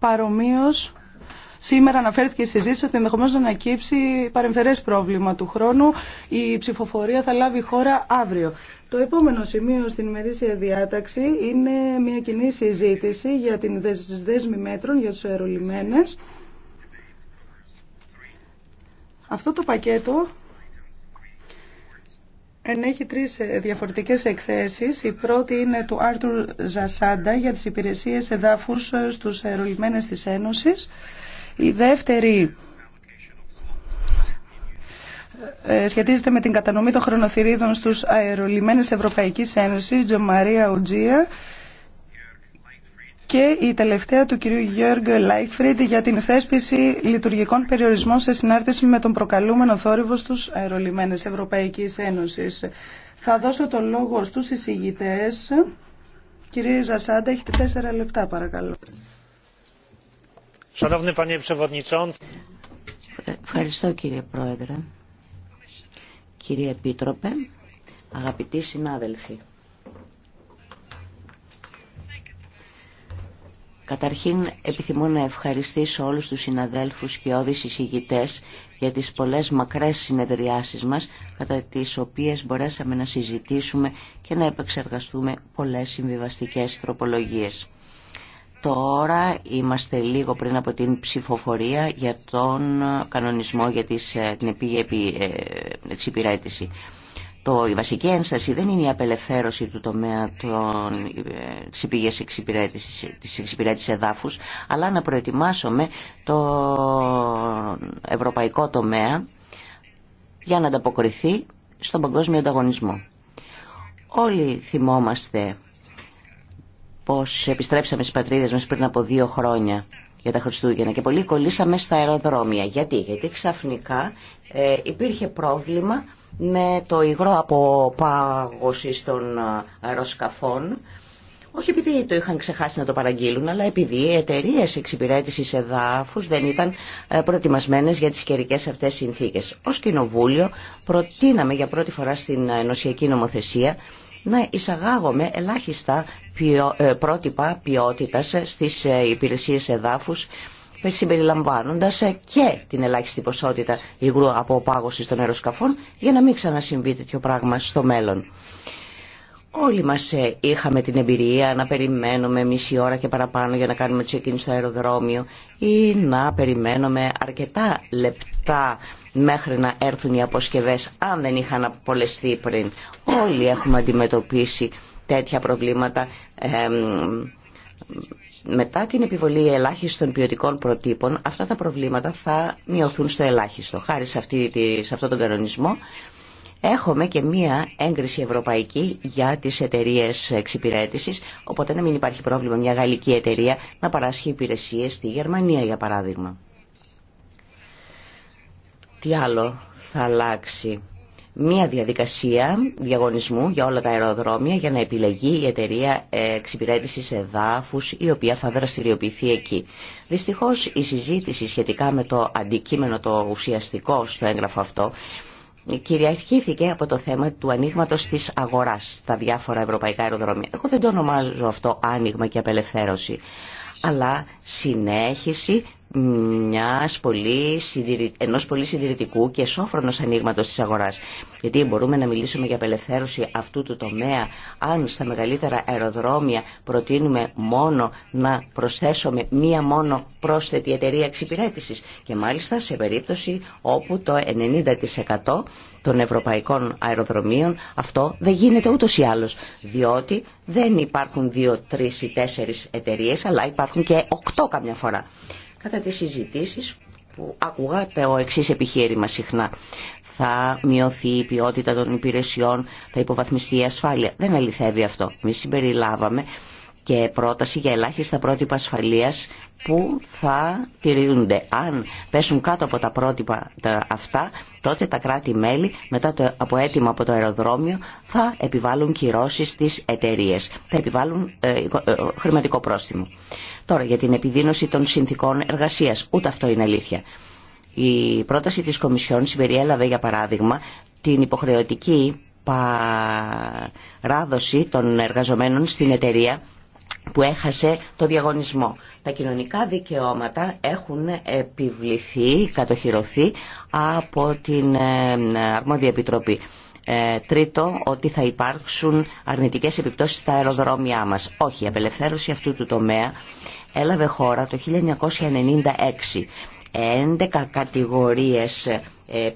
παρομοίω Σήμερα αναφέρθηκε η συζήτηση ότι ενδεχομένω να ανακύψει παρεμφερέ πρόβλημα του χρόνου. Η ψηφοφορία θα λάβει χώρα αύριο. Το επόμενο σημείο στην ημερήσια διάταξη είναι μια κοινή συζήτηση για την δέσμη μέτρων για τους αερολιμένε. Αυτό το πακέτο ενέχει τρεις ε, διαφορετικές εκθέσεις. Η πρώτη είναι του Άρτουρ Ζασάντα για τις υπηρεσίες εδάφους ε, στους αερολιμένες της Ένωσης. Η δεύτερη ε, σχετίζεται με την κατανομή των χρονοθυρίδων στους αερολιμένες Ευρωπαϊκής Ένωσης, Τζομαρία Ουτζία, και η τελευταία του κυρίου Γιώργου Λάιχφριντ για την θέσπιση λειτουργικών περιορισμών σε συνάρτηση με τον προκαλούμενο θόρυβο στου αερολιμένε Ευρωπαϊκή Ένωση. Θα δώσω το λόγο στους εισηγητέ. Κύριε Ζασάντα, έχετε τέσσερα λεπτά παρακαλώ. Ευχαριστώ κύριε Πρόεδρε, κύριε Επίτροπε, αγαπητοί συνάδελφοι. Καταρχήν επιθυμώ να ευχαριστήσω όλους τους συναδέλφους και όδης εισηγητές για τις πολλές μακρές συνεδριάσεις μας, κατά τις οποίες μπορέσαμε να συζητήσουμε και να επεξεργαστούμε πολλές συμβιβαστικές τροπολογίες. Τώρα είμαστε λίγο πριν από την ψηφοφορία για τον κανονισμό για ε, την ε, εξυπηρέτηση. Το, η βασική ένσταση δεν είναι η απελευθέρωση του τομέα των, της ε, πηγής εξυπηρέτησης, της εξυπηρέτησης εδάφους, αλλά να προετοιμάσουμε το ευρωπαϊκό τομέα για να ανταποκριθεί στον παγκόσμιο ανταγωνισμό. Όλοι θυμόμαστε πως επιστρέψαμε στις πατρίδες μας πριν από δύο χρόνια για τα Χριστούγεννα και πολλοί κολλήσαμε στα αεροδρόμια. Γιατί, Γιατί ξαφνικά ε, υπήρχε πρόβλημα με το υγρό από πάγωση των αεροσκαφών όχι επειδή το είχαν ξεχάσει να το παραγγείλουν, αλλά επειδή οι εταιρείε εξυπηρέτηση εδάφου δεν ήταν ε, προετοιμασμένε για τι καιρικέ αυτέ συνθήκε. Ω Κοινοβούλιο, προτείναμε για πρώτη φορά στην ε, ενωσιακή νομοθεσία να εισαγάγουμε ελάχιστα ε, πρότυπα ποιότητα στις υπηρεσίες εδάφους συμπεριλαμβάνοντας ε, και την ελάχιστη ποσότητα υγρού από πάγωση των αεροσκαφών για να μην ξανασυμβεί τέτοιο πράγμα στο μέλλον. Όλοι μας ε, είχαμε την εμπειρία να περιμένουμε μισή ώρα και παραπάνω για να κάνουμε check-in στο αεροδρόμιο ή να περιμένουμε αρκετά λεπτά μέχρι να έρθουν οι αποσκευές αν δεν είχαν απολεστεί πριν. Όλοι έχουμε αντιμετωπίσει τέτοια προβλήματα μετά την επιβολή ελάχιστων ποιοτικών προτύπων αυτά τα προβλήματα θα μειωθούν στο ελάχιστο. Χάρη σε, αυτή, σε αυτόν τον κανονισμό έχουμε και μία έγκριση ευρωπαϊκή για τις εταιρείε εξυπηρέτησης, οπότε να μην υπάρχει πρόβλημα μια γαλλική εταιρεία να παράσχει υπηρεσίες στη Γερμανία για παράδειγμα. Τι άλλο θα αλλάξει μία διαδικασία διαγωνισμού για όλα τα αεροδρόμια για να επιλεγεί η εταιρεία εξυπηρέτησης εδάφους η οποία θα δραστηριοποιηθεί εκεί. Δυστυχώς η συζήτηση σχετικά με το αντικείμενο το ουσιαστικό στο έγγραφο αυτό κυριαρχήθηκε από το θέμα του ανοίγματο της αγοράς στα διάφορα ευρωπαϊκά αεροδρόμια. Εγώ δεν το ονομάζω αυτό άνοιγμα και απελευθέρωση αλλά συνέχιση μιας πολύ ενός πολύ συντηρητικού και σόφρονος ανοίγματο της αγοράς. Γιατί μπορούμε να μιλήσουμε για απελευθέρωση αυτού του τομέα αν στα μεγαλύτερα αεροδρόμια προτείνουμε μόνο να προσθέσουμε μία μόνο πρόσθετη εταιρεία εξυπηρέτησης και μάλιστα σε περίπτωση όπου το 90% των ευρωπαϊκών αεροδρομίων αυτό δεν γίνεται ούτως ή άλλως διότι δεν υπάρχουν δύο, τρεις ή τέσσερις εταιρείες αλλά υπάρχουν και οκτώ καμιά φορά. Κατά τις συζητήσεις που ακουγάτε ο εξής επιχείρημα συχνά. Θα μειωθεί η ποιότητα των υπηρεσιών, θα υποβαθμιστεί η ασφάλεια. Δεν αληθεύει αυτό. Μη συμπεριλάβαμε και πρόταση για ελάχιστα πρότυπα ασφαλείας που θα τηρούνται. Αν πέσουν κάτω από τα πρότυπα αυτά, τότε τα κράτη-μέλη μετά το, από έτοιμο από το αεροδρόμιο θα επιβάλλουν κυρώσεις στις εταιρείες. Θα επιβάλλουν ε, ε, ε, χρηματικό πρόστιμο. Τώρα για την επιδείνωση των συνθήκων εργασίας. Ούτε αυτό είναι αλήθεια. Η πρόταση της Κομισιόν συμπεριέλαβε για παράδειγμα την υποχρεωτική παράδοση των εργαζομένων στην εταιρεία που έχασε το διαγωνισμό. Τα κοινωνικά δικαιώματα έχουν επιβληθεί, κατοχυρωθεί από την ε, Αρμόδια Επιτροπή. Ε, τρίτο, ότι θα υπάρξουν αρνητικές επιπτώσεις στα αεροδρόμια μας. Όχι, η απελευθέρωση αυτού του τομέα έλαβε χώρα το 1996. 11 κατηγορίες ε,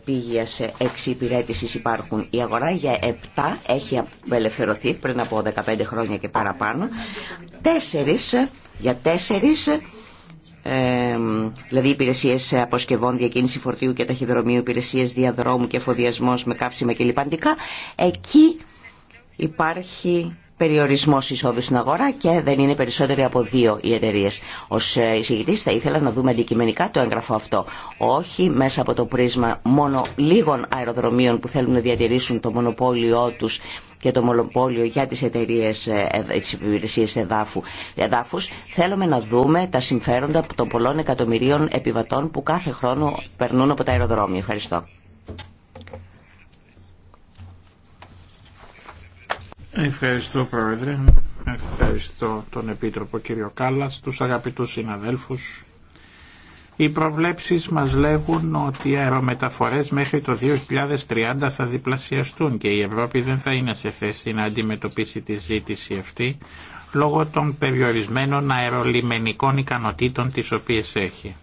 πήγειας εξυπηρέτησης υπάρχουν. Η αγορά για 7 έχει απελευθερωθεί πριν από 15 χρόνια και παραπάνω. Τέσσερις, ε, για τέσσερις δηλαδή υπηρεσίε αποσκευών, διακίνηση φορτίου και ταχυδρομείου, υπηρεσίε διαδρόμου και εφοδιασμό με κάψιμα και λιπαντικά, εκεί υπάρχει περιορισμό εισόδου στην αγορά και δεν είναι περισσότεροι από δύο οι εταιρείε. Ω ε, εισηγητή θα ήθελα να δούμε αντικειμενικά το έγγραφο αυτό. Όχι μέσα από το πρίσμα μόνο λίγων αεροδρομίων που θέλουν να διατηρήσουν το μονοπόλιο του και το μολοπόλιο για τις εταιρείες ε, ε, τις υπηρεσίες εδάφου, εδάφους, θέλουμε να δούμε τα συμφέροντα των πολλών εκατομμυρίων επιβατών που κάθε χρόνο περνούν από τα αεροδρόμια. Ευχαριστώ. Ευχαριστώ Πρόεδρε, ευχαριστώ τον Επίτροπο κύριο Κάλλας, τους αγαπητούς συναδέλφους οι προβλέψεις μας λέγουν ότι οι αερομεταφορές μέχρι το 2030 θα διπλασιαστούν και η Ευρώπη δεν θα είναι σε θέση να αντιμετωπίσει τη ζήτηση αυτή λόγω των περιορισμένων αερολιμενικών ικανοτήτων τις οποίες έχει.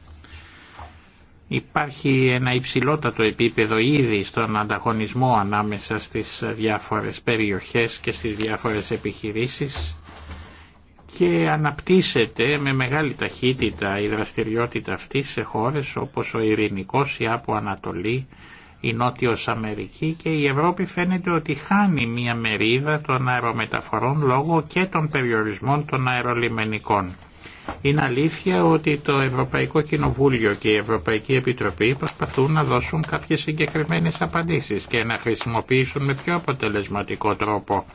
Υπάρχει ένα υψηλότατο επίπεδο ήδη στον ανταγωνισμό ανάμεσα στις διάφορες περιοχές και στις διάφορες επιχειρήσεις και αναπτύσσεται με μεγάλη ταχύτητα η δραστηριότητα αυτή σε χώρες όπως ο Ειρηνικός, η Άπο Ανατολή, η νοτιο Αμερική και η Ευρώπη φαίνεται ότι χάνει μια μερίδα των αερομεταφορών λόγω και των περιορισμών των αερολιμενικών. Είναι αλήθεια ότι το Ευρωπαϊκό Κοινοβούλιο και η Ευρωπαϊκή Επιτροπή προσπαθούν να δώσουν κάποιες συγκεκριμένες απαντήσεις και να χρησιμοποιήσουν με πιο αποτελεσματικό τρόπο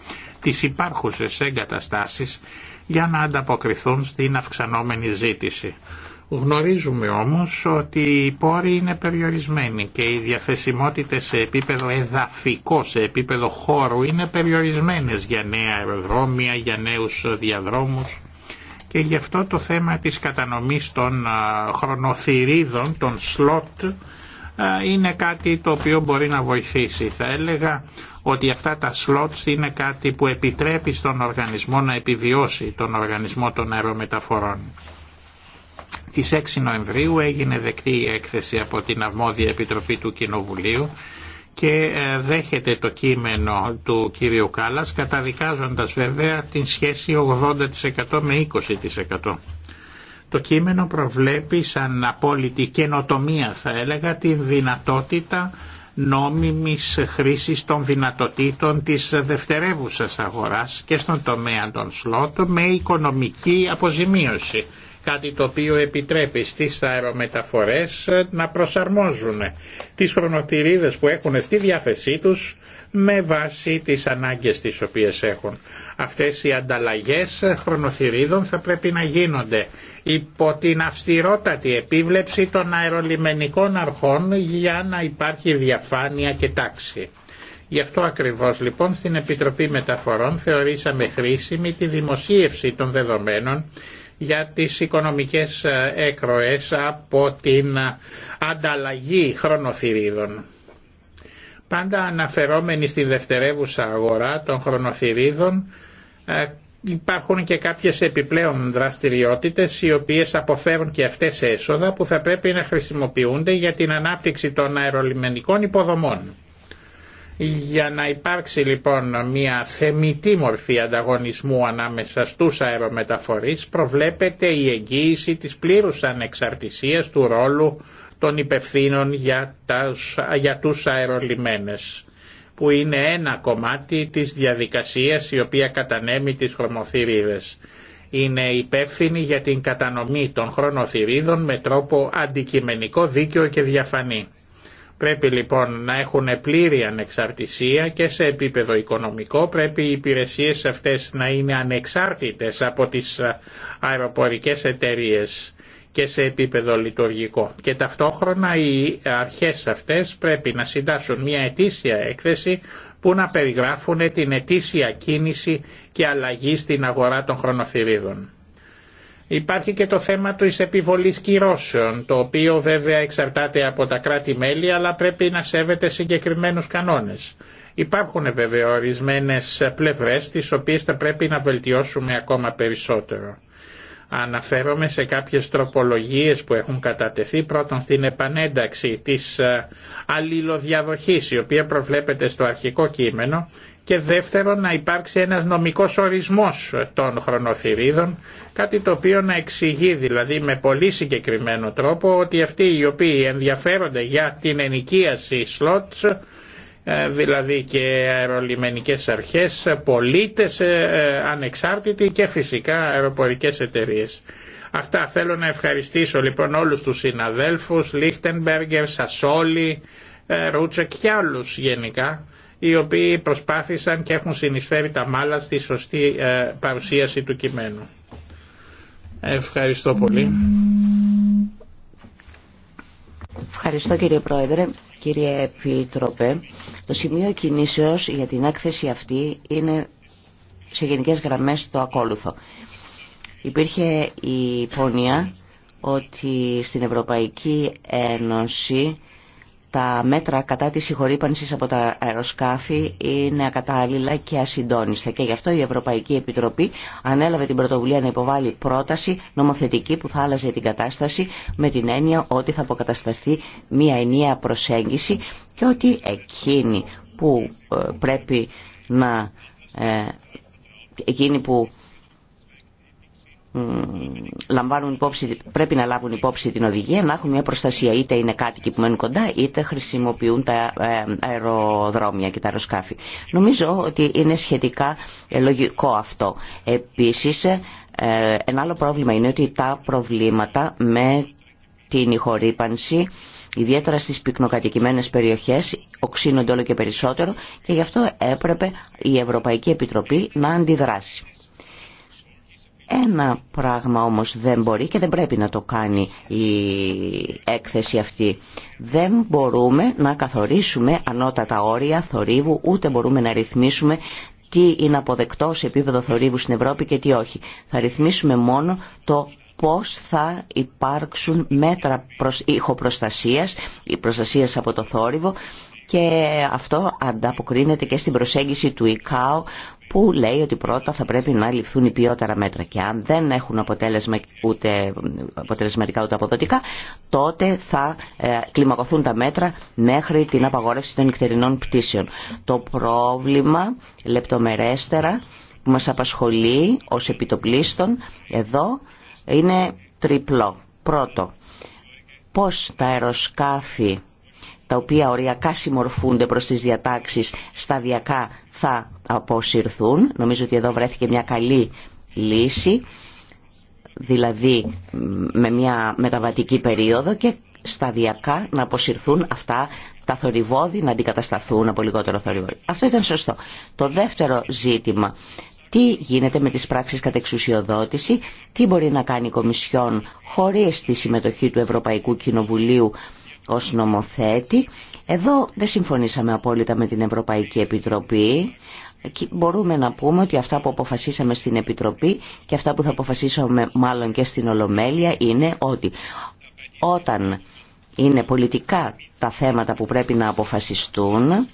τις υπάρχουσες εγκαταστάσεις για να ανταποκριθούν στην αυξανόμενη ζήτηση. Γνωρίζουμε όμως ότι οι πόροι είναι περιορισμένοι και οι διαθεσιμότητες σε επίπεδο εδαφικό, σε επίπεδο χώρου είναι περιορισμένες για νέα αεροδρόμια, για νέους διαδρόμους και γι' αυτό το θέμα της κατανομής των χρονοθυρίδων, των σλότ, είναι κάτι το οποίο μπορεί να βοηθήσει. Θα έλεγα ότι αυτά τα σλότς είναι κάτι που επιτρέπει στον οργανισμό να επιβιώσει τον οργανισμό των αερομεταφορών. Της 6 Νοεμβρίου έγινε δεκτή η έκθεση από την Αρμόδια Επιτροπή του Κοινοβουλίου και ε, δέχεται το κείμενο του κύριου Κάλλας καταδικάζοντας βέβαια την σχέση 80% με 20%. Το κείμενο προβλέπει σαν απόλυτη καινοτομία θα έλεγα την δυνατότητα νόμιμης χρήσης των δυνατοτήτων της δευτερεύουσας αγοράς και στον τομέα των σλότ με οικονομική αποζημίωση κάτι το οποίο επιτρέπει στις αερομεταφορές να προσαρμόζουν τις χρονοτηρίδες που έχουν στη διάθεσή τους με βάση τις ανάγκες τις οποίες έχουν. Αυτές οι ανταλλαγές χρονοθυρίδων θα πρέπει να γίνονται υπό την αυστηρότατη επίβλεψη των αερολιμενικών αρχών για να υπάρχει διαφάνεια και τάξη. Γι' αυτό ακριβώς λοιπόν στην Επιτροπή Μεταφορών θεωρήσαμε χρήσιμη τη δημοσίευση των δεδομένων για τις οικονομικές ε, έκροες από την ε, ανταλλαγή χρονοθυρίδων. Πάντα αναφερόμενοι στη δευτερεύουσα αγορά των χρονοθυρίδων ε, υπάρχουν και κάποιες επιπλέον δραστηριότητες οι οποίες αποφέρουν και αυτές έσοδα που θα πρέπει να χρησιμοποιούνται για την ανάπτυξη των αερολιμενικών υποδομών. Για να υπάρξει λοιπόν μια θεμητή μορφή ανταγωνισμού ανάμεσα στους αερομεταφορείς προβλέπεται η εγγύηση της πλήρους ανεξαρτησίας του ρόλου των υπευθύνων για, τα, για τους αερολιμένες που είναι ένα κομμάτι της διαδικασίας η οποία κατανέμει τις χρονοθυρίδες. Είναι υπεύθυνη για την κατανομή των χρονοθυρίδων με τρόπο αντικειμενικό, δίκαιο και διαφανή. Πρέπει λοιπόν να έχουν πλήρη ανεξαρτησία και σε επίπεδο οικονομικό πρέπει οι υπηρεσίες αυτές να είναι ανεξάρτητες από τις αεροπορικές εταιρείες και σε επίπεδο λειτουργικό. Και ταυτόχρονα οι αρχές αυτές πρέπει να συντάσσουν μια ετήσια έκθεση που να περιγράφουν την ετήσια κίνηση και αλλαγή στην αγορά των χρονοθυρίδων. Υπάρχει και το θέμα του επιβολής κυρώσεων, το οποίο βέβαια εξαρτάται από τα κράτη-μέλη, αλλά πρέπει να σέβεται συγκεκριμένους κανόνες. Υπάρχουν βέβαια ορισμένες πλευρές, τις οποίες θα πρέπει να βελτιώσουμε ακόμα περισσότερο. Αναφέρομαι σε κάποιες τροπολογίες που έχουν κατατεθεί πρώτον στην επανένταξη της ε, αλληλοδιαδοχής η οποία προβλέπεται στο αρχικό κείμενο και δεύτερον να υπάρξει ένας νομικός ορισμός των χρονοθυρίδων, κάτι το οποίο να εξηγεί δηλαδή με πολύ συγκεκριμένο τρόπο ότι αυτοί οι οποίοι ενδιαφέρονται για την ενοικίαση σλότς ε, δηλαδή και αερολιμενικές αρχές, πολίτες ε, ε, ανεξάρτητοι και φυσικά αεροπορικές εταιρείες. Αυτά θέλω να ευχαριστήσω λοιπόν όλους τους συναδέλφους, Λίχτενμπεργκερ, Σασόλη, Ρούτσεκ και άλλους γενικά, οι οποίοι προσπάθησαν και έχουν συνεισφέρει τα μάλα στη σωστή παρουσίαση του κειμένου. Ευχαριστώ πολύ. Ευχαριστώ κύριε Πρόεδρε. Κύριε Επίτροπε, το σημείο κινήσεως για την έκθεση αυτή είναι σε γενικές γραμμές το ακόλουθο. Υπήρχε η πονία ότι στην Ευρωπαϊκή Ένωση τα μέτρα κατά της συγχωρήπανσης από τα αεροσκάφη είναι ακατάλληλα και ασυντόνιστα και γι' αυτό η Ευρωπαϊκή Επιτροπή ανέλαβε την πρωτοβουλία να υποβάλει πρόταση νομοθετική που θα άλλαζε την κατάσταση με την έννοια ότι θα αποκατασταθεί μια ενιαία προσέγγιση και ότι εκείνη που ε, πρέπει να... Ε, εκείνη που πρέπει να λάβουν υπόψη την οδηγία, να έχουν μια προστασία. Είτε είναι κάτοικοι που μένουν κοντά, είτε χρησιμοποιούν τα ε, αεροδρόμια και τα αεροσκάφη. Νομίζω ότι είναι σχετικά ε, λογικό αυτό. Επίσης, ε, ένα άλλο πρόβλημα είναι ότι τα προβλήματα με την ηχορύπανση, ιδιαίτερα στις πυκνοκατοικημένες περιοχές, οξύνονται όλο και περισσότερο και γι' αυτό έπρεπε η Ευρωπαϊκή Επιτροπή να αντιδράσει. Ένα πράγμα όμως δεν μπορεί και δεν πρέπει να το κάνει η έκθεση αυτή. Δεν μπορούμε να καθορίσουμε ανώτατα όρια θορύβου, ούτε μπορούμε να ρυθμίσουμε τι είναι αποδεκτό σε επίπεδο θορύβου στην Ευρώπη και τι όχι. Θα ρυθμίσουμε μόνο το πώς θα υπάρξουν μέτρα προς, η προστασίας από το θόρυβο και αυτό ανταποκρίνεται και στην προσέγγιση του ΙΚΑΟ που λέει ότι πρώτα θα πρέπει να ληφθούν οι ποιότερα μέτρα και αν δεν έχουν αποτέλεσμα ούτε αποτελεσματικά ούτε αποδοτικά τότε θα ε, κλιμακωθούν τα μέτρα μέχρι την απαγόρευση των νυχτερινών πτήσεων. Το πρόβλημα λεπτομερέστερα που μας απασχολεί ως επιτοπλίστων εδώ είναι τριπλό. Πρώτο, πώς τα αεροσκάφη τα οποία οριακά συμμορφούνται προς τις διατάξεις, σταδιακά θα αποσυρθούν. Νομίζω ότι εδώ βρέθηκε μια καλή λύση, δηλαδή με μια μεταβατική περίοδο και σταδιακά να αποσυρθούν αυτά τα θορυβόδη, να αντικατασταθούν από λιγότερο θορυβόδη. Αυτό ήταν σωστό. Το δεύτερο ζήτημα, τι γίνεται με τις πράξεις κατά εξουσιοδότηση, τι μπορεί να κάνει η Κομισιόν χωρίς τη συμμετοχή του Ευρωπαϊκού Κοινοβουλίου ως νομοθέτη. Εδώ δεν συμφωνήσαμε απόλυτα με την Ευρωπαϊκή Επιτροπή. Μπορούμε να πούμε ότι αυτά που αποφασίσαμε στην Επιτροπή και αυτά που θα αποφασίσουμε μάλλον και στην Ολομέλεια είναι ότι όταν είναι πολιτικά τα θέματα που πρέπει να αποφασιστούν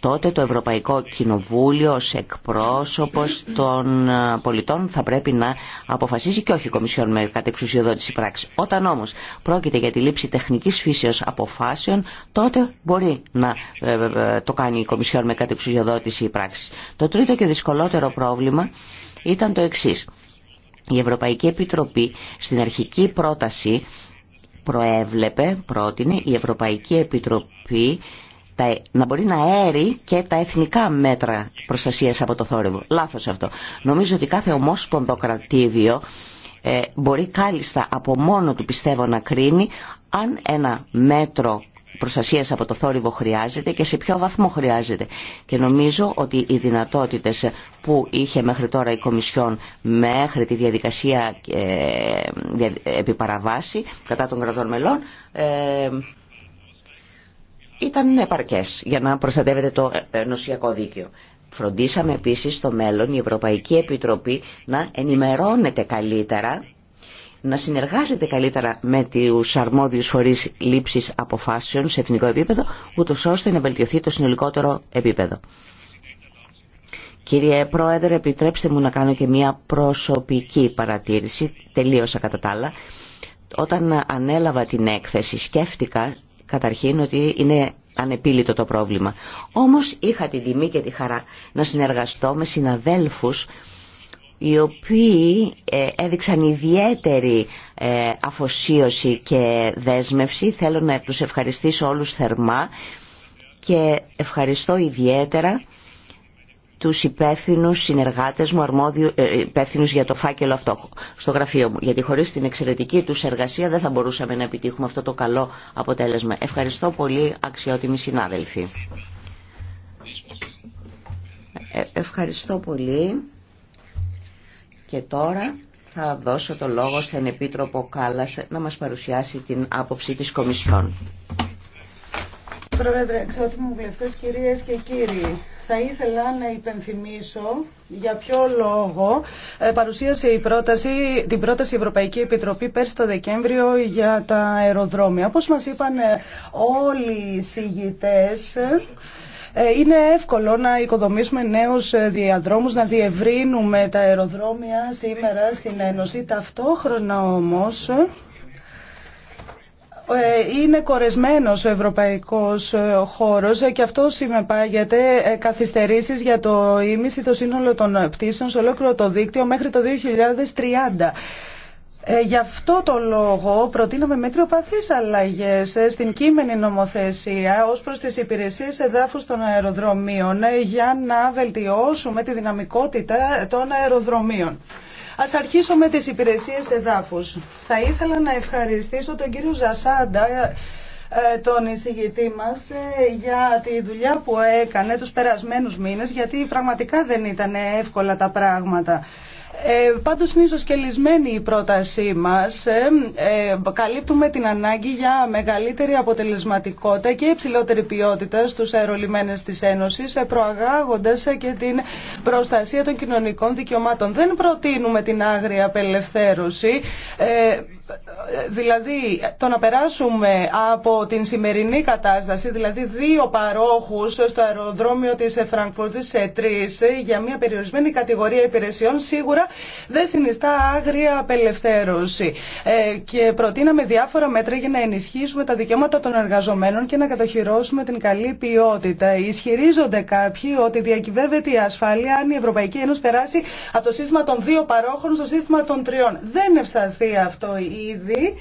τότε το Ευρωπαϊκό Κοινοβούλιο ως εκπρόσωπος των ε, πολιτών θα πρέπει να αποφασίσει και όχι η Κομισιόν με κατεξουσιοδότηση πράξη. Όταν όμως πρόκειται για τη λήψη τεχνικής φύσεως αποφάσεων, τότε μπορεί να ε, ε, το κάνει η Κομισιόν με κατεξουσιοδότηση πράξη. Το τρίτο και δυσκολότερο πρόβλημα ήταν το εξής. Η Ευρωπαϊκή Επιτροπή στην αρχική πρόταση προέβλεπε, πρότεινε η Ευρωπαϊκή Επιτροπή να μπορεί να έρει και τα εθνικά μέτρα προστασίας από το θόρυβο. Λάθος αυτό. Νομίζω ότι κάθε ομόσπονδο κρατήδιο ε, μπορεί κάλλιστα από μόνο του πιστεύω να κρίνει αν ένα μέτρο προστασίας από το θόρυβο χρειάζεται και σε ποιο βαθμό χρειάζεται. Και νομίζω ότι οι δυνατότητες που είχε μέχρι τώρα η Κομισιόν μέχρι τη διαδικασία ε, επιπαραβάση κατά των κρατών μελών ε, ήταν επαρκέ για να προστατεύεται το ενωσιακό ε, δίκαιο. Φροντίσαμε επίσης στο μέλλον η Ευρωπαϊκή Επιτροπή να ενημερώνεται καλύτερα, να συνεργάζεται καλύτερα με τους αρμόδιους φορείς λήψης αποφάσεων σε εθνικό επίπεδο, ούτω ώστε να βελτιωθεί το συνολικότερο επίπεδο. Κύριε Πρόεδρε, επιτρέψτε μου να κάνω και μια προσωπική παρατήρηση, τελείωσα κατά τα άλλα. Όταν ανέλαβα την έκθεση σκέφτηκα καταρχήν ότι είναι ανεπίλητο το πρόβλημα. Όμως είχα την τιμή και τη χαρά να συνεργαστώ με συναδέλφους οι οποίοι ε, έδειξαν ιδιαίτερη ε, αφοσίωση και δέσμευση. Θέλω να τους ευχαριστήσω όλους θερμά και ευχαριστώ ιδιαίτερα του υπεύθυνου συνεργάτες μου, αρμόδιου, ε, για το φάκελο αυτό στο γραφείο μου. Γιατί χωρίς την εξαιρετική του εργασία δεν θα μπορούσαμε να επιτύχουμε αυτό το καλό αποτέλεσμα. Ευχαριστώ πολύ αξιότιμοι συνάδελφοι. Ε, ευχαριστώ πολύ. Και τώρα θα δώσω το λόγο στον Επίτροπο Κάλλας να μας παρουσιάσει την άποψη της Κομισιόν. Πρόεδρε, εξότιμοι βουλευτές, κυρίες και κύριοι, θα ήθελα να υπενθυμίσω για ποιο λόγο ε, παρουσίασε η πρόταση, την πρόταση Ευρωπαϊκή Επιτροπή πέρσι το Δεκέμβριο για τα αεροδρόμια. Όπως μας είπαν ε, όλοι οι συγητές, ε, είναι εύκολο να οικοδομήσουμε νέους διαδρόμους, να διευρύνουμε τα αεροδρόμια σήμερα στην Ένωση. Ταυτόχρονα όμως ε, είναι κορεσμένος ο ευρωπαϊκός ε, χώρος ε, και αυτό συμμεπάγεται καθυστερήσεις για το ίμιση το σύνολο των πτήσεων σε ολόκληρο το δίκτυο μέχρι το 2030. Γι' αυτό το λόγο προτείναμε μετριοπαθείς αλλαγές στην κείμενη νομοθεσία ως προς τις υπηρεσίες εδάφους των αεροδρομίων για να βελτιώσουμε τη δυναμικότητα των αεροδρομίων. Ας αρχίσω με τις υπηρεσίες εδάφους. Θα ήθελα να ευχαριστήσω τον κύριο Ζασάντα, ε, ε, τον εισηγητή μας ε, για τη δουλειά που έκανε τους περασμένους μήνες γιατί πραγματικά δεν ήταν εύκολα τα πράγματα. Ε, πάντως είναι ισοσκελισμένη η πρότασή μας. Ε, ε, καλύπτουμε την ανάγκη για μεγαλύτερη αποτελεσματικότητα και υψηλότερη ποιότητα στου αερολιμένε της Ένωση, ε, προαγάγοντα ε, και την προστασία των κοινωνικών δικαιωμάτων. Δεν προτείνουμε την άγρια απελευθέρωση. δηλαδή το να περάσουμε από την σημερινή κατάσταση, δηλαδή δύο παρόχους στο αεροδρόμιο της Φραγκφούρτης σε τρεις για μια περιορισμένη κατηγορία υπηρεσιών σίγουρα δεν συνιστά άγρια απελευθέρωση. Ε, και προτείναμε διάφορα μέτρα για να ενισχύσουμε τα δικαιώματα των εργαζομένων και να κατοχυρώσουμε την καλή ποιότητα. Ισχυρίζονται κάποιοι ότι διακυβεύεται η ασφάλεια αν η Ευρωπαϊκή Ένωση περάσει από το σύστημα των δύο παρόχων στο σύστημα των τριών. Δεν ευσταθεί αυτό ήδη.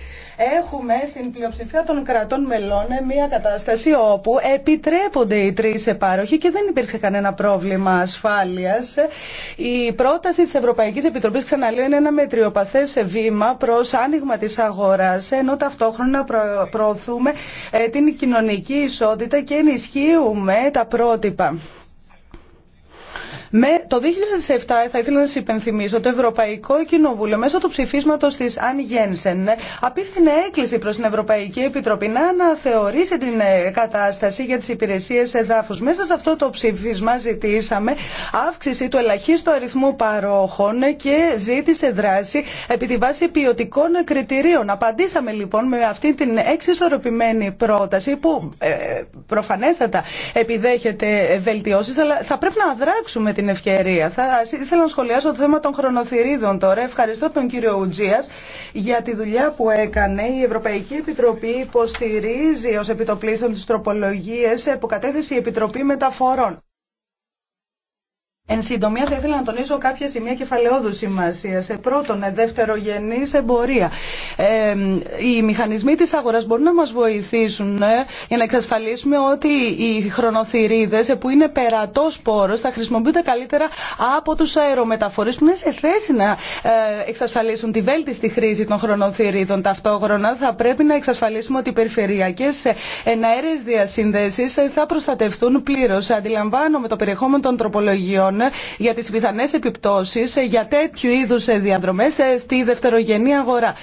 Έχουμε στην πλειοψηφία των κρατών μελών μια κατάσταση όπου επιτρέπονται οι τρει επάροχοι και δεν υπήρξε κανένα πρόβλημα ασφάλεια. Η πρόταση τη Ευρωπαϊκή Ευρωπαϊκή Επιτροπή, ξαναλέω, είναι ένα μετριοπαθέ βήμα προς άνοιγμα τη αγορά, ενώ ταυτόχρονα προωθούμε ε, την κοινωνική ισότητα και ενισχύουμε τα πρότυπα. Με το 2007 θα ήθελα να σα υπενθυμίσω το Ευρωπαϊκό Κοινοβούλιο μέσω του ψηφίσματο τη Αν Γένσεν απίφθινε έκκληση προ την Ευρωπαϊκή Επιτροπή να αναθεωρήσει την ε, κατάσταση για τι υπηρεσίε εδάφου. Μέσα σε αυτό το ψήφισμα ζητήσαμε αύξηση του ελαχίστου αριθμού παρόχων και ζήτησε δράση επί τη βάση ποιοτικών κριτηρίων. Απαντήσαμε λοιπόν με αυτή την εξισορροπημένη πρόταση που ε, προφανέστατα επιδέχεται βελτιώσει, αλλά θα πρέπει να δράξουμε με την ευκαιρία. Θα ήθελα να σχολιάσω το θέμα των χρονοθυρίδων τώρα. Ευχαριστώ τον κύριο Ουτζία για τη δουλειά που έκανε. Η Ευρωπαϊκή Επιτροπή υποστηρίζει ω επιτοπλίστων τι τροπολογίε που κατέθεσε η Επιτροπή Μεταφορών. Εν συντομία, θα ήθελα να τονίσω κάποια σημεία κεφαλαιόδου σημασία. Σε πρώτον, ε, δευτερογενή εμπορία. Ε, οι μηχανισμοί τη αγορά μπορούν να μα βοηθήσουν ε, για να εξασφαλίσουμε ότι οι χρονοθυρίδε, ε, που είναι περατό πόρο, θα χρησιμοποιούνται καλύτερα από του αερομεταφορεί που είναι σε θέση να εξασφαλίσουν τη βέλτιστη χρήση των χρονοθυρίδων. Ταυτόχρονα, θα πρέπει να εξασφαλίσουμε ότι οι περιφερειακέ εναέρειε διασύνδεσει θα προστατευτούν πλήρω. Αντιλαμβάνομαι το περιεχόμενο των τροπολογιών Λοιπόν για τις πιθανέ επιπτώσεις για τέτοιου είδου διαδρομές στη δευτερογενή αγορά.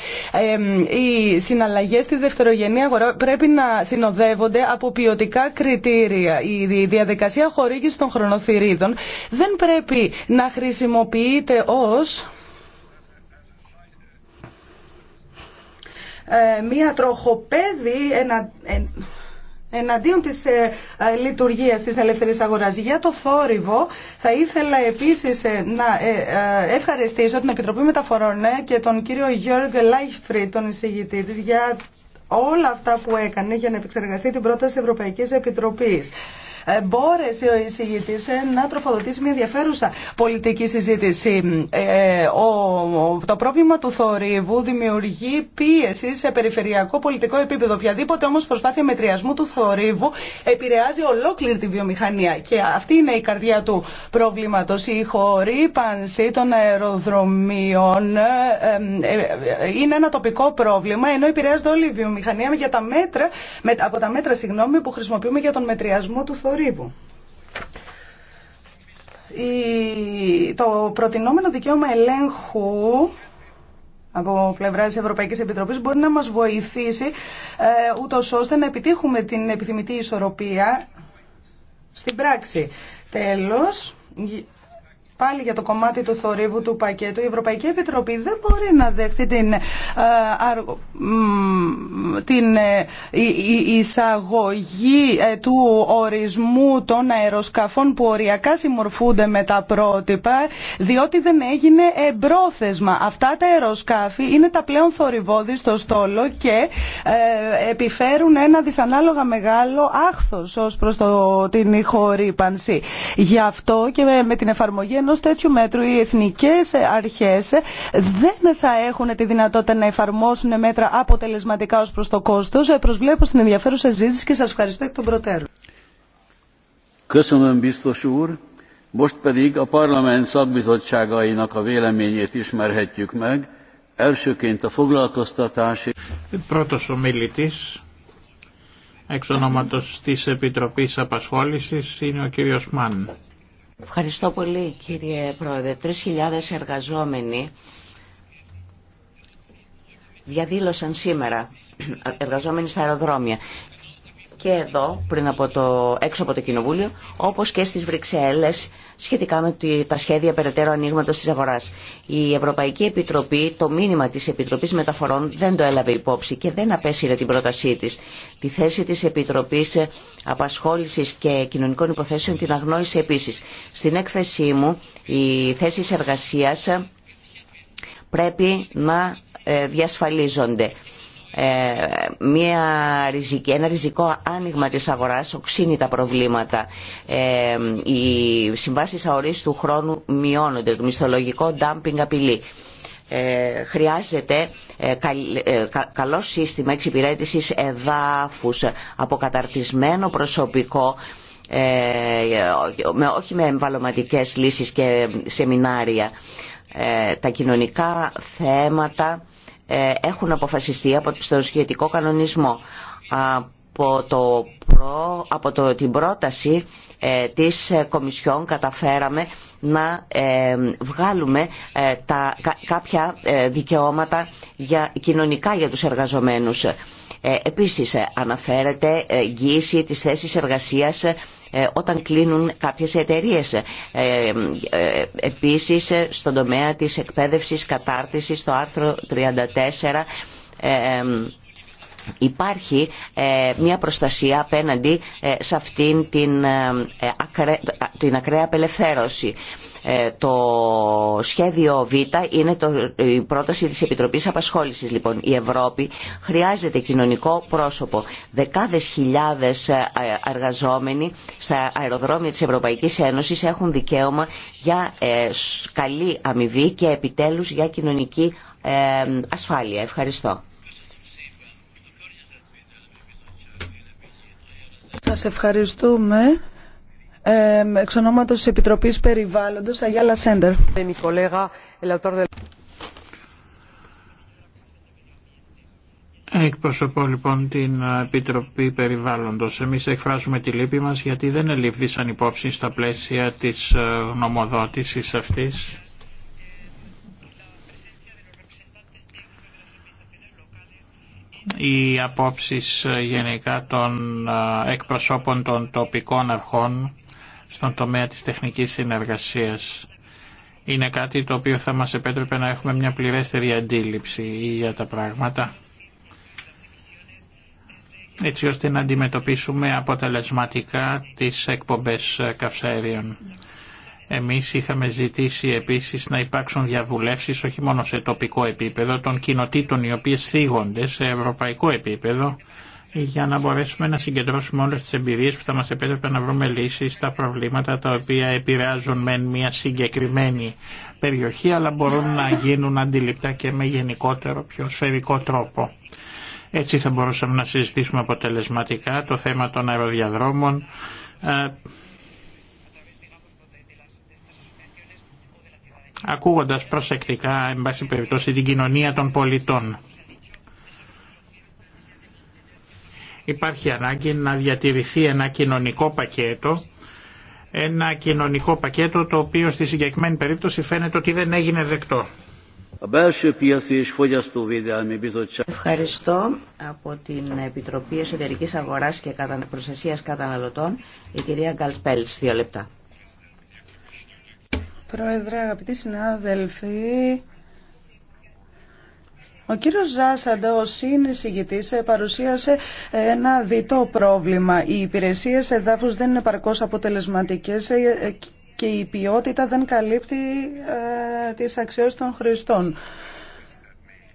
Οι συναλλαγές στη δευτερογενή αγορά πρέπει να συνοδεύονται από ποιοτικά κριτήρια. Η διαδικασία χορήγηση των χρονοθυρίδων δεν πρέπει να χρησιμοποιείται ως... Ε, μία τροχοπέδη, ένα, εναντίον της ε, ε, λειτουργίας της ελεύθερης αγοράς. Για το θόρυβο θα ήθελα επίσης ε, να ευχαριστήσω την Επιτροπή Μεταφορών και τον κύριο Γιώργο Λάιχφρυντ, τον εισηγητή της, για όλα αυτά που έκανε για να επεξεργαστεί την πρόταση Ευρωπαϊκής Επιτροπής. Ε, μπόρεσε ο εισηγητή ε, να τροφοδοτήσει μια ενδιαφέρουσα πολιτική συζήτηση. Ε, το πρόβλημα του θορύβου δημιουργεί πίεση σε περιφερειακό πολιτικό επίπεδο. Οποιαδήποτε όμω προσπάθεια μετριασμού του θορύβου επηρεάζει ολόκληρη τη βιομηχανία. Και αυτή είναι η καρδιά του προβλήματο. Η χορύπανση των αεροδρομίων είναι ένα τοπικό πρόβλημα, ενώ επηρεάζεται όλη η βιομηχανία για τα μέτρα, από τα μέτρα συγγνώμη, που χρησιμοποιούμε για τον μετριασμό του θορύβου θορύβου. Το προτινόμενο δικαίωμα ελέγχου από πλευρά τη Ευρωπαϊκή Επιτροπή μπορεί να μα βοηθήσει ε, ούτω ώστε να επιτύχουμε την επιθυμητή ισορροπία στην πράξη. Τέλος, Πάλι για το κομμάτι του θορύβου του πακέτου, η Ευρωπαϊκή Επιτροπή δεν μπορεί να δεχθεί την, ε, την ε, εισαγωγή ε, του ορισμού των αεροσκαφών που οριακά συμμορφούνται με τα πρότυπα, διότι δεν έγινε εμπρόθεσμα. Αυτά τα αεροσκάφη είναι τα πλέον θορυβόδη στο στόλο και επιφέρουν ένα δυσανάλογα μεγάλο άχθος ως προς το, την χορύπανση. Γι' αυτό και με την εφαρμογή ενός τέτοιου μέτρου οι εθνικές αρχές δεν θα έχουν τη δυνατότητα να εφαρμόσουν μέτρα αποτελεσματικά ως προς το κόστος. Ε, προσβλέπω στην ενδιαφέρουσα συζήτηση και σας ευχαριστώ εκ των προτέρων. Köszönöm, biztos úr. Most pedig a parlament szakbizottságainak a véleményét ismerhetjük meg. Elsőként a foglalkoztatási... Πρώτος ομιλητής εξ ονόματος της Επιτροπής Απασχόλησης είναι ο κύριος Μάν. Ευχαριστώ πολύ κύριε Πρόεδρε. χιλιάδες εργαζόμενοι διαδήλωσαν σήμερα, εργαζόμενοι στα αεροδρόμια. Και εδώ, πριν από το, έξω από το Κοινοβούλιο, όπως και στις Βρυξέλλες, σχετικά με τα σχέδια περαιτέρω ανοίγματο τη αγορά. Η Ευρωπαϊκή Επιτροπή, το μήνυμα τη Επιτροπή Μεταφορών δεν το έλαβε υπόψη και δεν απέσυρε την πρότασή τη. Τη θέση τη Επιτροπή ε, Απασχόληση και Κοινωνικών Υποθέσεων την αγνώρισε επίση. Στην έκθεσή μου, οι θέσει εργασία ε, πρέπει να ε, διασφαλίζονται. Ε, μια ριζική, ένα ριζικό άνοιγμα της αγοράς οξύνει τα προβλήματα. Ε, οι συμβάσεις αορίστου χρόνου μειώνονται, το μισθολογικό ντάμπινγκ απειλεί. Ε, χρειάζεται καλό σύστημα εξυπηρέτησης εδάφους από καταρτισμένο προσωπικό με, όχι με εμβαλωματικές λύσεις και σεμινάρια. τα κοινωνικά θέματα ε, έχουν αποφασιστεί από, στο σχετικό κανονισμό από, το προ, από το, την πρόταση ε, της ε, Κομισιόν καταφέραμε να ε, βγάλουμε τα, κάποια δικαιώματα για, κοινωνικά για τους εργαζομένους. Ε, επίσης ε, αναφέρεται ε, εγγύηση της θέσης εργασίας όταν κλείνουν κάποιες εταιρείες. Επίσης στον τομέα της εκπαίδευσης κατάρτισης στο άρθρο 34 υπάρχει ε, μια προστασία απέναντι ε, σε αυτήν την, ε, την ακραία απελευθέρωση. Το σχέδιο Β είναι η πρόταση της Επιτροπής Απασχόλησης. Λοιπόν, η Ευρώπη χρειάζεται κοινωνικό πρόσωπο. Δεκάδες χιλιάδες εργαζόμενοι στα αεροδρόμια της Ευρωπαϊκής Ένωσης έχουν δικαίωμα για καλή αμοιβή και επιτέλους για κοινωνική ασφάλεια. Ευχαριστώ. Σας ευχαριστούμε. Ε, εξ ονόματος της Επιτροπής Περιβάλλοντος, Αγιάλα Σέντερ. Εκπροσωπώ λοιπόν την Επιτροπή Περιβάλλοντος. Εμείς εκφράζουμε τη λύπη μας γιατί δεν ελήφθησαν υπόψη στα πλαίσια της ε, νομοδότησης αυτής οι απόψεις ε, γενικά των ε, εκπροσώπων των τοπικών αρχών στον τομέα της τεχνικής συνεργασίας. Είναι κάτι το οποίο θα μας επέτρεπε να έχουμε μια πληρέστερη αντίληψη για τα πράγματα έτσι ώστε να αντιμετωπίσουμε αποτελεσματικά τις εκπομπές ε, καυσαερίων. Εμείς είχαμε ζητήσει επίσης να υπάρξουν διαβουλεύσεις όχι μόνο σε τοπικό επίπεδο των κοινοτήτων οι οποίες θίγονται σε ευρωπαϊκό επίπεδο για να μπορέσουμε να συγκεντρώσουμε όλες τις εμπειρίες που θα μας επέτρεπε να βρούμε λύσεις στα προβλήματα τα οποία επηρεάζουν με μια συγκεκριμένη περιοχή αλλά μπορούν να γίνουν αντιληπτά και με γενικότερο πιο σφαιρικό τρόπο. Έτσι θα μπορούσαμε να συζητήσουμε αποτελεσματικά το θέμα των αεροδιαδρόμων, ε, ακούγοντας προσεκτικά, εν πάση περιπτώσει, την κοινωνία των πολιτών. Υπάρχει ανάγκη να διατηρηθεί ένα κοινωνικό πακέτο, ένα κοινωνικό πακέτο το οποίο στη συγκεκριμένη περίπτωση φαίνεται ότι δεν έγινε δεκτό. Ευχαριστώ από την Επιτροπή Εσωτερικής Αγοράς και Προστασίας Καταναλωτών, η κυρία Γκαλσπέλς, δύο λεπτά. Πρόεδρε, αγαπητοί συνάδελφοι, ο κύριος Ζάσαντα, ο συνεισηγητής, παρουσίασε ένα διτό πρόβλημα. Οι υπηρεσίες εδάφους δεν είναι παρκώς αποτελεσματικές και η ποιότητα δεν καλύπτει ε, τις αξιώσεις των χρηστών.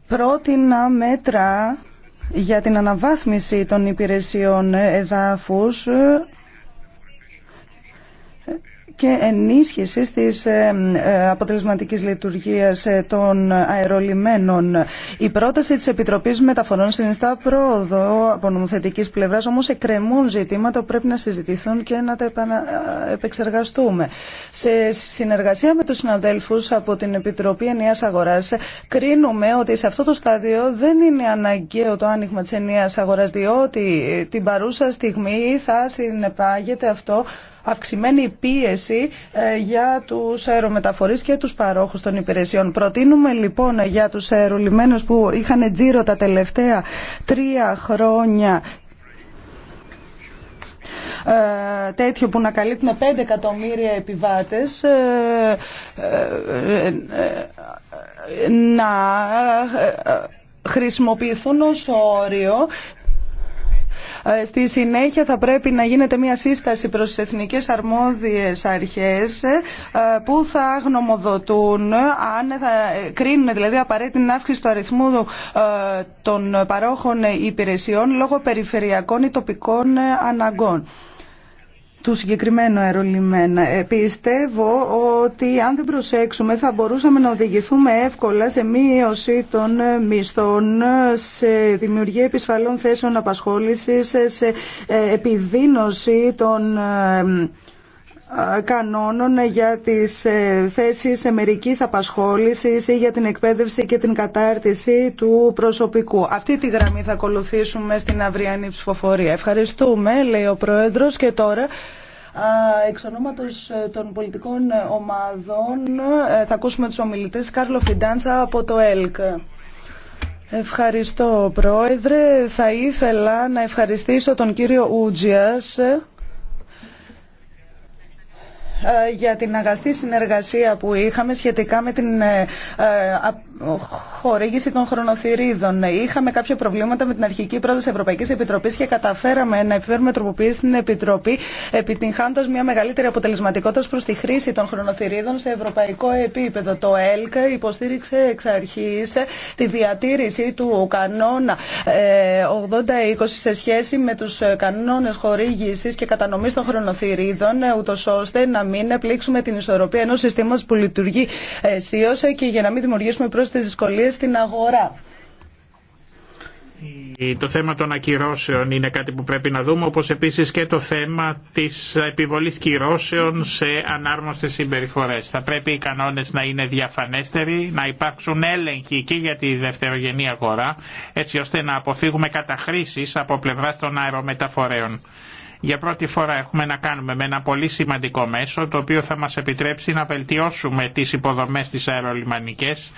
Πρότεινα μέτρα για την αναβάθμιση των υπηρεσιών εδάφους και ενίσχυση της ε, ε, αποτελεσματικής λειτουργίας ε, των αερολιμένων. Η πρόταση της Επιτροπής Μεταφορών συνιστά πρόοδο από νομοθετικής πλευράς, όμως εκκρεμούν ζητήματα που πρέπει να συζητηθούν και να τα επεξεργαστούμε. Σε συνεργασία με τους συναδέλφους από την Επιτροπή Ενίας Αγοράς, κρίνουμε ότι σε αυτό το στάδιο δεν είναι αναγκαίο το άνοιγμα της Ενίας αγοράς, διότι την παρούσα στιγμή θα συνεπάγεται αυτό αυξημένη πίεση ε, για τους αερομεταφορείς και τους παρόχους των υπηρεσιών. Προτείνουμε λοιπόν για τους αερολιμένους που είχαν τζίρο τα τελευταία τρία χρόνια ε, τέτοιο που να καλύπτουν 5 εκατομμύρια επιβάτες ε, να χρησιμοποιηθούν ως όριο ε, στη συνέχεια θα πρέπει να γίνεται μια σύσταση προς τις εθνικές αρμόδιες αρχές ε, που θα γνωμοδοτούν αν θα κρίνουν δηλαδή απαραίτητη αύξηση του αριθμού ε, των παρόχων υπηρεσιών λόγω περιφερειακών ή τοπικών αναγκών του συγκεκριμένου αερολιμένα. Ε, πιστεύω ότι αν δεν προσέξουμε θα μπορούσαμε να οδηγηθούμε εύκολα σε μείωση των ε, μισθών, σε δημιουργία επισφαλών θέσεων απασχόλησης, σε ε, επιδείνωση των κανόνων για τις ε, θέσεις εμερικής απασχόλησης ή για την εκπαίδευση και την κατάρτιση του προσωπικού. Αυτή τη γραμμή θα ακολουθήσουμε στην αυριανή ψηφοφορία. Ευχαριστούμε, λέει ο Πρόεδρος και τώρα... Εξ ονόματος ε, των πολιτικών ομάδων ε, θα ακούσουμε τους ομιλητές Κάρλο Φιντάντσα από το ΕΛΚ. Ευχαριστώ Πρόεδρε. Θα ήθελα να ευχαριστήσω τον κύριο Ούτζιας ε, για την αγαστή συνεργασία που είχαμε σχετικά με την ε, ε, χορήγηση των χρονοθυρίδων. Είχαμε κάποια προβλήματα με την αρχική πρόταση Ευρωπαϊκή Επιτροπή και καταφέραμε να επιφέρουμε τροποποιήσει στην Επιτροπή, επιτυγχάνοντα μια μεγαλύτερη αποτελεσματικότητα προ τη χρήση των χρονοθυρίδων σε ευρωπαϊκό επίπεδο. Το ΕΛΚ υποστήριξε εξ αρχή τη διατήρηση του κανόνα 80-20 ε, σε σχέση με του κανόνε χορήγηση και κατανομή των χρονοθυρίδων, ε, ούτω ώστε να μην πλήξουμε την ισορροπία ενό συστήματο που λειτουργεί ε, αισίω και για να μην δημιουργήσουμε στις δυσκολίες στην αγορά. Το θέμα των ακυρώσεων είναι κάτι που πρέπει να δούμε, όπως επίσης και το θέμα της επιβολής κυρώσεων σε ανάρμοστες συμπεριφορές. Θα πρέπει οι κανόνες να είναι διαφανέστεροι, να υπάρξουν έλεγχοι και για τη δευτερογενή αγορά, έτσι ώστε να αποφύγουμε καταχρήσεις από πλευράς των αερομεταφορέων. Για πρώτη φορά έχουμε να κάνουμε με ένα πολύ σημαντικό μέσο το οποίο θα μας επιτρέψει να βελτιώσουμε τις υποδομές της αερολιμανικές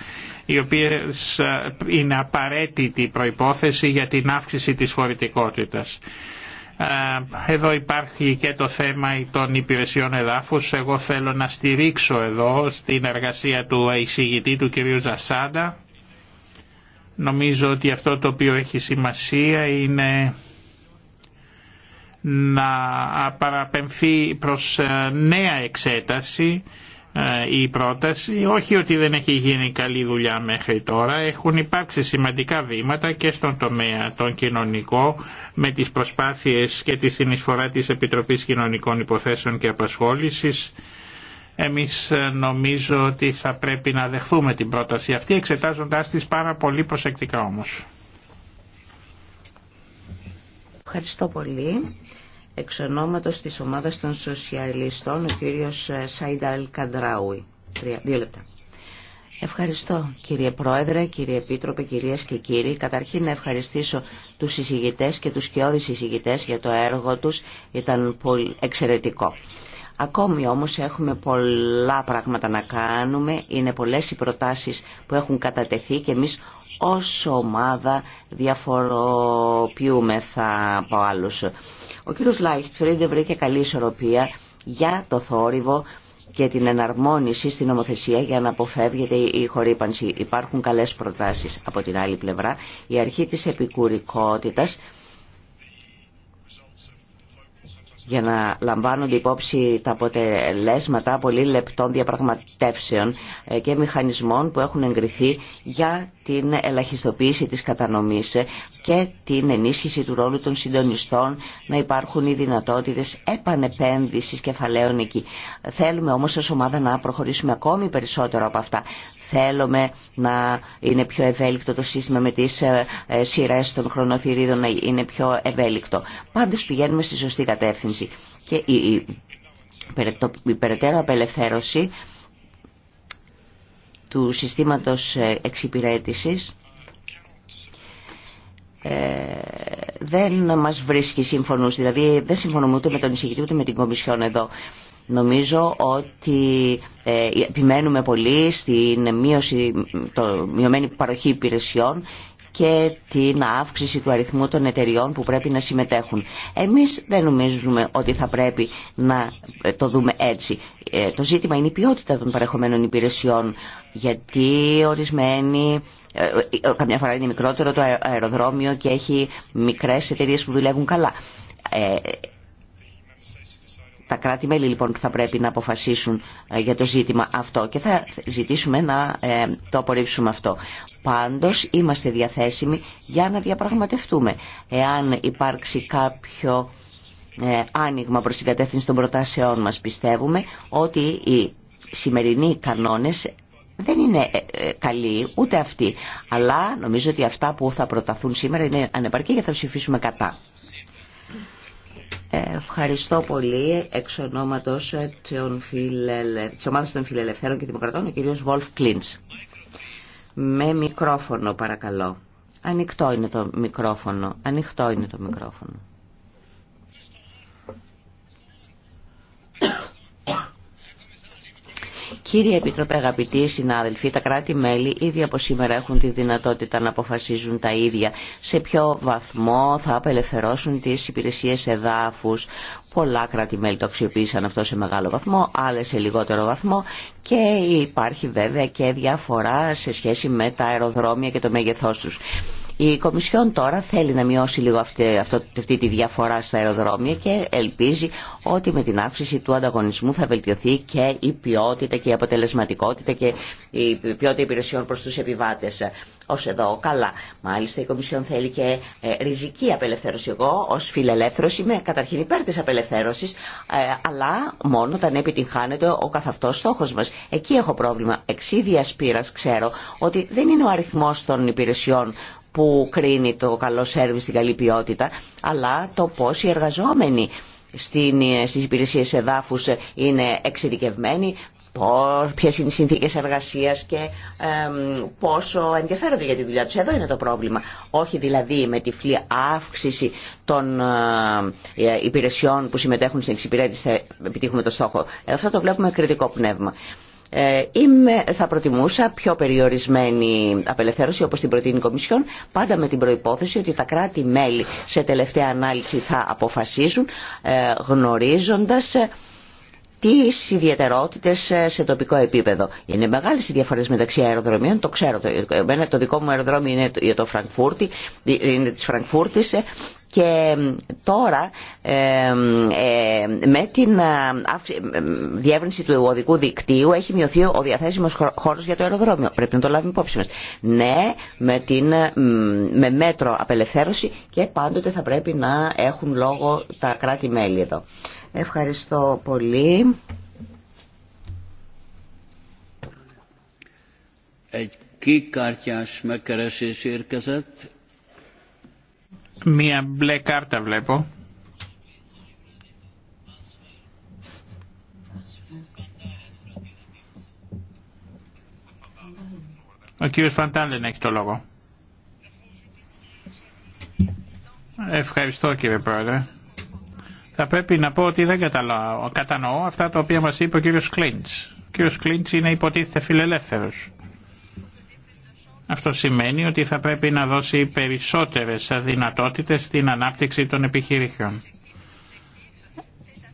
οι οποίες ε, είναι απαραίτητη προϋπόθεση για την αύξηση της φορητικότητας. Ε, εδώ υπάρχει και το θέμα των υπηρεσιών εδάφους. Εγώ θέλω να στηρίξω εδώ στην εργασία του εισηγητή του κυρίου Ζασάντα. Νομίζω ότι αυτό το οποίο έχει σημασία είναι να παραπεμφθεί προς ε, νέα εξέταση ε, η πρόταση, όχι ότι δεν έχει γίνει καλή δουλειά μέχρι τώρα, έχουν υπάρξει σημαντικά βήματα και στον τομέα τον κοινωνικό με τις προσπάθειες και τη συνεισφορά της Επιτροπής Κοινωνικών Υποθέσεων και Απασχόλησης. Εμείς ε, νομίζω ότι θα πρέπει να δεχθούμε την πρόταση αυτή εξετάζοντάς τις πάρα πολύ προσεκτικά όμως. Ευχαριστώ πολύ. Εξ ονόματος της ομάδας των σοσιαλιστών, ο κύριος ε, Σαϊνταλ Αλκαντράουι. Δύο λεπτά. Ευχαριστώ κύριε Πρόεδρε, κύριε Επίτροπε, κυρίες και κύριοι. Καταρχήν να ευχαριστήσω τους συζητητές και τους σκιώδεις συζητητέ για το έργο τους. Ήταν πολύ εξαιρετικό. Ακόμη όμως έχουμε πολλά πράγματα να κάνουμε. Είναι πολλές οι προτάσεις που έχουν κατατεθεί και εμείς ως ομάδα διαφοροποιούμεθα από άλλους. Ο κύριος Λάιχτφριντ βρήκε καλή ισορροπία για το θόρυβο και την εναρμόνιση στην νομοθεσία για να αποφεύγεται η χορύπανση. Υπάρχουν καλές προτάσεις από την άλλη πλευρά. Η αρχή της επικουρικότητας για να λαμβάνονται υπόψη τα αποτελέσματα πολύ λεπτών διαπραγματεύσεων ε, και μηχανισμών που έχουν εγκριθεί για την ελαχιστοποίηση της κατανομής ε, και την ενίσχυση του ρόλου των συντονιστών να υπάρχουν οι δυνατότητες επανεπένδυσης κεφαλαίων εκεί. Θέλουμε όμως ως ομάδα να προχωρήσουμε ακόμη περισσότερο από αυτά. Θέλουμε να είναι πιο ευέλικτο το σύστημα με τις ε, ε, σειρές των χρονοθυρίδων να είναι πιο ευέλικτο. Πάντως πηγαίνουμε στη σωστή κατεύθυνση. Και η, περαιτέρω απελευθέρωση του συστήματος ε, εξυπηρέτησης δεν μας βρίσκει σύμφωνους. Δηλαδή δεν συμφωνούμε ούτε με τον εισηγητή ούτε με την Κομισιόν εδώ. Νομίζω ότι ε, επιμένουμε πολύ στην μείωση, το, μειωμένη παροχή υπηρεσιών και την αύξηση του αριθμού των εταιριών που πρέπει να συμμετέχουν. Εμείς δεν νομίζουμε ότι θα πρέπει να ε, το δούμε έτσι. Ε, το ζήτημα είναι η ποιότητα των παρεχομένων υπηρεσιών, γιατί ορισμένοι, καμιά φορά είναι μικρότερο το αεροδρόμιο και έχει μικρές εταιρείες που δουλεύουν καλά τα κράτη-μέλη λοιπόν που θα πρέπει να αποφασίσουν ε, για το ζήτημα αυτό και θα ζητήσουμε να ε, το απορρίψουμε αυτό. Πάντως είμαστε διαθέσιμοι για να διαπραγματευτούμε. Εάν υπάρξει κάποιο ε, άνοιγμα προς την κατεύθυνση των προτάσεών μας πιστεύουμε ότι οι σημερινοί κανόνες δεν είναι καλοί ούτε αυτοί. Αλλά νομίζω ότι αυτά που θα προταθούν σήμερα είναι ανεπαρκή και θα ψηφίσουμε κατά. Ευχαριστώ πολύ εξ ονόματο τη ομάδα των Φιλελευθέρων και Δημοκρατών, ο κύριος Βολφ Κλίντς. Με μικρόφωνο παρακαλώ. Ανοιχτό είναι το μικρόφωνο. Ανοιχτό είναι το μικρόφωνο. Κύριε Επιτροπέ, αγαπητοί συνάδελφοι, τα κράτη-μέλη ήδη από σήμερα έχουν τη δυνατότητα να αποφασίζουν τα ίδια σε ποιο βαθμό θα απελευθερώσουν τις υπηρεσιες εδάφου. εδάφους. Πολλά κράτη-μέλη το αξιοποίησαν αυτό σε μεγάλο βαθμό, άλλες σε λιγότερο βαθμό και υπάρχει βέβαια και διαφορά σε σχέση με τα αεροδρόμια και το μεγεθό του. Η Κομισιόν τώρα θέλει να μειώσει λίγο αυτή, αυτή τη διαφορά στα αεροδρόμια και ελπίζει ότι με την αύξηση του ανταγωνισμού θα βελτιωθεί και η ποιότητα και η αποτελεσματικότητα και η ποιότητα υπηρεσιών προς τους επιβάτες. Ως εδώ καλά. Μάλιστα η Κομισιόν θέλει και ε, ριζική απελευθέρωση. Εγώ ως φιλελεύθερος είμαι καταρχήν υπέρ της απελευθέρωσης, ε, αλλά μόνο όταν επιτυγχάνεται ο καθαυτός στόχος μας. Εκεί έχω πρόβλημα. Εξίδια πείρα ξέρω ότι δεν είναι ο αριθμός των υπηρεσιών που κρίνει το καλό σερβις, την καλή ποιότητα, αλλά το πώς οι εργαζόμενοι στις υπηρεσίες εδάφους είναι εξειδικευμένοι, Ποιε είναι οι συνθήκε εργασία και πόσο ενδιαφέρονται για τη δουλειά του. Εδώ είναι το πρόβλημα. Όχι δηλαδή με τυφλή αύξηση των ε, υπηρεσιών που συμμετέχουν στην εξυπηρέτηση θα επιτύχουμε το στόχο. Αυτό το βλέπουμε κριτικό πνεύμα. Ε, είμαι, θα προτιμούσα πιο περιορισμένη απελευθέρωση όπως την προτείνει η Κομισιόν, πάντα με την προϋπόθεση ότι τα κράτη-μέλη σε τελευταία ανάλυση θα αποφασίζουν ε, γνωρίζοντας ε, τις ιδιαιτερότητες σε τοπικό επίπεδο. Είναι μεγάλες οι διαφορές μεταξύ αεροδρομίων, το ξέρω. Το, το δικό μου αεροδρόμιο είναι το, το Φραγκφούρτη, είναι της Φραγκφούρτης και τώρα ε, ε, με την ε, διεύρυνση του οδικού δικτύου έχει μειωθεί ο διαθέσιμος χώρος για το αεροδρόμιο. Πρέπει να το λάβουμε υπόψη μας. Ναι, με, την, με μέτρο απελευθέρωση και πάντοτε θα πρέπει να έχουν λόγο τα κράτη-μέλη εδώ. Ευχαριστώ πολύ. Egy με Μία μπλε κάρτα βλέπω. Ο κύριος Φαντάλεν έχει το λόγο. Ευχαριστώ κύριε Πρόεδρε. Θα πρέπει να πω ότι δεν κατανοώ, κατανοώ αυτά τα οποία μας είπε ο κύριος Κλίντς. Ο κύριος Κλίντς είναι υποτίθεται φιλελεύθερος. Αυτό σημαίνει ότι θα πρέπει να δώσει περισσότερες δυνατότητες στην ανάπτυξη των επιχειρήσεων.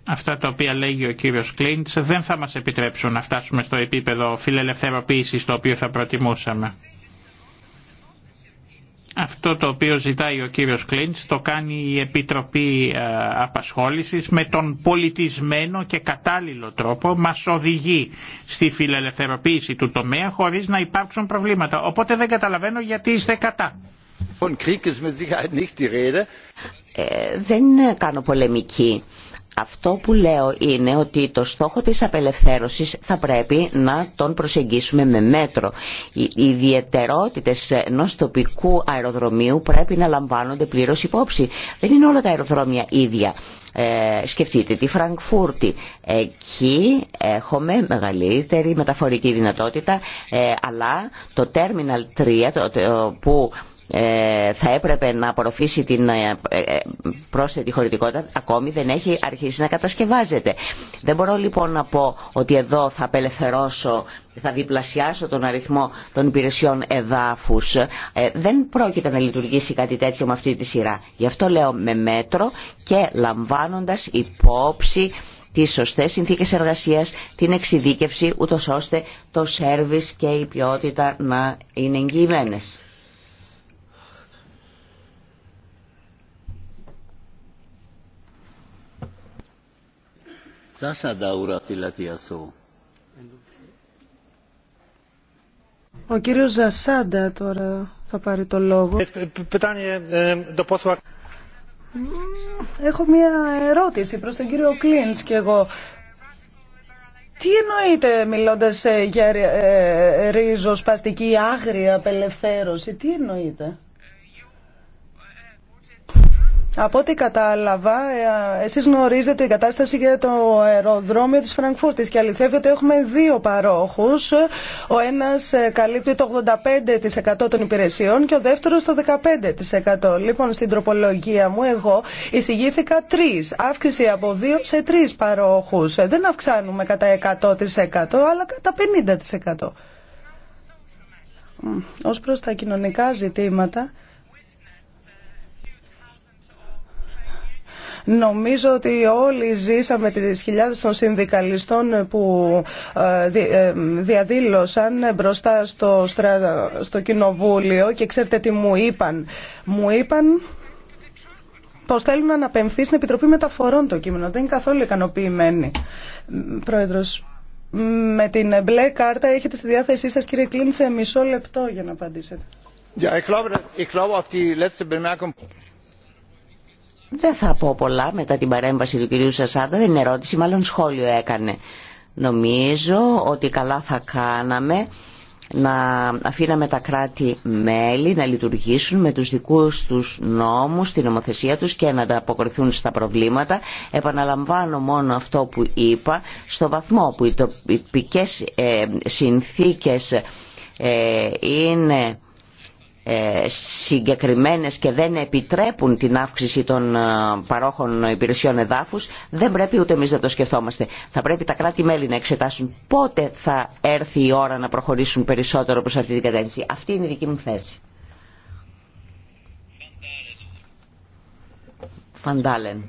Αυτά τα οποία λέγει ο κύριος Κλίντς δεν θα μας επιτρέψουν να φτάσουμε στο επίπεδο φιλελευθεροποίησης το οποίο θα προτιμούσαμε. Αυτό το οποίο ζητάει ο κύριος Κλίντς το κάνει η Επιτροπή ε, Απασχόλησης με τον πολιτισμένο και κατάλληλο τρόπο μας οδηγεί στη φιλελευθεροποίηση του τομέα χωρίς να υπάρξουν προβλήματα. Οπότε δεν καταλαβαίνω γιατί είστε κατά. Ε, δεν κάνω πολεμική. Αυτό που λέω είναι ότι το στόχο της απελευθέρωσης θα πρέπει να τον προσεγγίσουμε με μέτρο. Οι ιδιαιτερότητες ενό τοπικού αεροδρομίου πρέπει να λαμβάνονται πλήρως υπόψη. Δεν είναι όλα τα αεροδρόμια ίδια. Ε, σκεφτείτε τη Φραγκφούρτη. Εκεί έχουμε μεγαλύτερη μεταφορική δυνατότητα, ε, αλλά το Terminal 3 που ε, θα έπρεπε να απορροφήσει την ε, ε, πρόσθετη χωρητικότητα ακόμη δεν έχει αρχίσει να κατασκευάζεται. Δεν μπορώ λοιπόν να πω ότι εδώ θα απελευθερώσω, θα διπλασιάσω τον αριθμό των υπηρεσιών εδάφους. Δεν πρόκειται να λειτουργήσει κάτι τέτοιο με αυτή τη σειρά. Γι' αυτό λέω με μέτρο και λαμβάνοντας υπόψη τις σωστές συνθήκες εργασίας, την εξειδίκευση, ούτως ώστε το σέρβις και η ποιότητα να είναι εγγυημένες. Ο κύριος Ζασάντα τώρα θα πάρει το λόγο. Ε, ε, έχω μια ερώτηση προς τον κύριο Κλίνς και εγώ. Τι εννοείται μιλώντας ε, για σπαστική, άγρια απελευθέρωση, τι εννοείται. Από ό,τι κατάλαβα, ε, εσείς γνωρίζετε η κατάσταση για το αεροδρόμιο της Φραγκφούρτης και αληθεύει ότι έχουμε δύο παρόχους. Ο ένας ε, καλύπτει το 85% των υπηρεσιών και ο δεύτερος το 15%. Λοιπόν, στην τροπολογία μου εγώ εισηγήθηκα τρεις. Αύξηση από δύο σε τρεις παρόχους. Ε, δεν αυξάνουμε κατά 100% αλλά κατά 50%. Ως προς τα κοινωνικά ζητήματα... Νομίζω ότι όλοι ζήσαμε τις χιλιάδες των συνδικαλιστών που ε, ε, διαδήλωσαν μπροστά στο, στο κοινοβούλιο και ξέρετε τι μου είπαν. Μου είπαν πω θέλουν να αναπαιμφθεί στην Επιτροπή Μεταφορών το κείμενο. Δεν είναι καθόλου ικανοποιημένοι. Πρόεδρο, με την μπλε κάρτα έχετε στη διάθεσή σας, κύριε Κλίντ, σε μισό λεπτό για να απαντήσετε. Δεν θα πω πολλά μετά την παρέμβαση του κυρίου Σασάντα, δεν είναι ερώτηση, μάλλον σχόλιο έκανε. Νομίζω ότι καλά θα κάναμε να αφήναμε τα κράτη-μέλη να λειτουργήσουν με τους δικούς τους νόμους, την νομοθεσία τους και να ανταποκριθούν στα προβλήματα. Επαναλαμβάνω μόνο αυτό που είπα, στο βαθμό που οι τοπικές ε, συνθήκες ε, είναι ε, συγκεκριμένες και δεν επιτρέπουν την αύξηση των ε, παρόχων υπηρεσιών εδάφους, δεν πρέπει ούτε εμείς να το σκεφτόμαστε. Θα πρέπει τα κράτη-μέλη να εξετάσουν πότε θα έρθει η ώρα να προχωρήσουν περισσότερο προς αυτή την κατεύθυνση. Αυτή είναι η δική μου θέση. Φαντάλεν.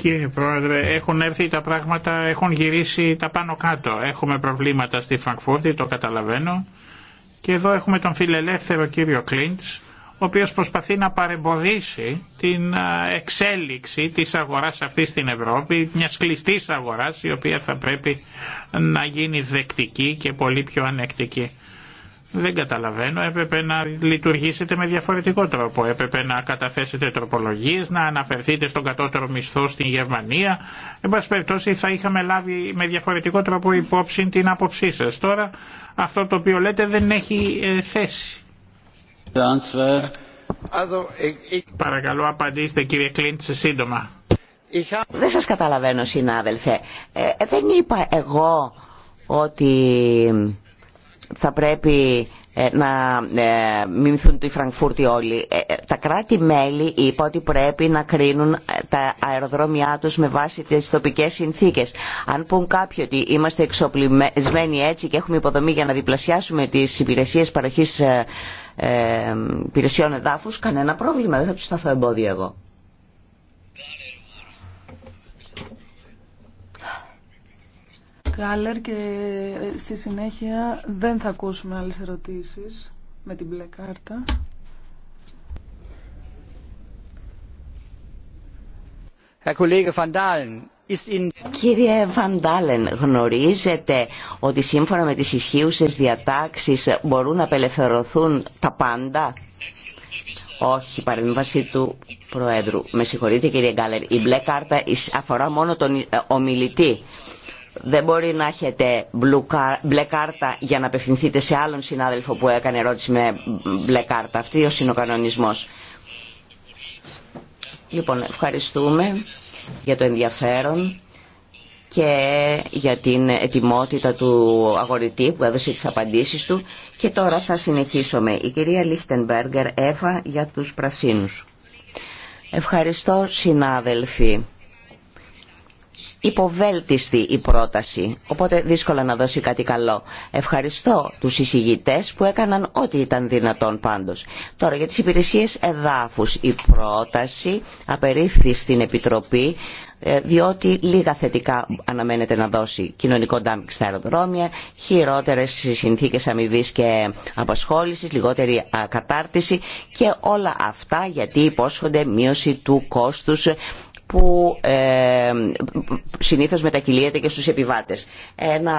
Κύριε Πρόεδρε, έχουν έρθει τα πράγματα, έχουν γυρίσει τα πάνω κάτω. Έχουμε προβλήματα στη Φραγκφούρτη, το καταλαβαίνω. Και εδώ έχουμε τον φιλελεύθερο κύριο Κλίντς, ο οποίος προσπαθεί να παρεμποδίσει την εξέλιξη της αγορά αυτής στην Ευρώπη, μια κλειστή αγορά, η οποία θα πρέπει να γίνει δεκτική και πολύ πιο ανεκτική. Δεν καταλαβαίνω, έπρεπε να λειτουργήσετε με διαφορετικό τρόπο. Έπρεπε να καταθέσετε τροπολογίες, να αναφερθείτε στον κατώτερο μισθό στην Γερμανία. Εν πάση περιπτώσει θα είχαμε λάβει με διαφορετικό τρόπο υπόψη την άποψή σας. Τώρα αυτό το οποίο λέτε δεν έχει ε, θέση. Παρακαλώ απαντήστε κύριε Κλίντ σύντομα. Δεν σας καταλαβαίνω συνάδελφε. Ε, ε, δεν είπα εγώ ότι θα πρέπει ε, να ε, μιμηθούν τη Φραγκφούρτη όλοι. Ε, τα κράτη-μέλη είπα ότι πρέπει να κρίνουν τα αεροδρόμια τους με βάση τις τοπικές συνθήκες. Αν πούν κάποιοι ότι είμαστε εξοπλισμένοι έτσι και έχουμε υποδομή για να διπλασιάσουμε τις υπηρεσίες παροχής υπηρεσιών εδάφους, κανένα πρόβλημα, δεν θα τους σταθώ εμπόδια εγώ. Κάλερ και ε, στη συνέχεια δεν θα ακούσουμε άλλες ερωτήσεις με την μπλε κάρτα. Κύριε Βαντάλεν, γνωρίζετε ότι σύμφωνα με τις ισχύουσες διατάξεις μπορούν να απελευθερωθούν τα πάντα. Όχι, παρέμβαση του Προέδρου. Με συγχωρείτε κύριε Γκάλερ, η μπλε κάρτα αφορά μόνο τον ε, ομιλητή δεν μπορεί να έχετε μπλε κάρτα για να απευθυνθείτε σε άλλον συνάδελφο που έκανε ερώτηση με μπλε κάρτα. Αυτή ο κανονισμός. Λοιπόν, ευχαριστούμε για το ενδιαφέρον και για την ετοιμότητα του αγορητή που έδωσε τις απαντήσεις του. Και τώρα θα συνεχίσουμε. Η κυρία Λίχτενμπέργκερ Εύα για τους Πρασίνους. Ευχαριστώ συνάδελφοι υποβέλτιστη η πρόταση, οπότε δύσκολα να δώσει κάτι καλό. Ευχαριστώ τους εισηγητές που έκαναν ό,τι ήταν δυνατόν πάντως. Τώρα για τις υπηρεσίες εδάφους. Η πρόταση απερίφθη στην Επιτροπή ε, διότι λίγα θετικά αναμένεται να δώσει κοινωνικό ντάμπινγκ στα αεροδρόμια, χειρότερε συνθήκε αμοιβή και απασχόληση, λιγότερη κατάρτιση και όλα αυτά γιατί υπόσχονται μείωση του κόστου που ε, συνήθως μετακυλίεται και στους επιβάτες. Ένα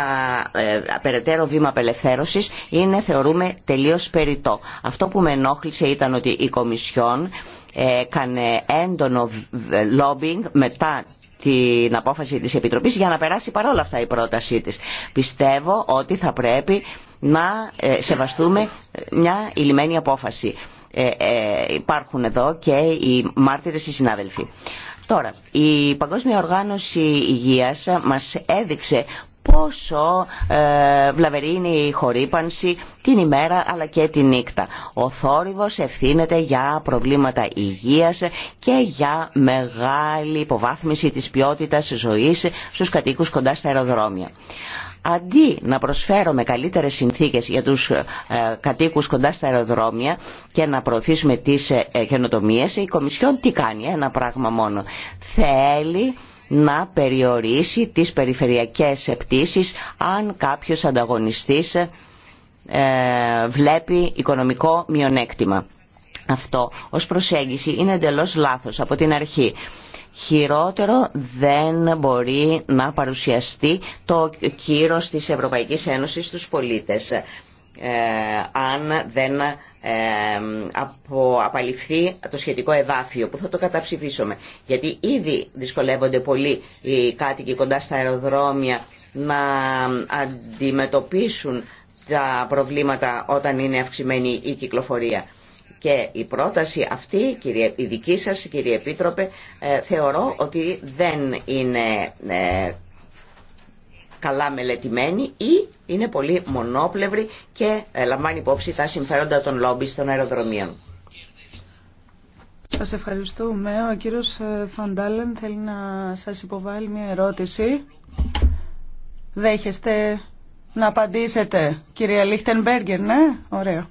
ε, περαιτέρω βήμα απελευθέρωσης είναι, θεωρούμε, τελείως περιττό. Αυτό που με ενόχλησε ήταν ότι η Κομισιόν έκανε έντονο lobbying μετά την απόφαση της Επιτροπής για να περάσει παρόλα αυτά η πρότασή της. Πιστεύω ότι θα πρέπει να ε, σεβαστούμε μια ηλυμένη απόφαση. Ε, ε, υπάρχουν εδώ και οι μάρτυρες οι συνάδελφοι. Τώρα, η Παγκόσμια Οργάνωση Υγείας μας έδειξε πόσο ε, βλαβερή είναι η χορύπανση την ημέρα αλλά και τη νύχτα. Ο θόρυβος ευθύνεται για προβλήματα υγείας και για μεγάλη υποβάθμιση της ποιότητας ζωής στους κατοίκους κοντά στα αεροδρόμια αντί να προσφέρουμε καλύτερες συνθήκες για τους ε, κατοίκους κοντά στα αεροδρόμια και να προωθήσουμε τις ε, ε, καινοτομίες, η Κομισιόν τι κάνει, ένα πράγμα μόνο. Θέλει να περιορίσει τις περιφερειακές πτήσεις αν κάποιος ανταγωνιστής βλέπει οικονομικό μειονέκτημα. Αυτό ως προσέγγιση είναι εντελώς λάθος από την αρχή. Χειρότερο δεν μπορεί να παρουσιαστεί το κύρος της Ευρωπαϊκής Ένωσης στους πολίτες ε, αν δεν ε, απαλληφθεί το σχετικό εδάφιο που θα το καταψηφίσουμε. Γιατί ήδη δυσκολεύονται πολύ οι κάτοικοι κοντά στα αεροδρόμια να αντιμετωπίσουν τα προβλήματα όταν είναι αυξημένη η κυκλοφορία. Και η πρόταση αυτή, η δική σας κύριε Επίτροπε, ε, θεωρώ ότι δεν είναι ε, καλά μελετημένη ή είναι πολύ μονόπλευρη και ε, λαμβάνει υπόψη τα συμφέροντα των λόμπι των αεροδρομίων. Σας ευχαριστούμε. Ο κύριος Φαντάλεν θέλει να σας υποβάλει μια ερώτηση. Δέχεστε να απαντήσετε, κυρία Λίχτενμπέργκερ, ναι? Ωραία.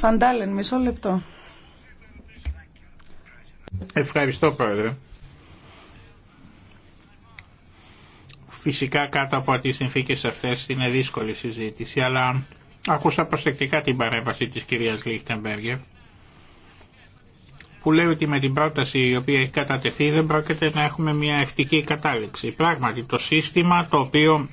Φαντάλεν, μισό λεπτό. Ευχαριστώ, Πρόεδρε. Φυσικά κάτω από τις συνθήκες αυτές είναι δύσκολη συζήτηση, αλλά άκουσα προσεκτικά την παρέμβαση της κυρίας Λίχτεμπεργκερ που λέει ότι με την πρόταση η οποία έχει κατατεθεί δεν πρόκειται να έχουμε μια ευτική κατάληξη. Πράγματι το σύστημα το οποίο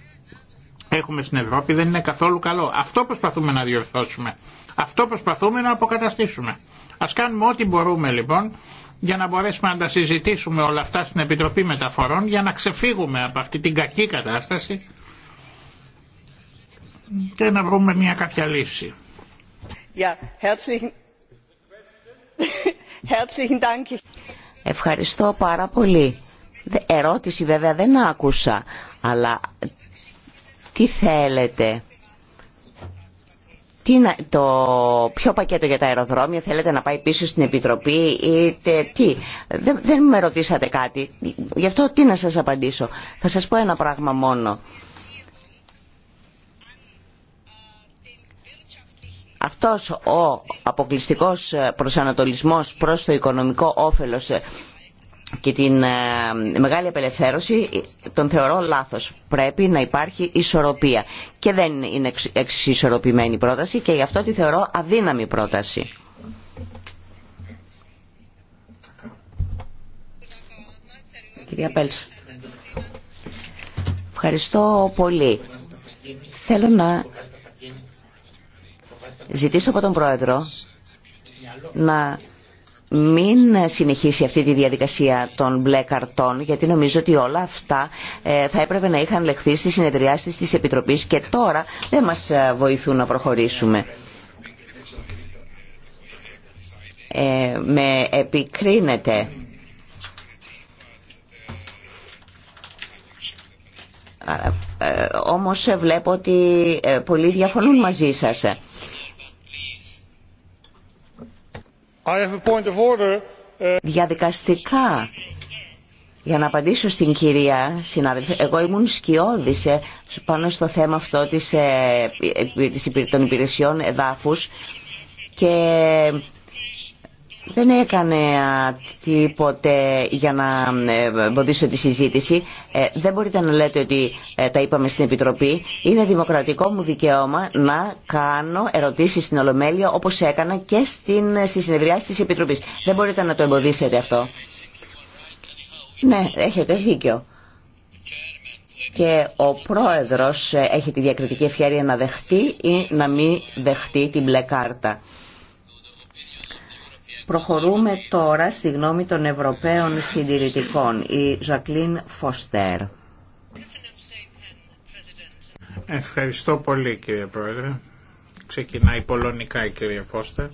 έχουμε στην Ευρώπη δεν είναι καθόλου καλό. Αυτό προσπαθούμε να διορθώσουμε. Αυτό προσπαθούμε να αποκαταστήσουμε. Α κάνουμε ό,τι μπορούμε λοιπόν για να μπορέσουμε να τα συζητήσουμε όλα αυτά στην Επιτροπή Μεταφορών για να ξεφύγουμε από αυτή την κακή κατάσταση και να βρούμε μια κάποια λύση. Ευχαριστώ πάρα πολύ. Ερώτηση βέβαια δεν άκουσα, αλλά τι θέλετε το ποιο πακέτο για τα αεροδρόμια θέλετε να πάει πίσω στην Επιτροπή ή τι. Δεν, δεν με ρωτήσατε κάτι. Γι' αυτό τι να σας απαντήσω. Θα σας πω ένα πράγμα μόνο. Αυτός ο αποκλειστικός προσανατολισμός προς το οικονομικό όφελος και την ε, μεγάλη απελευθέρωση τον θεωρώ λάθος. Πρέπει να υπάρχει ισορροπία. Και δεν είναι εξισορροπημένη πρόταση και γι' αυτό τη θεωρώ αδύναμη πρόταση. Κυρία Πέλς. Ευχαριστώ πολύ. Θέλω να ζητήσω από τον Πρόεδρο να μην συνεχίσει αυτή τη διαδικασία των μπλε καρτών γιατί νομίζω ότι όλα αυτά ε, θα έπρεπε να είχαν λεχθεί στις συνεδριάσεις της Επιτροπής και τώρα δεν μας ε, βοηθούν να προχωρήσουμε. Ε, με επικρίνεται όμως βλέπω ότι πολλοί διαφωνούν μαζί σας Uh, Διαδικαστικά, για να απαντήσω στην κυρία συνάδελφε, εγώ ήμουν σκιώδης ε, πάνω στο θέμα αυτό της, ε, ε, των υπηρεσιών εδάφους και δεν έκανε τίποτε για να ε, εμποδίσω τη συζήτηση. Ε, δεν μπορείτε να λέτε ότι ε, τα είπαμε στην Επιτροπή. Είναι δημοκρατικό μου δικαίωμα να κάνω ερωτήσεις στην Ολομέλεια όπως έκανα και στην, στη συνεδριάση της Επιτροπής. Δεν μπορείτε να το εμποδίσετε αυτό. Ναι, έχετε δίκιο. Και ο πρόεδρος έχει τη διακριτική ευκαιρία να δεχτεί ή να μην δεχτεί την μπλε κάρτα. Προχωρούμε τώρα στη γνώμη των Ευρωπαίων Συντηρητικών, η Ζακλίν Φωστέρ. Ευχαριστώ πολύ κύριε Πρόεδρε. Ξεκινάει πολωνικά η κυρία Φώστερ.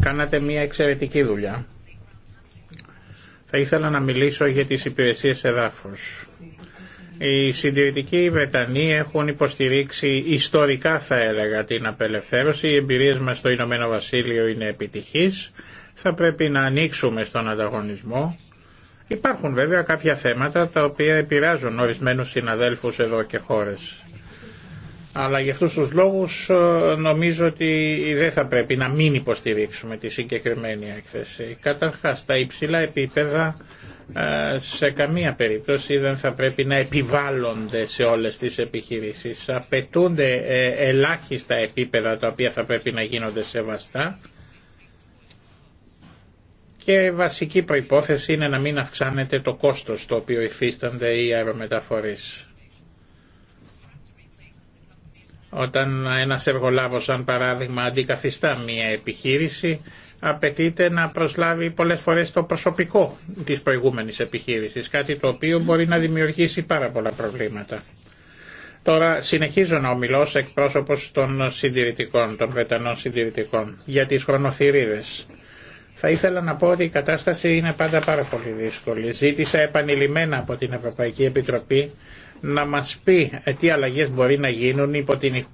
Κάνατε μια εξαιρετική δουλειά. Θα ήθελα να μιλήσω για τις υπηρεσίες εδάφους. Οι συντηρητικοί Βρετανοί έχουν υποστηρίξει ιστορικά θα έλεγα την απελευθέρωση. Οι εμπειρίες μας στο Ηνωμένο Βασίλειο είναι επιτυχής. Θα πρέπει να ανοίξουμε στον ανταγωνισμό. Υπάρχουν βέβαια κάποια θέματα τα οποία επηρεάζουν ορισμένους συναδέλφους εδώ και χώρες. Αλλά για αυτούς τους λόγους ε, νομίζω ότι δεν θα πρέπει να μην υποστηρίξουμε τη συγκεκριμένη έκθεση. Καταρχάς τα υψηλά επίπεδα ε, σε καμία περίπτωση δεν θα πρέπει να επιβάλλονται σε όλες τις επιχειρήσεις. Απαιτούνται ε, ελάχιστα επίπεδα τα οποία θα πρέπει να γίνονται σεβαστά και βασική προϋπόθεση είναι να μην αυξάνεται το κόστος το οποίο υφίστανται οι αερομεταφορείς. Όταν ένας εργολάβος, σαν παράδειγμα, αντικαθιστά μία επιχείρηση, απαιτείται να προσλάβει πολλές φορές το προσωπικό της προηγούμενης επιχείρησης, κάτι το οποίο μπορεί να δημιουργήσει πάρα πολλά προβλήματα. Τώρα συνεχίζω να ομιλώ ως εκπρόσωπος των συντηρητικών, των Βρετανών συντηρητικών, για τις χρονοθυρίδες. Θα ήθελα να πω ότι η κατάσταση είναι πάντα πάρα πολύ δύσκολη. Ζήτησα επανειλημμένα από την Ευρωπαϊκή Επιτροπή να μας πει τι αλλαγές μπορεί να γίνουν υπό την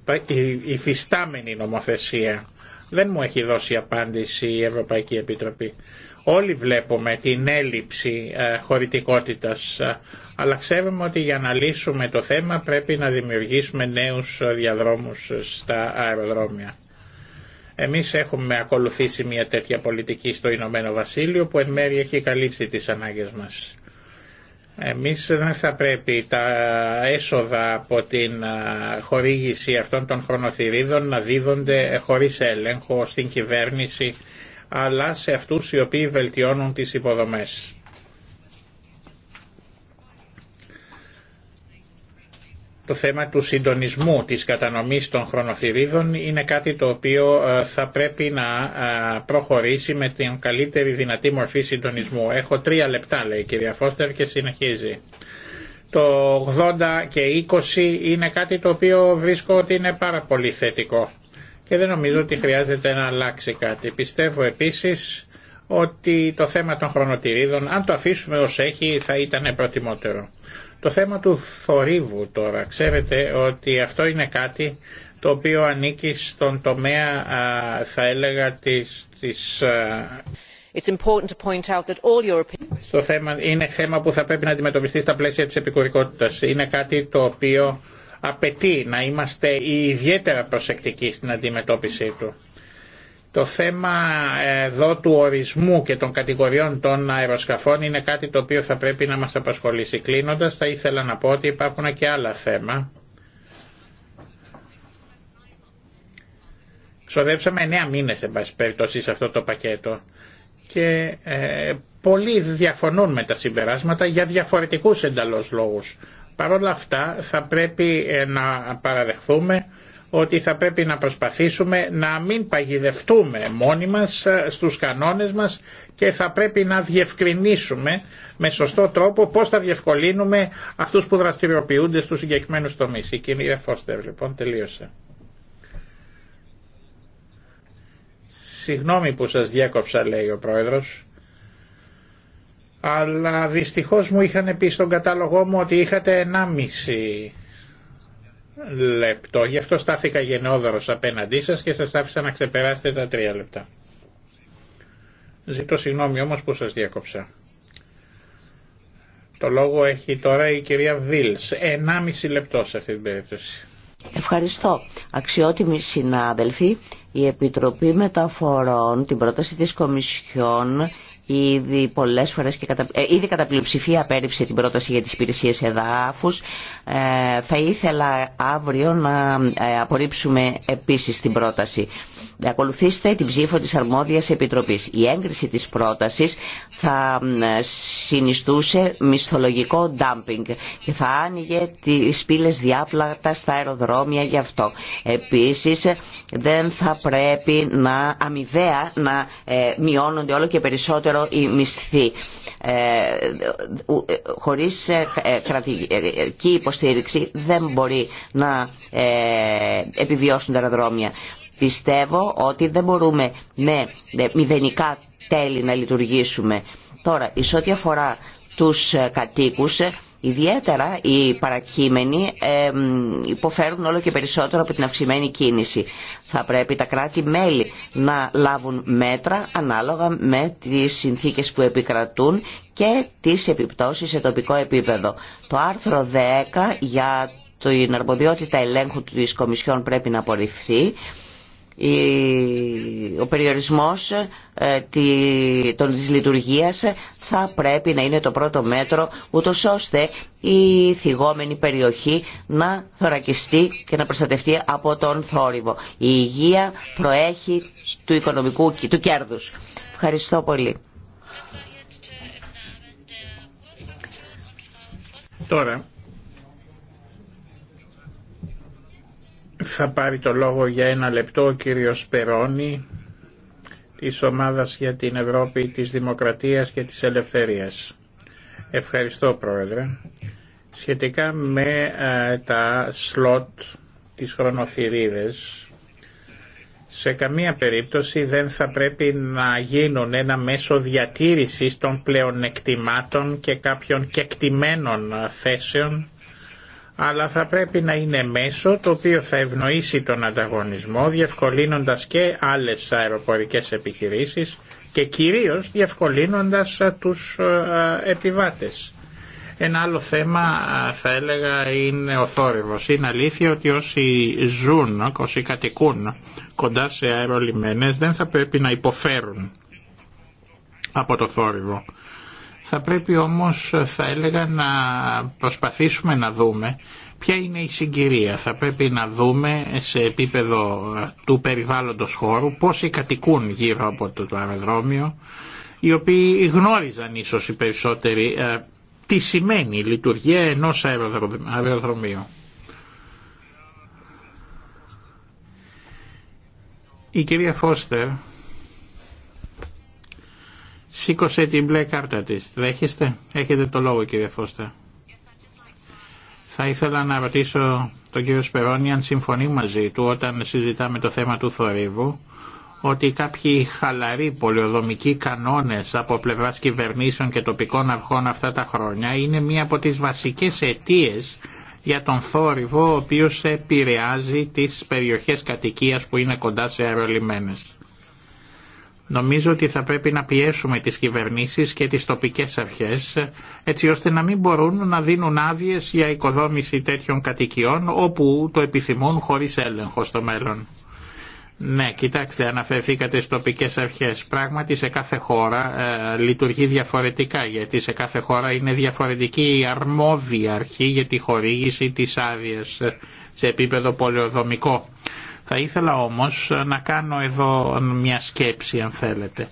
υφιστάμενη νομοθεσία δεν μου έχει δώσει απάντηση η Ευρωπαϊκή Επιτροπή. Όλοι βλέπουμε την έλλειψη ε, χωρητικότητας, ε, αλλά ξέρουμε ότι για να λύσουμε το θέμα πρέπει να δημιουργήσουμε νέους διαδρόμους στα αεροδρόμια. Εμείς έχουμε ακολουθήσει μια τέτοια πολιτική στο Ηνωμένο Βασίλειο που εν μέρει έχει καλύψει τις ανάγκες μας. Εμείς δεν θα πρέπει τα έσοδα από την χορήγηση αυτών των χρονοθυρίδων να δίδονται χωρίς έλεγχο στην κυβέρνηση αλλά σε αυτούς οι οποίοι βελτιώνουν τις υποδομές. Το θέμα του συντονισμού της κατανομής των χρονοθυρίδων είναι κάτι το οποίο ε, θα πρέπει να ε, προχωρήσει με την καλύτερη δυνατή μορφή συντονισμού. Έχω τρία λεπτά λέει η κυρία Φώστερ και συνεχίζει. Το 80 και 20 είναι κάτι το οποίο βρίσκω ότι είναι πάρα πολύ θετικό και δεν νομίζω ότι χρειάζεται να αλλάξει κάτι. Πιστεύω επίσης ότι το θέμα των χρονοτηρίδων αν το αφήσουμε ως έχει θα ήταν προτιμότερο. Το θέμα του θορύβου τώρα, ξέρετε ότι αυτό είναι κάτι το οποίο ανήκει στον τομέα θα έλεγα της, της It's important to point out that all European... το θέμα, είναι θέμα που θα πρέπει να αντιμετωπιστεί στα πλαίσια της επικουρικότητας. Είναι κάτι το οποίο απαιτεί να είμαστε ιδιαίτερα προσεκτικοί στην αντιμετώπιση του. Το θέμα ε, εδώ του ορισμού και των κατηγοριών των αεροσκαφών είναι κάτι το οποίο θα πρέπει να μας απασχολήσει. Κλείνοντας θα ήθελα να πω ότι υπάρχουν και άλλα θέματα. Ξοδέψαμε 9 μήνες εν πάση περιπτώσει σε αυτό το πακέτο και ε, πολλοί διαφωνούν με τα συμπεράσματα για διαφορετικούς ενταλώς λόγους. Παρ' όλα αυτά θα πρέπει ε, να παραδεχθούμε ότι θα πρέπει να προσπαθήσουμε να μην παγιδευτούμε μόνοι μας ε, στους κανόνες μας και θα πρέπει να διευκρινίσουμε με σωστό τρόπο πώς θα διευκολύνουμε αυτούς που δραστηριοποιούνται στους συγκεκριμένους τομείς. Η κυρία Φώστερ λοιπόν τελείωσε. Συγγνώμη που σας διάκοψα, λέει ο πρόεδρος αλλά δυστυχώς μου είχαν πει στον κατάλογό μου ότι είχατε 1,5 λεπτό. Γι' αυτό στάθηκα γενναιόδωρο απέναντί σα και σας άφησα να ξεπεράσετε τα τρία λεπτά. Ζητώ συγγνώμη όμως που σας διάκοψα. Το λόγο έχει τώρα η κυρία Βίλς. 1,5 λεπτό σε αυτή την περίπτωση. Ευχαριστώ. Αξιότιμοι συνάδελφοι, η Επιτροπή Μεταφορών, την πρόταση της Κομισιόν ήδη πολλές φορές και κατα... Ε, ήδη κατά πλειοψηφία απέρριψε την πρόταση για τις υπηρεσίε εδάφους. Ε, θα ήθελα αύριο να ε, απορρίψουμε επίσης την πρόταση ακολουθήστε την ψήφο της αρμόδιας επιτροπής. Η έγκριση της πρότασης θα συνιστούσε μισθολογικό ντάμπινγκ και θα άνοιγε τις πύλες διάπλατα στα αεροδρόμια γι' αυτό. Επίσης δεν θα πρέπει να αμοιβαία να ε, μειώνονται όλο και περισσότερο οι μισθοί ε, ε, χωρίς κρατική υποστήριξη δεν μπορεί να επιβιώσουν τα αεροδρόμια. Πιστεύω ότι δεν μπορούμε με μηδενικά τέλη να λειτουργήσουμε. Τώρα, εις ό,τι αφορά τους ε, κατοίκους, ε, ιδιαίτερα οι παρακείμενοι υποφέρουν όλο και περισσότερο από την αυξημένη κίνηση. Θα πρέπει τα κράτη-μέλη να λάβουν μέτρα ανάλογα με τις συνθήκες που επικρατούν και τις επιπτώσεις σε τοπικό επίπεδο. Το άρθρο 10 για την αρμοδιότητα ελέγχου της Κομισιόν πρέπει να απορριφθεί ο περιορισμός ε, της λειτουργίας θα πρέπει να είναι το πρώτο μέτρο ούτως ώστε η θυγόμενη περιοχή να θωρακιστεί και να προστατευτεί από τον θόρυβο. Η υγεία προέχει του οικονομικού του κέρδους. Ευχαριστώ πολύ. Τώρα Θα πάρει το λόγο για ένα λεπτό ο κύριος Περόνη της Ομάδας για την Ευρώπη της Δημοκρατίας και της Ελευθερίας. Ευχαριστώ Πρόεδρε. Σχετικά με ε, τα σλότ, της χρονοθυρίδες, σε καμία περίπτωση δεν θα πρέπει να γίνουν ένα μέσο διατήρησης των πλεονεκτημάτων και κάποιων κεκτημένων θέσεων αλλά θα πρέπει να είναι μέσο το οποίο θα ευνοήσει τον ανταγωνισμό διευκολύνοντας και άλλες αεροπορικές επιχειρήσεις και κυρίως διευκολύνοντας τους επιβάτες. Ένα άλλο θέμα θα έλεγα είναι ο θόρυβος. Είναι αλήθεια ότι όσοι ζουν, όσοι κατοικούν κοντά σε αερολιμένες δεν θα πρέπει να υποφέρουν από το θόρυβο. Θα πρέπει όμως θα έλεγα να προσπαθήσουμε να δούμε ποια είναι η συγκυρία. Θα πρέπει να δούμε σε επίπεδο ε, του περιβάλλοντος χώρου πόσοι κατοικούν γύρω από το, το αεροδρόμιο οι οποίοι γνώριζαν ίσως οι περισσότεροι ε, τι σημαίνει η λειτουργία ενός αεροδρομίου. Η κυρία Φώστερ Σήκωσε την μπλε κάρτα της. Δέχεστε. Έχετε το λόγο κύριε Φώστα. Θα ήθελα να ρωτήσω τον κύριο Σπερώνη αν συμφωνεί μαζί του όταν συζητάμε το θέμα του θορύβου ότι κάποιοι χαλαροί πολιοδομικοί κανόνες από πλευράς κυβερνήσεων και τοπικών αρχών αυτά τα χρόνια είναι μία από τις βασικές αιτίες για τον θόρυβο ο οποίος επηρεάζει τις περιοχές κατοικίας που είναι κοντά σε αερολιμένες. Νομίζω ότι θα πρέπει να πιέσουμε τις κυβερνήσεις και τις τοπικές αρχές έτσι ώστε να μην μπορούν να δίνουν άδειε για οικοδόμηση τέτοιων κατοικιών όπου το επιθυμούν χωρίς έλεγχο στο μέλλον. Ναι, κοιτάξτε, αναφερθήκατε στις τοπικές αρχές. Πράγματι σε κάθε χώρα ε, λειτουργεί διαφορετικά, γιατί σε κάθε χώρα είναι διαφορετική η αρμόδια αρχή για τη χορήγηση της άδεια ε, σε επίπεδο πολεοδομικό. Θα ήθελα όμως να κάνω εδώ μια σκέψη αν θέλετε.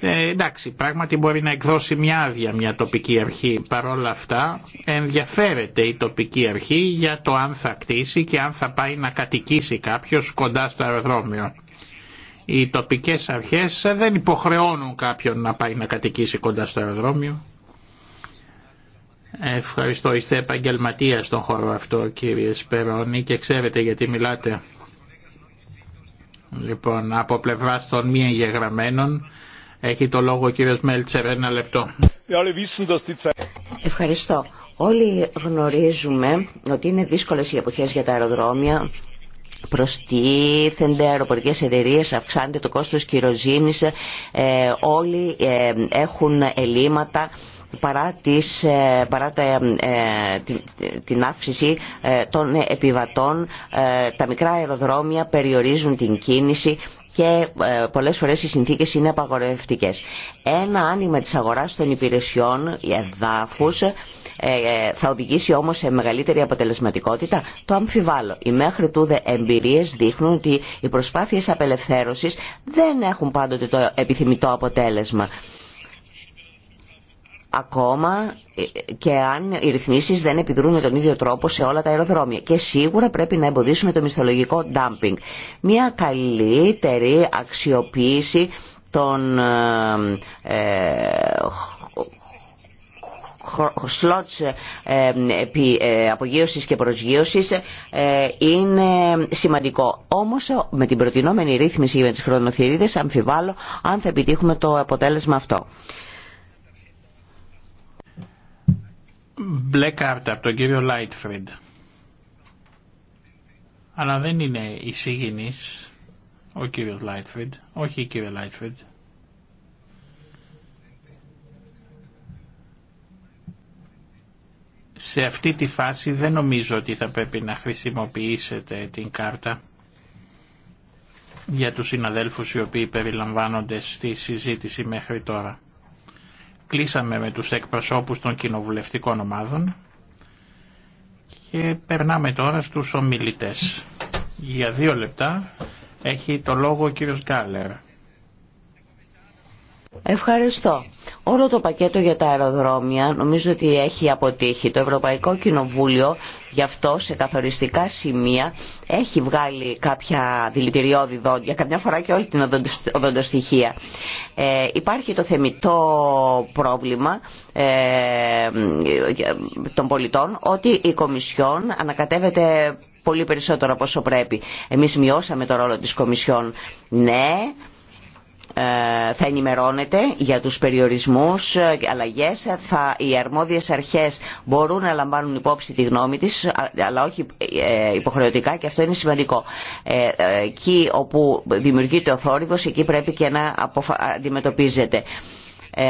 Ε, εντάξει, πράγματι μπορεί να εκδώσει μια άδεια μια τοπική αρχή. Παρ' όλα αυτά ενδιαφέρεται η τοπική αρχή για το αν θα κτίσει και αν θα πάει να κατοικήσει κάποιος κοντά στο αεροδρόμιο. Οι τοπικές αρχές δεν υποχρεώνουν κάποιον να πάει να κατοικήσει κοντά στο αεροδρόμιο. Ευχαριστώ. Είστε επαγγελματία στον χώρο αυτό κύριε Σπερώνη και ξέρετε γιατί μιλάτε. Λοιπόν, από πλευρά των μη εγγεγραμμένων έχει το λόγο ο κύριος Μέλτσερ. Ένα λεπτό. Ευχαριστώ. Όλοι γνωρίζουμε ότι είναι δύσκολες οι εποχές για τα αεροδρόμια, προστίθενται αεροπορικές εταιρείες, αυξάνεται το κόστος κυροζήνης, ε, όλοι ε, έχουν ελλείμματα παρά, τις, ε, παρά ε, την, την αύξηση ε, των επιβατών. Τα μικρά αεροδρόμια περιορίζουν την κίνηση και πολλές φορές οι συνθήκες είναι απαγορευτικές. Ένα άνοιγμα της αγοράς των υπηρεσιών, οι εδάφους, θα οδηγήσει όμως σε μεγαλύτερη αποτελεσματικότητα. Το αμφιβάλλω. Οι μέχρι τούδε εμπειρίες δείχνουν ότι οι προσπάθειες απελευθέρωσης δεν έχουν πάντοτε το επιθυμητό αποτέλεσμα ακόμα και αν οι ρυθμίσεις δεν επιδρούν με τον ίδιο τρόπο σε όλα τα αεροδρόμια. Και σίγουρα πρέπει να εμποδίσουμε το μισθολογικό dumping. Μια καλύτερη αξιοποίηση των σλότς ε, ε, ε, επί απογείωσης και προσγείωσης είναι σημαντικό. Όμως με την προτινόμενη ρύθμιση για τις χρονοθυρίδες αμφιβάλλω αν θα επιτύχουμε το αποτέλεσμα αυτό. μπλε κάρτα από τον κύριο Λάιτφριντ. Αλλά δεν είναι η σύγγινης ο κύριος Λάιτφριντ. Όχι κύριε Λάιτφριντ. Σε αυτή τη φάση δεν νομίζω ότι θα πρέπει να χρησιμοποιήσετε την κάρτα για τους συναδέλφους οι οποίοι περιλαμβάνονται στη συζήτηση μέχρι τώρα κλείσαμε με τους εκπροσώπους των κοινοβουλευτικών ομάδων και περνάμε τώρα στους ομιλητές. Για δύο λεπτά έχει το λόγο ο κύριος Γκάλερ. Ευχαριστώ. Όλο το πακέτο για τα αεροδρόμια νομίζω ότι έχει αποτύχει. Το Ευρωπαϊκό Κοινοβούλιο γι' αυτό σε καθοριστικά σημεία έχει βγάλει κάποια δηλητηριώδη δόντια, καμιά φορά και όλη την οδοντοστοιχεία. Ε, υπάρχει το θεμητό πρόβλημα ε, των πολιτών ότι η Κομισιόν ανακατεύεται πολύ περισσότερο από όσο πρέπει. Εμείς μειώσαμε το ρόλο της Κομισιόν. Ναι, ε, θα ενημερώνεται για τους περιορισμούς, ε, αλλαγές, θα, οι αρμόδιες αρχές μπορούν να λαμβάνουν υπόψη τη γνώμη της, αλλά όχι ε, υποχρεωτικά και αυτό είναι σημαντικό. εκεί όπου δημιουργείται ο θόρυβος, εκεί πρέπει και να αντιμετωπίζεται. Ε,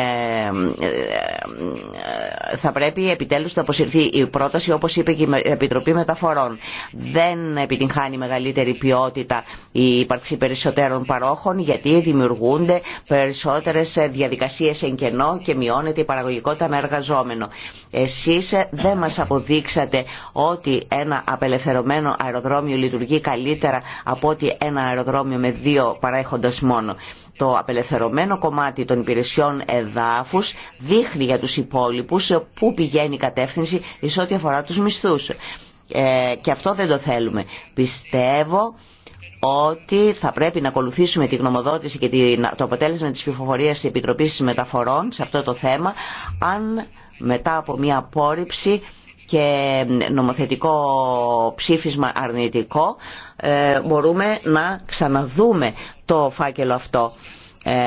ε, θα πρέπει επιτέλους να αποσυρθεί η πρόταση όπως είπε η Επιτροπή Μεταφορών. Δεν επιτυγχάνει μεγαλύτερη ποιότητα η ύπαρξη περισσότερων παρόχων γιατί δημιουργούνται περισσότερες διαδικασίες εν κενό και μειώνεται η παραγωγικότητα εργαζόμενο. Εσείς δεν μας αποδείξατε ότι ένα απελευθερωμένο αεροδρόμιο λειτουργεί καλύτερα από ότι ένα αεροδρόμιο με δύο παρέχοντας μόνο. Το απελευθερωμένο κομμάτι των υπηρεσιών εδάφους δείχνει για τους υπόλοιπους πού πηγαίνει η κατεύθυνση εις ό,τι αφορά τους μισθούς. Ε, και αυτό δεν το θέλουμε. Πιστεύω ότι θα πρέπει να ακολουθήσουμε τη γνωμοδότηση και το αποτέλεσμα της ψηφοφορίας της Επιτροπής Μεταφορών σε αυτό το θέμα, αν μετά από μια απόρριψη και νομοθετικό ψήφισμα αρνητικό ε, μπορούμε να ξαναδούμε το φάκελο αυτό. Ε,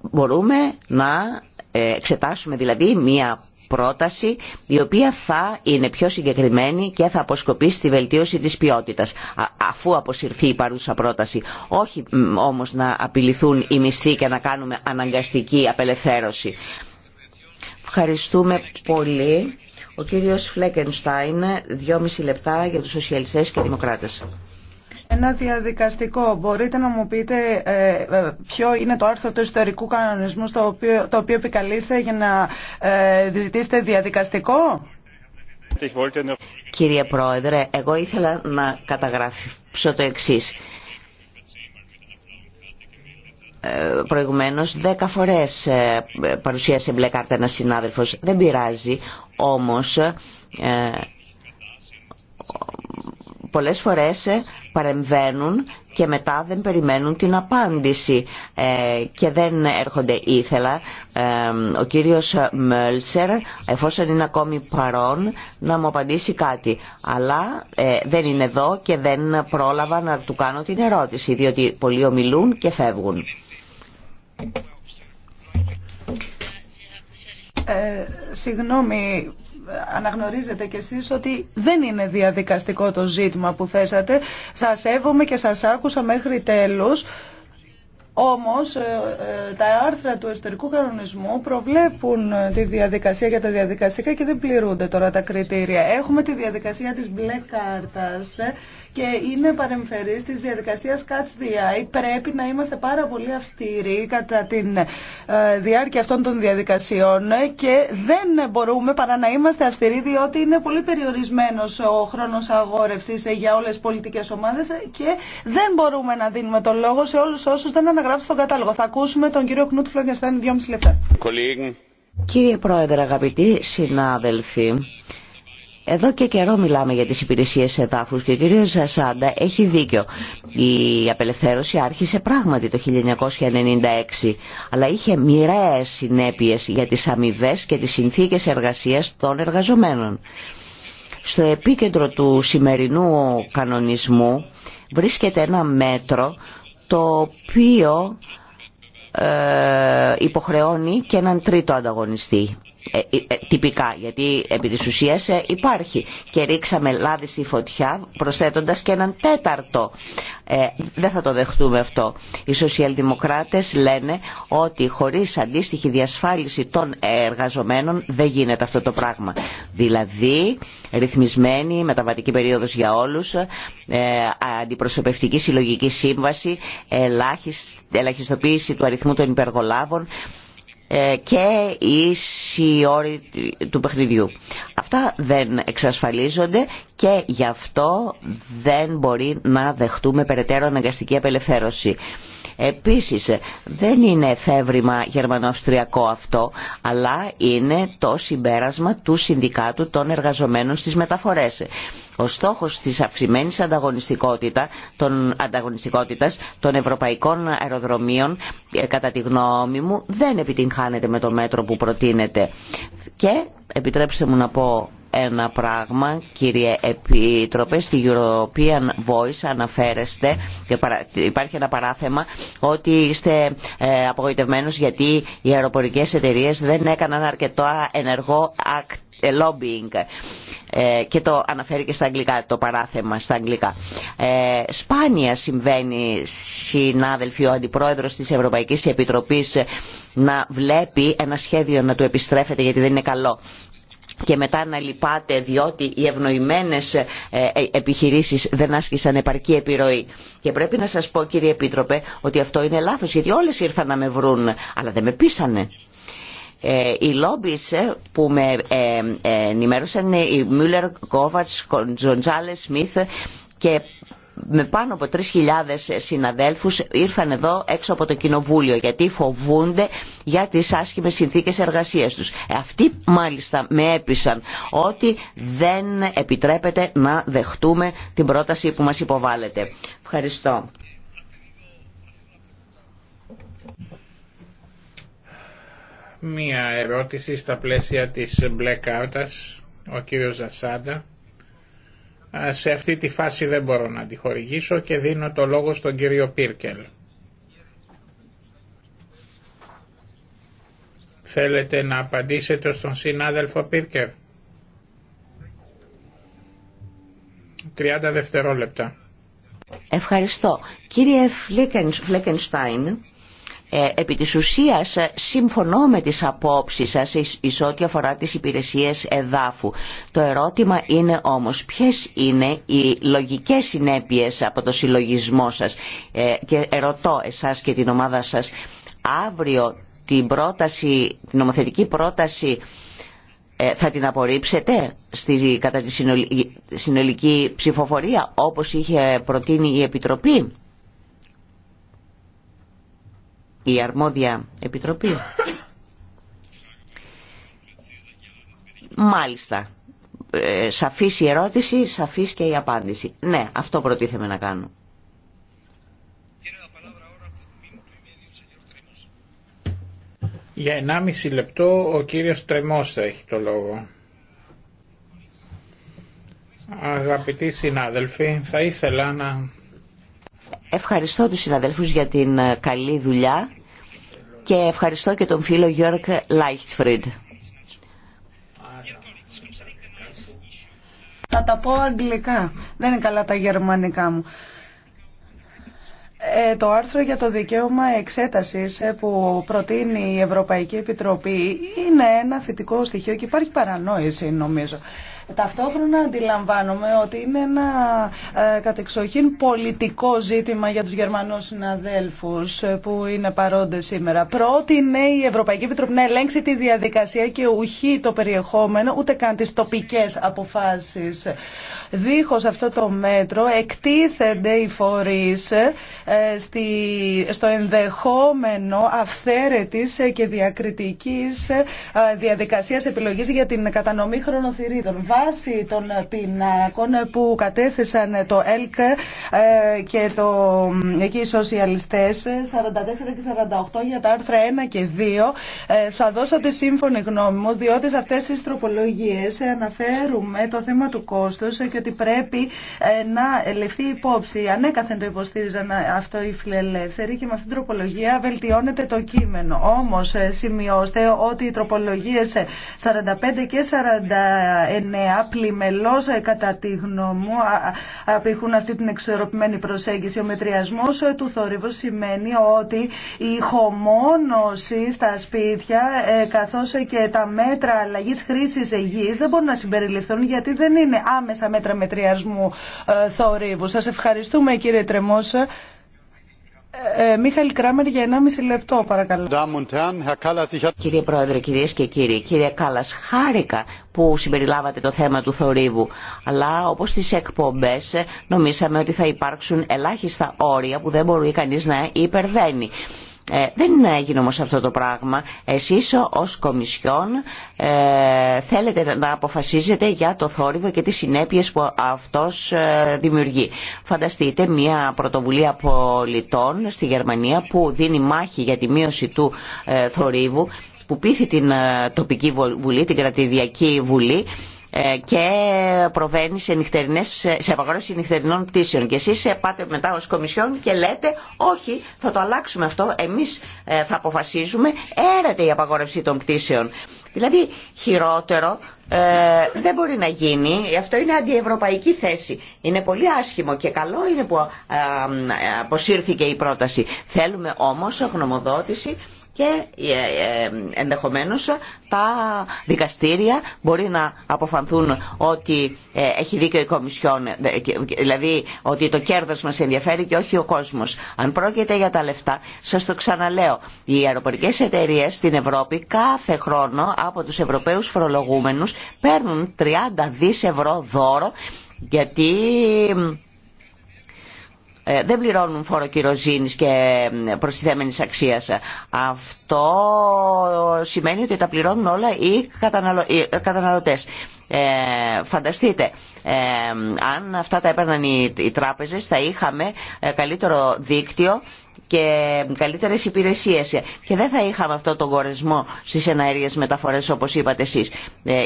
μπορούμε να ε, εξετάσουμε δηλαδή μία πρόταση η οποία θα είναι πιο συγκεκριμένη και θα αποσκοπεί στη βελτίωση της ποιότητας αφού αποσυρθεί η παρούσα πρόταση. Όχι όμως να απειληθούν οι μισθοί και να κάνουμε αναγκαστική απελευθέρωση. Ευχαριστούμε πολύ. Ο κύριος Φλέκενστάιν, δυόμιση λεπτά για τους σοσιαλιστές και δημοκράτες. Ένα διαδικαστικό. Μπορείτε να μου πείτε ε, ε, ποιο είναι το άρθρο του ιστορικού κανονισμού στο οποίο, το οποίο επικαλείστε για να ε, ζητήσετε διαδικαστικό. Κύριε Πρόεδρε, εγώ ήθελα να καταγράψω το εξής. Ε, προηγουμένως δέκα φορές ε, παρουσίασε μπλε κάρτα ένας συνάδελφος. Δεν πειράζει, όμως ε, πολλές φορές παρεμβαίνουν και μετά δεν περιμένουν την απάντηση και δεν έρχονται ήθελα ο κύριος Μέλτσερ εφόσον είναι ακόμη παρόν να μου απαντήσει κάτι αλλά δεν είναι εδώ και δεν πρόλαβα να του κάνω την ερώτηση διότι πολλοί ομιλούν και φεύγουν. Ε, συγγνώμη, αναγνωρίζετε κι εσείς ότι δεν είναι διαδικαστικό το ζήτημα που θέσατε. Σας σέβομαι και σας άκουσα μέχρι τέλους. Όμως ε, ε, τα άρθρα του εσωτερικού κανονισμού προβλέπουν ε, τη διαδικασία για τα διαδικαστικά και δεν πληρούνται τώρα τα κριτήρια. Έχουμε τη διαδικασία της μπλε κάρτας και είναι παρεμφερής της διαδικασίας Catch the Πρέπει να είμαστε πάρα πολύ αυστηροί κατά τη διάρκεια αυτών των διαδικασιών και δεν μπορούμε παρά να είμαστε αυστηροί διότι είναι πολύ περιορισμένος ο χρόνος αγόρευσης για όλες τις πολιτικές ομάδες και δεν μπορούμε να δίνουμε το λόγο σε όλους όσους δεν αναγνωρίζουν καταγράψει στον κατάλογο. Θα ακούσουμε τον κύριο Κνούτ δύο μισή λεπτά. Κύριε Πρόεδρε, αγαπητοί συνάδελφοι, εδώ και καιρό μιλάμε για τις υπηρεσίες εδάφους και ο κύριος Ζασάντα έχει δίκιο. Η απελευθέρωση άρχισε πράγματι το 1996, αλλά είχε μοιραίες συνέπειες για τις αμοιβέ και τις συνθήκες εργασίας των εργαζομένων. Στο επίκεντρο του σημερινού κανονισμού βρίσκεται ένα μέτρο το οποίο ε, υποχρεώνει και έναν τρίτο ανταγωνιστή. Ε, ε, ε, τυπικά γιατί επί της ουσίας υπάρχει και ρίξαμε λάδι στη φωτιά προσθέτοντας και έναν τέταρτο δεν θα το δεχτούμε αυτό οι σοσιαλδημοκράτες λένε ότι χωρίς αντίστοιχη διασφάλιση των εργαζομένων δεν γίνεται αυτό το πράγμα δηλαδή ρυθμισμένη μεταβατική περίοδος για όλους ε, αντιπροσωπευτική συλλογική σύμβαση ελάχιστοποίηση του αριθμού των υπεργολάβων ε, και η όροι του παιχνιδιού. Αυτά δεν εξασφαλίζονται και γι' αυτό δεν μπορεί να δεχτούμε περαιτέρω αναγκαστική απελευθέρωση. Επίσης δεν είναι εφεύρημα γερμανοαυστριακό αυτό, αλλά είναι το συμπέρασμα του Συνδικάτου των Εργαζομένων στις Μεταφορές. Ο στόχος της αυξημένης ανταγωνιστικότητα, των, ανταγωνιστικότητας των ευρωπαϊκών αεροδρομίων, ε, κατά τη γνώμη μου, δεν επιτυγχάνεται με το μέτρο που προτείνεται. Και επιτρέψτε μου να πω ένα πράγμα, κύριε Επίτροπε, στη European Voice αναφέρεστε, υπάρχει ένα παράθεμα, ότι είστε ε, απογοητευμένος γιατί οι αεροπορικές εταιρείες δεν έκαναν αρκετό ενεργό ακτή ε, lobbying ε, και το αναφέρει και στα αγγλικά το παράθεμα στα αγγλικά ε, σπάνια συμβαίνει συνάδελφοι ο αντιπρόεδρος της Ευρωπαϊκής Επιτροπής να βλέπει ένα σχέδιο να του επιστρέφεται γιατί δεν είναι καλό και μετά να λυπάται διότι οι ευνοημένες ε, επιχειρήσεις δεν άσκησαν επαρκή επιρροή. Και πρέπει να σας πω κύριε Επίτροπε ότι αυτό είναι λάθος γιατί όλες ήρθαν να με βρουν αλλά δεν με πείσανε. Ε, οι λόμπις ε, που με ε, ενημέρωσαν είναι οι Μούλερ, Κόβατς, Τζοντζάλε, Σμιθ και με πάνω από 3.000 συναδέλφους ήρθαν εδώ έξω από το κοινοβούλιο γιατί φοβούνται για τις άσχημες συνθήκες εργασίας τους. Αυτοί μάλιστα με έπεισαν ότι δεν επιτρέπεται να δεχτούμε την πρόταση που μας υποβάλλεται. Ευχαριστώ. μία ερώτηση στα πλαίσια της μπλε κάρτας, ο κύριος Ζασάντα. Σε αυτή τη φάση δεν μπορώ να τη και δίνω το λόγο στον κύριο Πίρκελ. Θέλετε να απαντήσετε στον συνάδελφο Πίρκελ. 30 δευτερόλεπτα. Ευχαριστώ. Κύριε Φλέκενστάιν, ε, επί της ουσίας ε, συμφωνώ με τις απόψεις σας εις ό,τι αφορά τις υπηρεσίες εδάφου. Το ερώτημα είναι όμως ποιες είναι οι λογικές συνέπειες από το συλλογισμό σας ε, και ερωτώ εσάς και την ομάδα σας αύριο την, πρόταση, την νομοθετική πρόταση θα την απορρίψετε στη, κατά τη συνολική ψηφοφορία όπως είχε προτείνει η Επιτροπή η αρμόδια επιτροπή. Μάλιστα. Ε, σαφής η ερώτηση, σαφής και η απάντηση. Ναι, αυτό προτίθεμε να κάνω. Για 1,5 λεπτό ο κύριος Τρεμός θα έχει το λόγο. Αγαπητοί συνάδελφοι, θα ήθελα να Ευχαριστώ τους συναδέλφους για την ε, καλή δουλειά και ευχαριστώ και τον φίλο Γιώργ Λάιχτφριντ. Θα τα πω αγγλικά. Δεν είναι καλά τα γερμανικά μου. Ε, το άρθρο για το δικαίωμα εξέτασης ε, που προτείνει η Ευρωπαϊκή Επιτροπή είναι ένα θετικό στοιχείο και υπάρχει παρανόηση νομίζω. Ταυτόχρονα αντιλαμβάνομαι ότι είναι ένα ε, κατεξοχήν πολιτικό ζήτημα για τους Γερμανούς συναδέλφους ε, που είναι παρόντες σήμερα. είναι η Ευρωπαϊκή Επιτροπή να ελέγξει τη διαδικασία και ουχή το περιεχόμενο, ούτε καν τις τοπικές αποφάσεις. Δίχως αυτό το μέτρο εκτίθενται οι φορείς ε, στο ενδεχόμενο αυθαίρετης και διακριτικής διαδικασίας επιλογής για την κατανομή χρονοθυρίδων βάση των πινάκων που κατέθεσαν το ΕΛΚ ε, και, το, εκεί οι σοσιαλιστές 44 ε, και 48 για τα άρθρα 1 και 2 ε, θα δώσω τη σύμφωνη γνώμη μου διότι σε αυτές τις τροπολογίες αναφέρουμε το θέμα του κόστους και ότι πρέπει να ληφθεί υπόψη. Ανέκαθεν το υποστήριζαν αυτό οι φιλελεύθεροι και με αυτήν την τροπολογία βελτιώνεται το κείμενο. Όμως σημειώστε ότι οι τροπολογίες 45 και 49 Πλημελώ ε, κατά τη γνώμη μου αυτή την εξορροπημένη προσέγγιση. Ο μετριασμό ε, του θορύβου σημαίνει ότι η χωμόνωση στα σπίτια ε, καθώς και τα μέτρα αλλαγή χρήση γη, δεν μπορούν να συμπεριληφθούν γιατί δεν είναι άμεσα μέτρα μετριασμού θορύβου. Σα ευχαριστούμε κύριε Τρεμόσα. Ε, ε, Μίχαλ Κράμερ για 1,5 λεπτό παρακαλώ. Κύριε Πρόεδρε, κυρίες και κύριοι, κύριε Κάλλας, χάρηκα που συμπεριλάβατε το θέμα του θορύβου. Αλλά όπως στις εκπομπές νομίσαμε ότι θα υπάρξουν ελάχιστα όρια που δεν μπορεί κανείς να υπερβαίνει. Ε, δεν έγινε όμως αυτό το πράγμα. Εσείς ως Κομισιόν ε, θέλετε να αποφασίζετε για το θόρυβο και τις συνέπειες που αυτός ε, δημιουργεί. Φανταστείτε μια πρωτοβουλία πολιτών στη Γερμανία που δίνει μάχη για τη μείωση του ε, θορύβου που πείθει την τοπική βουλή, την κρατηδιακή βουλή ε, και προβαίνει σε, νυχτερινές, σε απαγόρευση νυχτερινών πτήσεων. Και εσείς ε, πάτε μετά ως Κομισιόν και λέτε όχι θα το αλλάξουμε αυτό, εμείς ε, θα αποφασίζουμε, έρετε η απαγόρευση των πτήσεων. Δηλαδή χειρότερο δεν μπορεί να γίνει. Αυτό είναι αντιευρωπαϊκή θέση. Είναι πολύ άσχημο και καλό είναι που ε, αποσύρθηκε η πρόταση. Θέλουμε όμως γνωμοδότηση και ε, ε, ενδεχομένως τα δικαστήρια μπορεί να αποφανθούν ότι ε, έχει δίκιο η Κομισιόν, δηλαδή ότι το κέρδος μας ενδιαφέρει και όχι ο κόσμος. Αν πρόκειται για τα λεφτά, σας το ξαναλέω, οι αεροπορικές εταιρείες στην Ευρώπη κάθε χρόνο από τους Ευρωπαίους φορολογούμενους παίρνουν 30 δις ευρώ δώρο γιατί ε, δεν πληρώνουν φόρο κυροζήνης και προστιθέμενης αξίας. Αυτό σημαίνει ότι τα πληρώνουν όλα οι ε, καταναλωτές. Ε, φανταστείτε, ε, αν αυτά τα έπαιρναν οι, τράπεζες θα είχαμε ε, καλύτερο δίκτυο και καλύτερες υπηρεσίες και δεν θα είχαμε αυτό τον κορεσμό στις εναέριες μεταφορές όπως είπατε εσείς.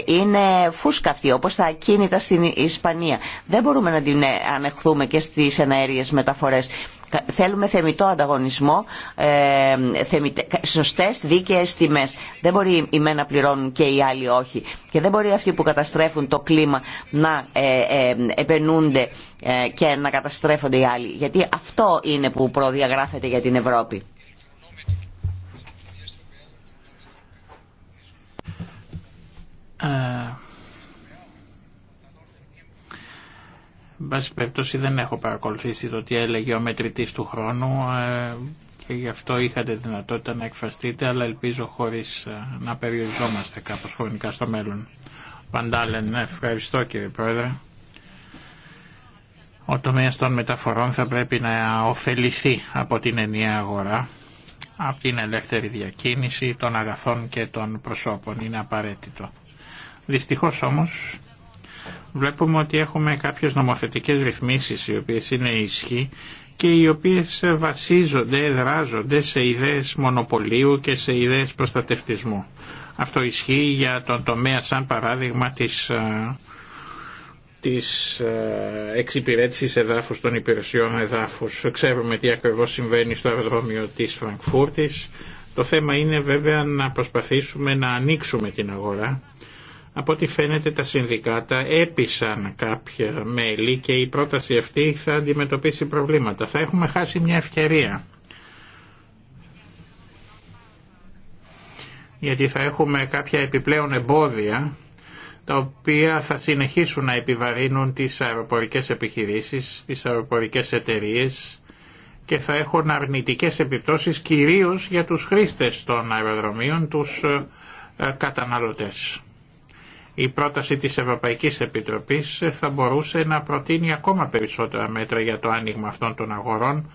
Είναι φούσκα αυτή όπως τα ακίνητα στην Ισπανία. Δεν μπορούμε να την ανεχθούμε και στις εναέριες μεταφορές. Θέλουμε θεμητό ανταγωνισμό, ε, σωστές δίκαιες τιμές. Δεν μπορεί οι μένα πληρώνουν και οι άλλοι όχι. Και δεν μπορεί αυτοί που καταστρέφουν το κλίμα να ε, ε, επενούνται και να καταστρέφονται οι άλλοι. Γιατί αυτό είναι που προδιαγράφεται για την Ευρώπη. πάση περιπτώσει δεν έχω παρακολουθήσει το τι έλεγε ο μετρητής του χρόνου ε, και γι' αυτό είχατε δυνατότητα να εκφραστείτε, αλλά ελπίζω χωρίς ε, να περιοριζόμαστε κάπως χρονικά στο μέλλον. Παντάλεν, ναι, ευχαριστώ κύριε Πρόεδρε. Ο τομέας των μεταφορών θα πρέπει να ωφεληθεί από την ενιαία αγορά, από την ελεύθερη διακίνηση των αγαθών και των προσώπων. Είναι απαραίτητο. Δυστυχώς όμως βλέπουμε ότι έχουμε κάποιες νομοθετικές ρυθμίσεις οι οποίες είναι ισχύ και οι οποίες βασίζονται, δράζονται σε ιδέες μονοπωλίου και σε ιδέες προστατευτισμού. Αυτό ισχύει για τον τομέα σαν παράδειγμα της, ε, της ε, εξυπηρέτησης εδάφους των υπηρεσιών εδάφους. Ξέρουμε τι ακριβώς συμβαίνει στο αεροδρόμιο της Φραγκφούρτης. Το θέμα είναι βέβαια να προσπαθήσουμε να ανοίξουμε την αγορά από ό,τι φαίνεται τα συνδικάτα έπεισαν κάποια μέλη και η πρόταση αυτή θα αντιμετωπίσει προβλήματα. Θα έχουμε χάσει μια ευκαιρία. Γιατί θα έχουμε κάποια επιπλέον εμπόδια τα οποία θα συνεχίσουν να επιβαρύνουν τις αεροπορικές επιχειρήσεις, τις αεροπορικές εταιρείες και θα έχουν αρνητικές επιπτώσεις κυρίως για τους χρήστες των αεροδρομίων, τους ε, καταναλωτές η πρόταση της Ευρωπαϊκής Επιτροπής θα μπορούσε να προτείνει ακόμα περισσότερα μέτρα για το άνοιγμα αυτών των αγορών.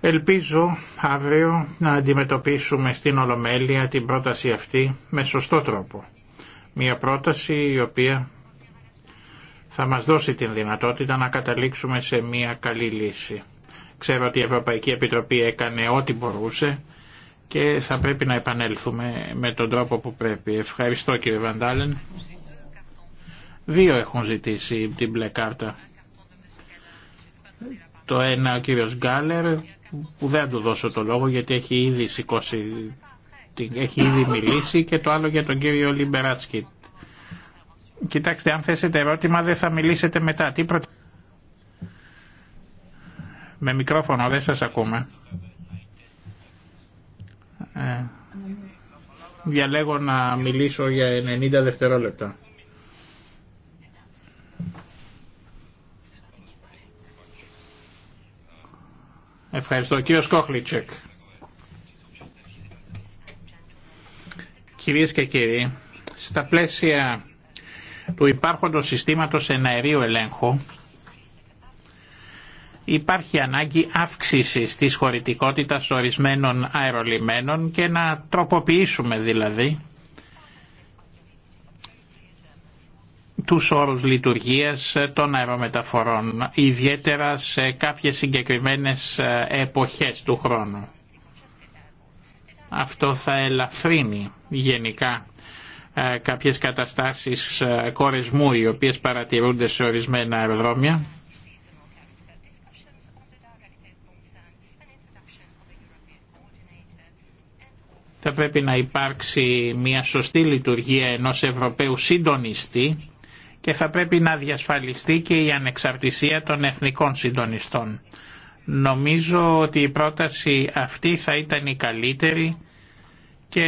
Ελπίζω αύριο να αντιμετωπίσουμε στην Ολομέλεια την πρόταση αυτή με σωστό τρόπο. Μια πρόταση η οποία θα μας δώσει την δυνατότητα να καταλήξουμε σε μια καλή λύση. Ξέρω ότι η Ευρωπαϊκή Επιτροπή έκανε ό,τι μπορούσε και θα πρέπει να επανέλθουμε με τον τρόπο που πρέπει. Ευχαριστώ κύριε Βαντάλεν. Δύο έχουν ζητήσει την μπλε κάρτα. Το ένα ο κύριος Γκάλερ που δεν του δώσω το λόγο γιατί έχει ήδη σηκώσει, έχει ήδη μιλήσει και το άλλο για τον κύριο Λιμπεράτσκι. Κοιτάξτε, αν θέσετε ερώτημα δεν θα μιλήσετε μετά. Τι προ... Με μικρόφωνο δεν σας ακούμε. Ε, διαλέγω να μιλήσω για 90 δευτερόλεπτα. Ευχαριστώ. Κύριο Σκόχλιτσεκ. Κυρίες και κύριοι, στα πλαίσια του υπάρχοντος συστήματος εναερίου ελέγχου, υπάρχει ανάγκη αύξησης της χωρητικότητας ορισμένων αερολιμένων και να τροποποιήσουμε δηλαδή τους όρους λειτουργίας των αερομεταφορών, ιδιαίτερα σε κάποιες συγκεκριμένες ε, εποχές του χρόνου. Αυτό θα ελαφρύνει γενικά ε, κάποιες καταστάσεις ε, κορεσμού οι οποίες παρατηρούνται σε ορισμένα αεροδρόμια θα πρέπει να υπάρξει μια σωστή λειτουργία ενός Ευρωπαίου συντονιστή και θα πρέπει να διασφαλιστεί και η ανεξαρτησία των εθνικών συντονιστών. Νομίζω ότι η πρόταση αυτή θα ήταν η καλύτερη και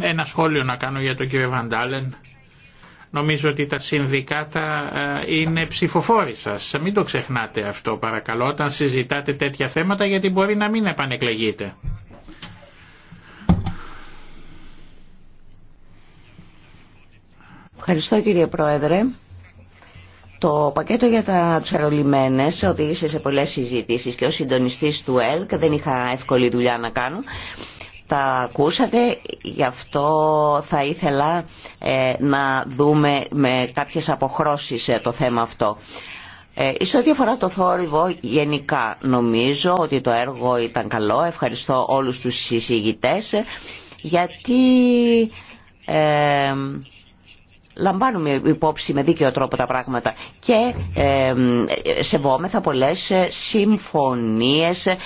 ένα σχόλιο να κάνω για τον κύριο Βαντάλεν. Νομίζω ότι τα συνδικάτα ε, είναι ψηφοφόροι σας. Μην το ξεχνάτε αυτό παρακαλώ όταν συζητάτε τέτοια θέματα γιατί μπορεί να μην επανεκλεγείτε. Ευχαριστώ κύριε Πρόεδρε. Το πακέτο για τα τσαρολιμένες, οδήγησε σε πολλές συζητήσεις και ως συντονιστής του ΕΛΚ δεν είχα εύκολη δουλειά να κάνω. Τα ακούσατε, γι' αυτό θα ήθελα ε, να δούμε με κάποιες αποχρώσεις ε, το θέμα αυτό. Ε, σε ό,τι αφορά το θόρυβο, γενικά νομίζω ότι το έργο ήταν καλό. Ευχαριστώ όλους τους συζητητές γιατί... Ε, λαμβάνουμε υπόψη με δίκαιο τρόπο τα πράγματα και σεβόμεθα πολλές ε, συμφωνίες ε,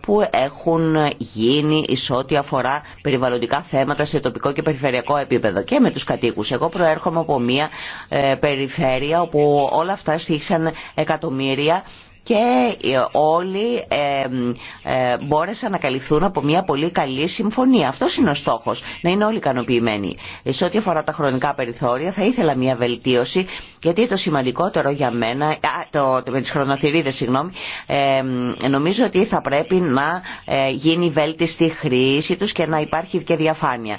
που έχουν γίνει εις ό,τι αφορά περιβαλλοντικά θέματα σε τοπικό και περιφερειακό επίπεδο και με τους κατοίκους. Εγώ προέρχομαι από μια ε, περιφέρεια όπου όλα αυτά στήχησαν εκατομμύρια και όλοι ε, μπόρεσαν να καλυφθούν από μια πολύ καλή συμφωνία. Αυτό είναι ο στόχο, να είναι όλοι ικανοποιημένοι. Σε ό,τι αφορά τα χρονικά περιθώρια, θα ήθελα μια βελτίωση, γιατί το σημαντικότερο για μένα, α, το, με τι χρονοθυρίδε, συγγνώμη, ε, νομίζω ότι θα πρέπει να ε, γίνει βέλτιστη χρήση του και να υπάρχει και διαφάνεια.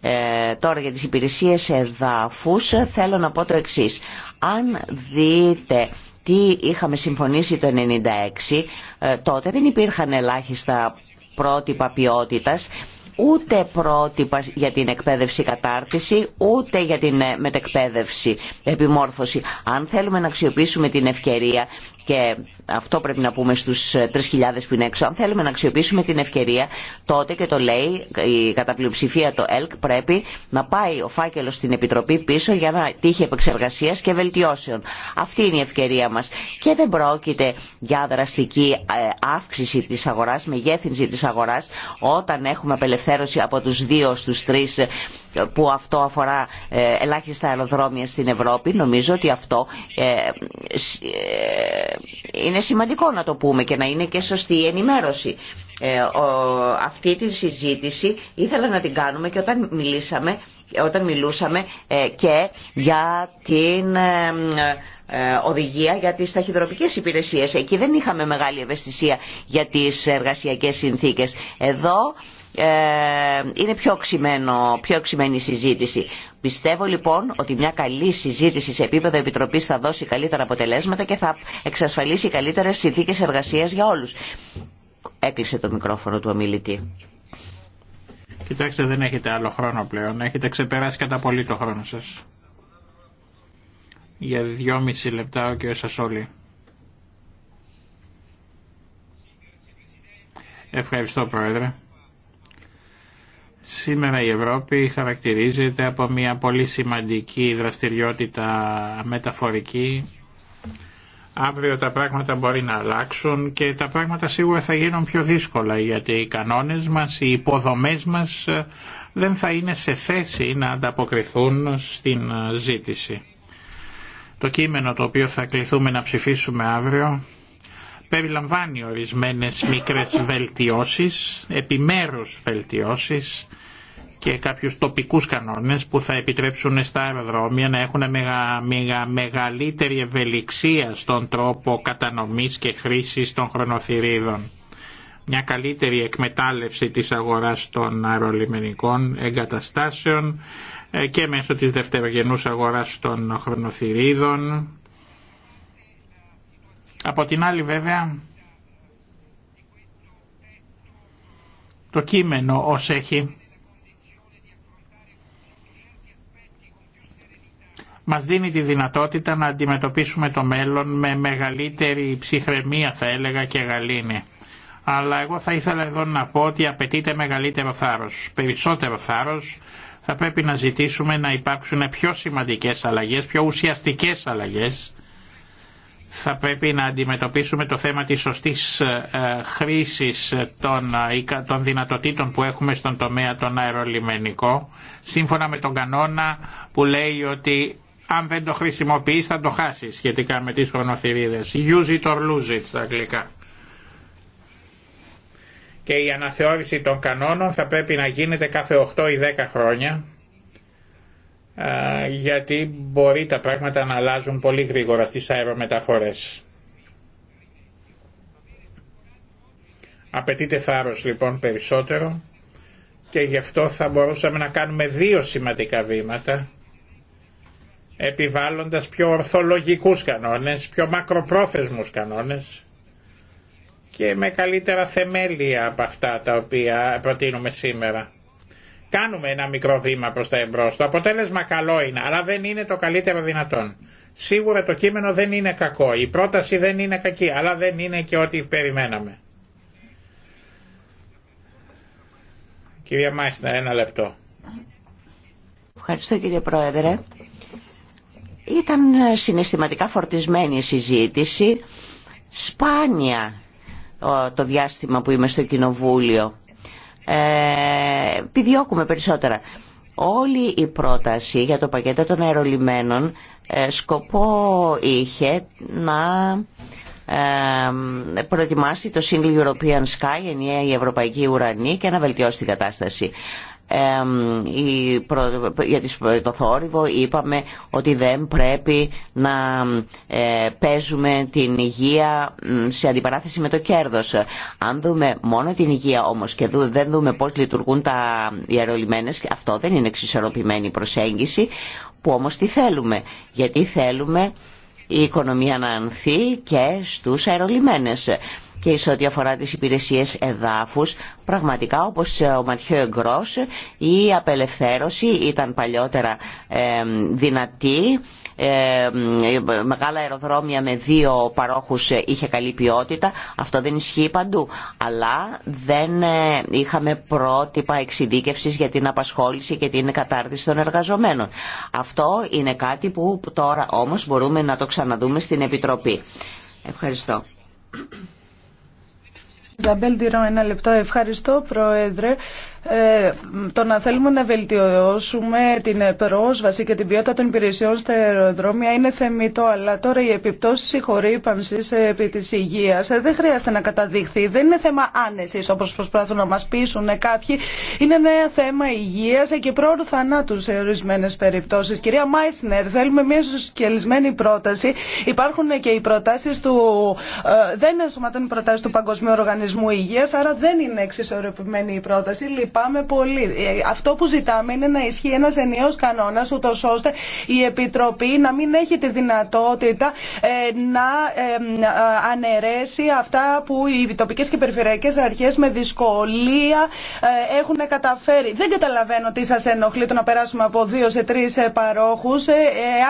Ε, τώρα για τις υπηρεσίες εδαφούς θέλω να πω το εξής. Αν δείτε τι είχαμε συμφωνήσει το 1996, ε, τότε δεν υπήρχαν ελάχιστα πρότυπα ποιότητας ούτε πρότυπα για την εκπαίδευση κατάρτιση, ούτε για την ε, μετεκπαίδευση επιμόρφωση. Αν θέλουμε να αξιοποιήσουμε την ευκαιρία, και αυτό πρέπει να πούμε στους 3.000 ε, που είναι έξω, αν θέλουμε να αξιοποιήσουμε την ευκαιρία, τότε και το λέει ε, η καταπλειοψηφία το ΕΛΚ πρέπει να πάει ο φάκελο στην Επιτροπή πίσω για να τύχει επεξεργασία και βελτιώσεων. Αυτή είναι η ευκαιρία μας. Και δεν πρόκειται για δραστική αύξηση της αγοράς, μεγέθυνση της αγοράς, όταν έχουμε απελευθέρωση από τους δύο στους τρεις που αυτό αφορά ε, ελάχιστα αεροδρόμια στην Ευρώπη. Νομίζω ότι αυτό ε, ε, είναι σημαντικό να το πούμε και να είναι και σωστή η ενημέρωση. Αυτή τη συζήτηση ήθελα να την κάνουμε και όταν μιλήσαμε όταν μιλούσαμε και για την οδηγία για τις ταχυδροπικές υπηρεσίες. Εκεί δεν είχαμε μεγάλη ευαισθησία για τις εργασιακές συνθήκες. Εδώ ε, είναι πιο, οξυμένο, πιο οξυμένη η συζήτηση. Πιστεύω λοιπόν ότι μια καλή συζήτηση σε επίπεδο επιτροπής θα δώσει καλύτερα αποτελέσματα και θα εξασφαλίσει καλύτερες συνθήκες εργασίας για όλους. Έκλεισε το μικρόφωνο του ομιλητή. Κοιτάξτε, δεν έχετε άλλο χρόνο πλέον. Έχετε ξεπεράσει κατά πολύ το χρόνο σας. Για δυόμιση λεπτά ο κ. Σασόλη. Ευχαριστώ, Πρόεδρε. Σήμερα η Ευρώπη χαρακτηρίζεται από μια πολύ σημαντική δραστηριότητα μεταφορική. Αύριο τα πράγματα μπορεί να αλλάξουν και τα πράγματα σίγουρα θα γίνουν πιο δύσκολα γιατί οι κανόνες μας, οι υποδομές μας ε, δεν θα είναι σε θέση να ανταποκριθούν στην ε, ζήτηση. Το κείμενο το οποίο θα κληθούμε να ψηφίσουμε αύριο περιλαμβάνει ορισμένες μικρές βελτιώσεις, επιμέρους βελτιώσεις και κάποιους τοπικούς κανόνες που θα επιτρέψουν στα αεροδρόμια να έχουν μεγα, μεγαλύτερη ευελιξία στον τρόπο κατανομής και χρήσης των χρονοθυρίδων. Μια καλύτερη εκμετάλλευση της αγοράς των αερολιμενικών εγκαταστάσεων ε, και μέσω της δευτερογενούς αγοράς των χρονοθυρίδων από την άλλη βέβαια το κείμενο ως έχει μας δίνει τη δυνατότητα να αντιμετωπίσουμε το μέλλον με μεγαλύτερη ψυχραιμία θα έλεγα και γαλήνη. Αλλά εγώ θα ήθελα εδώ να πω ότι απαιτείται μεγαλύτερο θάρρος, περισσότερο θάρρος, θα πρέπει να ζητήσουμε να υπάρξουν πιο σημαντικές αλλαγές, πιο ουσιαστικές αλλαγές θα πρέπει να αντιμετωπίσουμε το θέμα της σωστής ε, ε, χρήσης ε, των δυνατοτήτων που έχουμε στον τομέα τον αερολιμενικό σύμφωνα με τον κανόνα που λέει ότι αν δεν το χρησιμοποιείς θα το χάσεις σχετικά με τις χρονοθυρίδες. Use it or lose it στα αγγλικά. Και η αναθεώρηση των κανόνων θα πρέπει να γίνεται κάθε 8 ή 10 χρόνια γιατί μπορεί τα πράγματα να αλλάζουν πολύ γρήγορα στις αερομεταφορές. Απαιτείται θάρρος λοιπόν περισσότερο και γι' αυτό θα μπορούσαμε να κάνουμε δύο σημαντικά βήματα επιβάλλοντας πιο ορθολογικούς κανόνες, πιο μακροπρόθεσμους κανόνες και με καλύτερα θεμέλια από αυτά τα οποία προτείνουμε σήμερα. Κάνουμε ένα μικρό βήμα προς τα εμπρός. Το αποτέλεσμα καλό είναι, αλλά δεν είναι το καλύτερο δυνατόν. Σίγουρα το κείμενο δεν είναι κακό, η πρόταση δεν είναι κακή, αλλά δεν είναι και ό,τι περιμέναμε. Κυρία Μάσινα, ένα λεπτό. Ευχαριστώ κύριε Πρόεδρε. Ήταν συναισθηματικά φορτισμένη η συζήτηση. Σπάνια το διάστημα που είμαι στο Κοινοβούλιο. Ε, επιδιώκουμε περισσότερα. Όλη η πρόταση για το πακέτο των αερολιμένων ε, σκοπό είχε να ε, προετοιμάσει το Single European Sky, ενιαία η Ευρωπαϊκή Ουρανή και να βελτιώσει την κατάσταση για το θόρυβο είπαμε ότι δεν πρέπει να ε, παίζουμε την υγεία σε αντιπαράθεση με το κέρδος. Αν δούμε μόνο την υγεία όμως και δεν δούμε πώς λειτουργούν τα ιερολιμένες, αυτό δεν είναι εξισορροπημένη προσέγγιση που όμως τι θέλουμε. Γιατί θέλουμε η οικονομία να ανθεί και στους αερολιμένες και σε ό,τι αφορά τις υπηρεσίες εδάφους. Πραγματικά, όπως ο Ματιό Εγκρός, η απελευθέρωση ήταν παλιότερα δυνατή. Μεγάλα αεροδρόμια με δύο παρόχους είχε καλή ποιότητα. Αυτό δεν ισχύει παντού. Αλλά δεν ε, είχαμε πρότυπα εξειδίκευσης για την απασχόληση και την κατάρτιση των εργαζομένων. Αυτό είναι κάτι που τώρα όμως μπορούμε να το ξαναδούμε στην Επιτροπή. Ευχαριστώ. Ζαμπέλ Τυρό, ένα λεπτό. Ευχαριστώ, Πρόεδρε. Ε, το να θέλουμε να βελτιώσουμε την πρόσβαση και την ποιότητα των υπηρεσιών στα αεροδρόμια είναι θεμητό, αλλά τώρα οι επιπτώσει συγχωρήπανση επί της υγείας δεν χρειάζεται να καταδειχθεί. Δεν είναι θέμα άνεση όπω προσπαθούν να μα πείσουν κάποιοι. Είναι ένα θέμα υγεία και πρόορου θανάτου σε ορισμένες περιπτώσεις. Κυρία Μάισνερ, θέλουμε μια σωσκελισμένη πρόταση. Υπάρχουν και οι προτάσει του... Ε, δεν ενσωματώνουν οι προτάσει του Παγκοσμίου Οργανισμού Υγεία, άρα δεν είναι εξισορροπημένη η πρόταση λυπάμαι πολύ. Ε, αυτό που ζητάμε είναι να ισχύει ένα ενιαίο κανόνα, ούτω ώστε η Επιτροπή να μην έχει τη δυνατότητα ε, να αναιρέσει αυτά που οι τοπικέ και περιφερειακέ αρχέ με δυσκολία ε, έχουν καταφέρει. Δεν καταλαβαίνω τι σα ενοχλεί το να περάσουμε από δύο σε τρει παρόχου.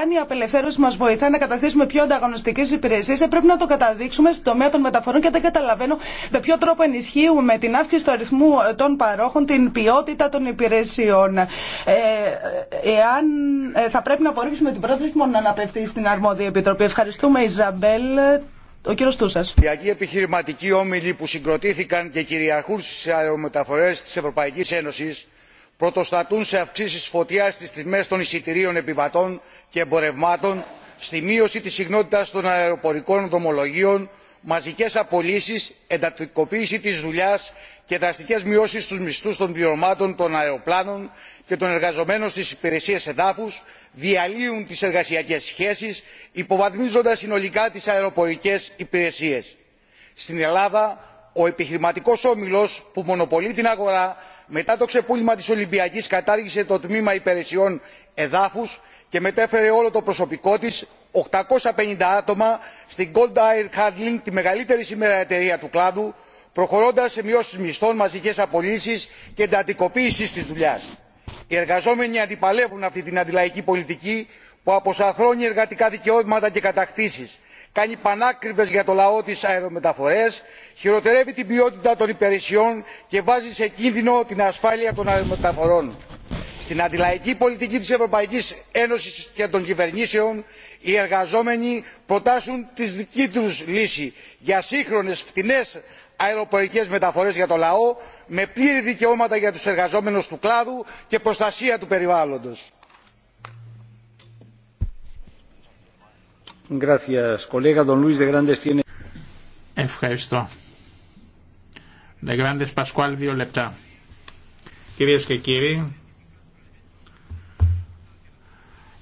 Αν η απελευθέρωση μα βοηθάει να καταστήσουμε πιο ανταγωνιστικέ υπηρεσίε, πρέπει να το καταδείξουμε στον τομέα των μεταφορών και δεν καταλαβαίνω με ποιο τρόπο ενισχύουμε την αύξηση του αριθμού των παρόχων την ποιότητα των υπηρεσιών. Ε, εάν ε, θα πρέπει να απορρίψουμε την πρόταση μόνο να αναπευθεί στην αρμόδια επιτροπή. Ευχαριστούμε, Ιζαμπέλ. Ο κύριο Τούσα. Οι επιχειρηματικοί όμιλοι που συγκροτήθηκαν και κυριαρχούν στι αερομεταφορέ τη Ευρωπαϊκή Ένωση πρωτοστατούν σε αυξήσει φωτιά στι τιμέ των εισιτηρίων επιβατών και εμπορευμάτων, στη μείωση τη συχνότητα των αεροπορικών δρομολογίων, μαζικέ απολύσει, εντατικοποίηση τη δουλειά και δραστικέ μειώσει στους μισθού των πληρωμάτων των αεροπλάνων και των εργαζομένων στις υπηρεσίες εδάφους διαλύουν τι εργασιακέ σχέσει, υποβαθμίζοντα συνολικά τι αεροπορικέ υπηρεσίε. στην ελλάδα ο επιχειρηματικό όμιλο που μονοπολεί την αγορά μετά το ξεπούλημα τη Ολυμπιακή κατάργησε το τμήμα υπηρεσιών εδάφου και μετέφερε όλο το προσωπικό της 850 άτομα στην gold air handling τη μεγαλύτερη σήμερα εταιρεία του κλάδου προχωρώντας σε μειώσεις μισθών μαζικές απολύσεις και εντατικοποίηση της δουλειάς. οι εργαζόμενοι αντιπαλεύουν αυτή την αντιλαϊκή πολιτική που αποσαφρώνει εργατικά δικαιώματα και κατακτήσεις κάνει πανάκριβες για το λαό της αερομεταφορές χειροτερεύει την ποιότητα των υπηρεσιών και βάζει σε κίνδυνο την ασφάλεια των αερομεταφορών. στην αντιλαϊκή πολιτική της ευρωπαϊκής ένωσης και των κυβερνήσεων οι εργαζόμενοι προτάσουν τη δική τους λύση για σύγχρονες φτηνές αεροπορικές μεταφορές για το λαό με πλήρη δικαιώματα για τους εργαζόμενους του κλάδου και προστασία του περιβάλλοντος. Ευχαριστώ. λεπτά. Κυρίες και κύριοι,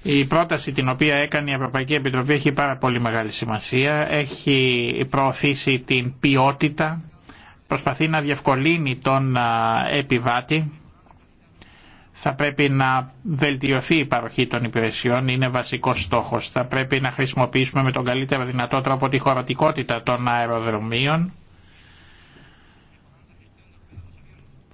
η πρόταση την οποία έκανε η Ευρωπαϊκή Επιτροπή έχει πάρα πολύ μεγάλη σημασία. Έχει προωθήσει την ποιότητα, προσπαθεί να διευκολύνει τον επιβάτη. Θα πρέπει να βελτιωθεί η παροχή των υπηρεσιών, είναι βασικός στόχος. Θα πρέπει να χρησιμοποιήσουμε με τον καλύτερο δυνατό τρόπο τη χωρατικότητα των αεροδρομίων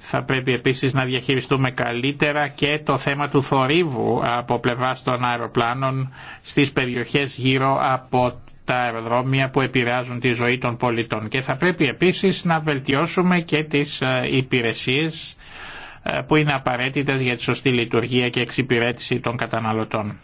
Θα πρέπει επίσης να διαχειριστούμε καλύτερα και το θέμα του θορύβου από πλευράς των αεροπλάνων στις περιοχές γύρω από τα αεροδρόμια που επηρεάζουν τη ζωή των πολιτών. Και θα πρέπει επίσης να βελτιώσουμε και τις ε, υπηρεσίες ε, που είναι απαραίτητες για τη σωστή λειτουργία και εξυπηρέτηση των καταναλωτών.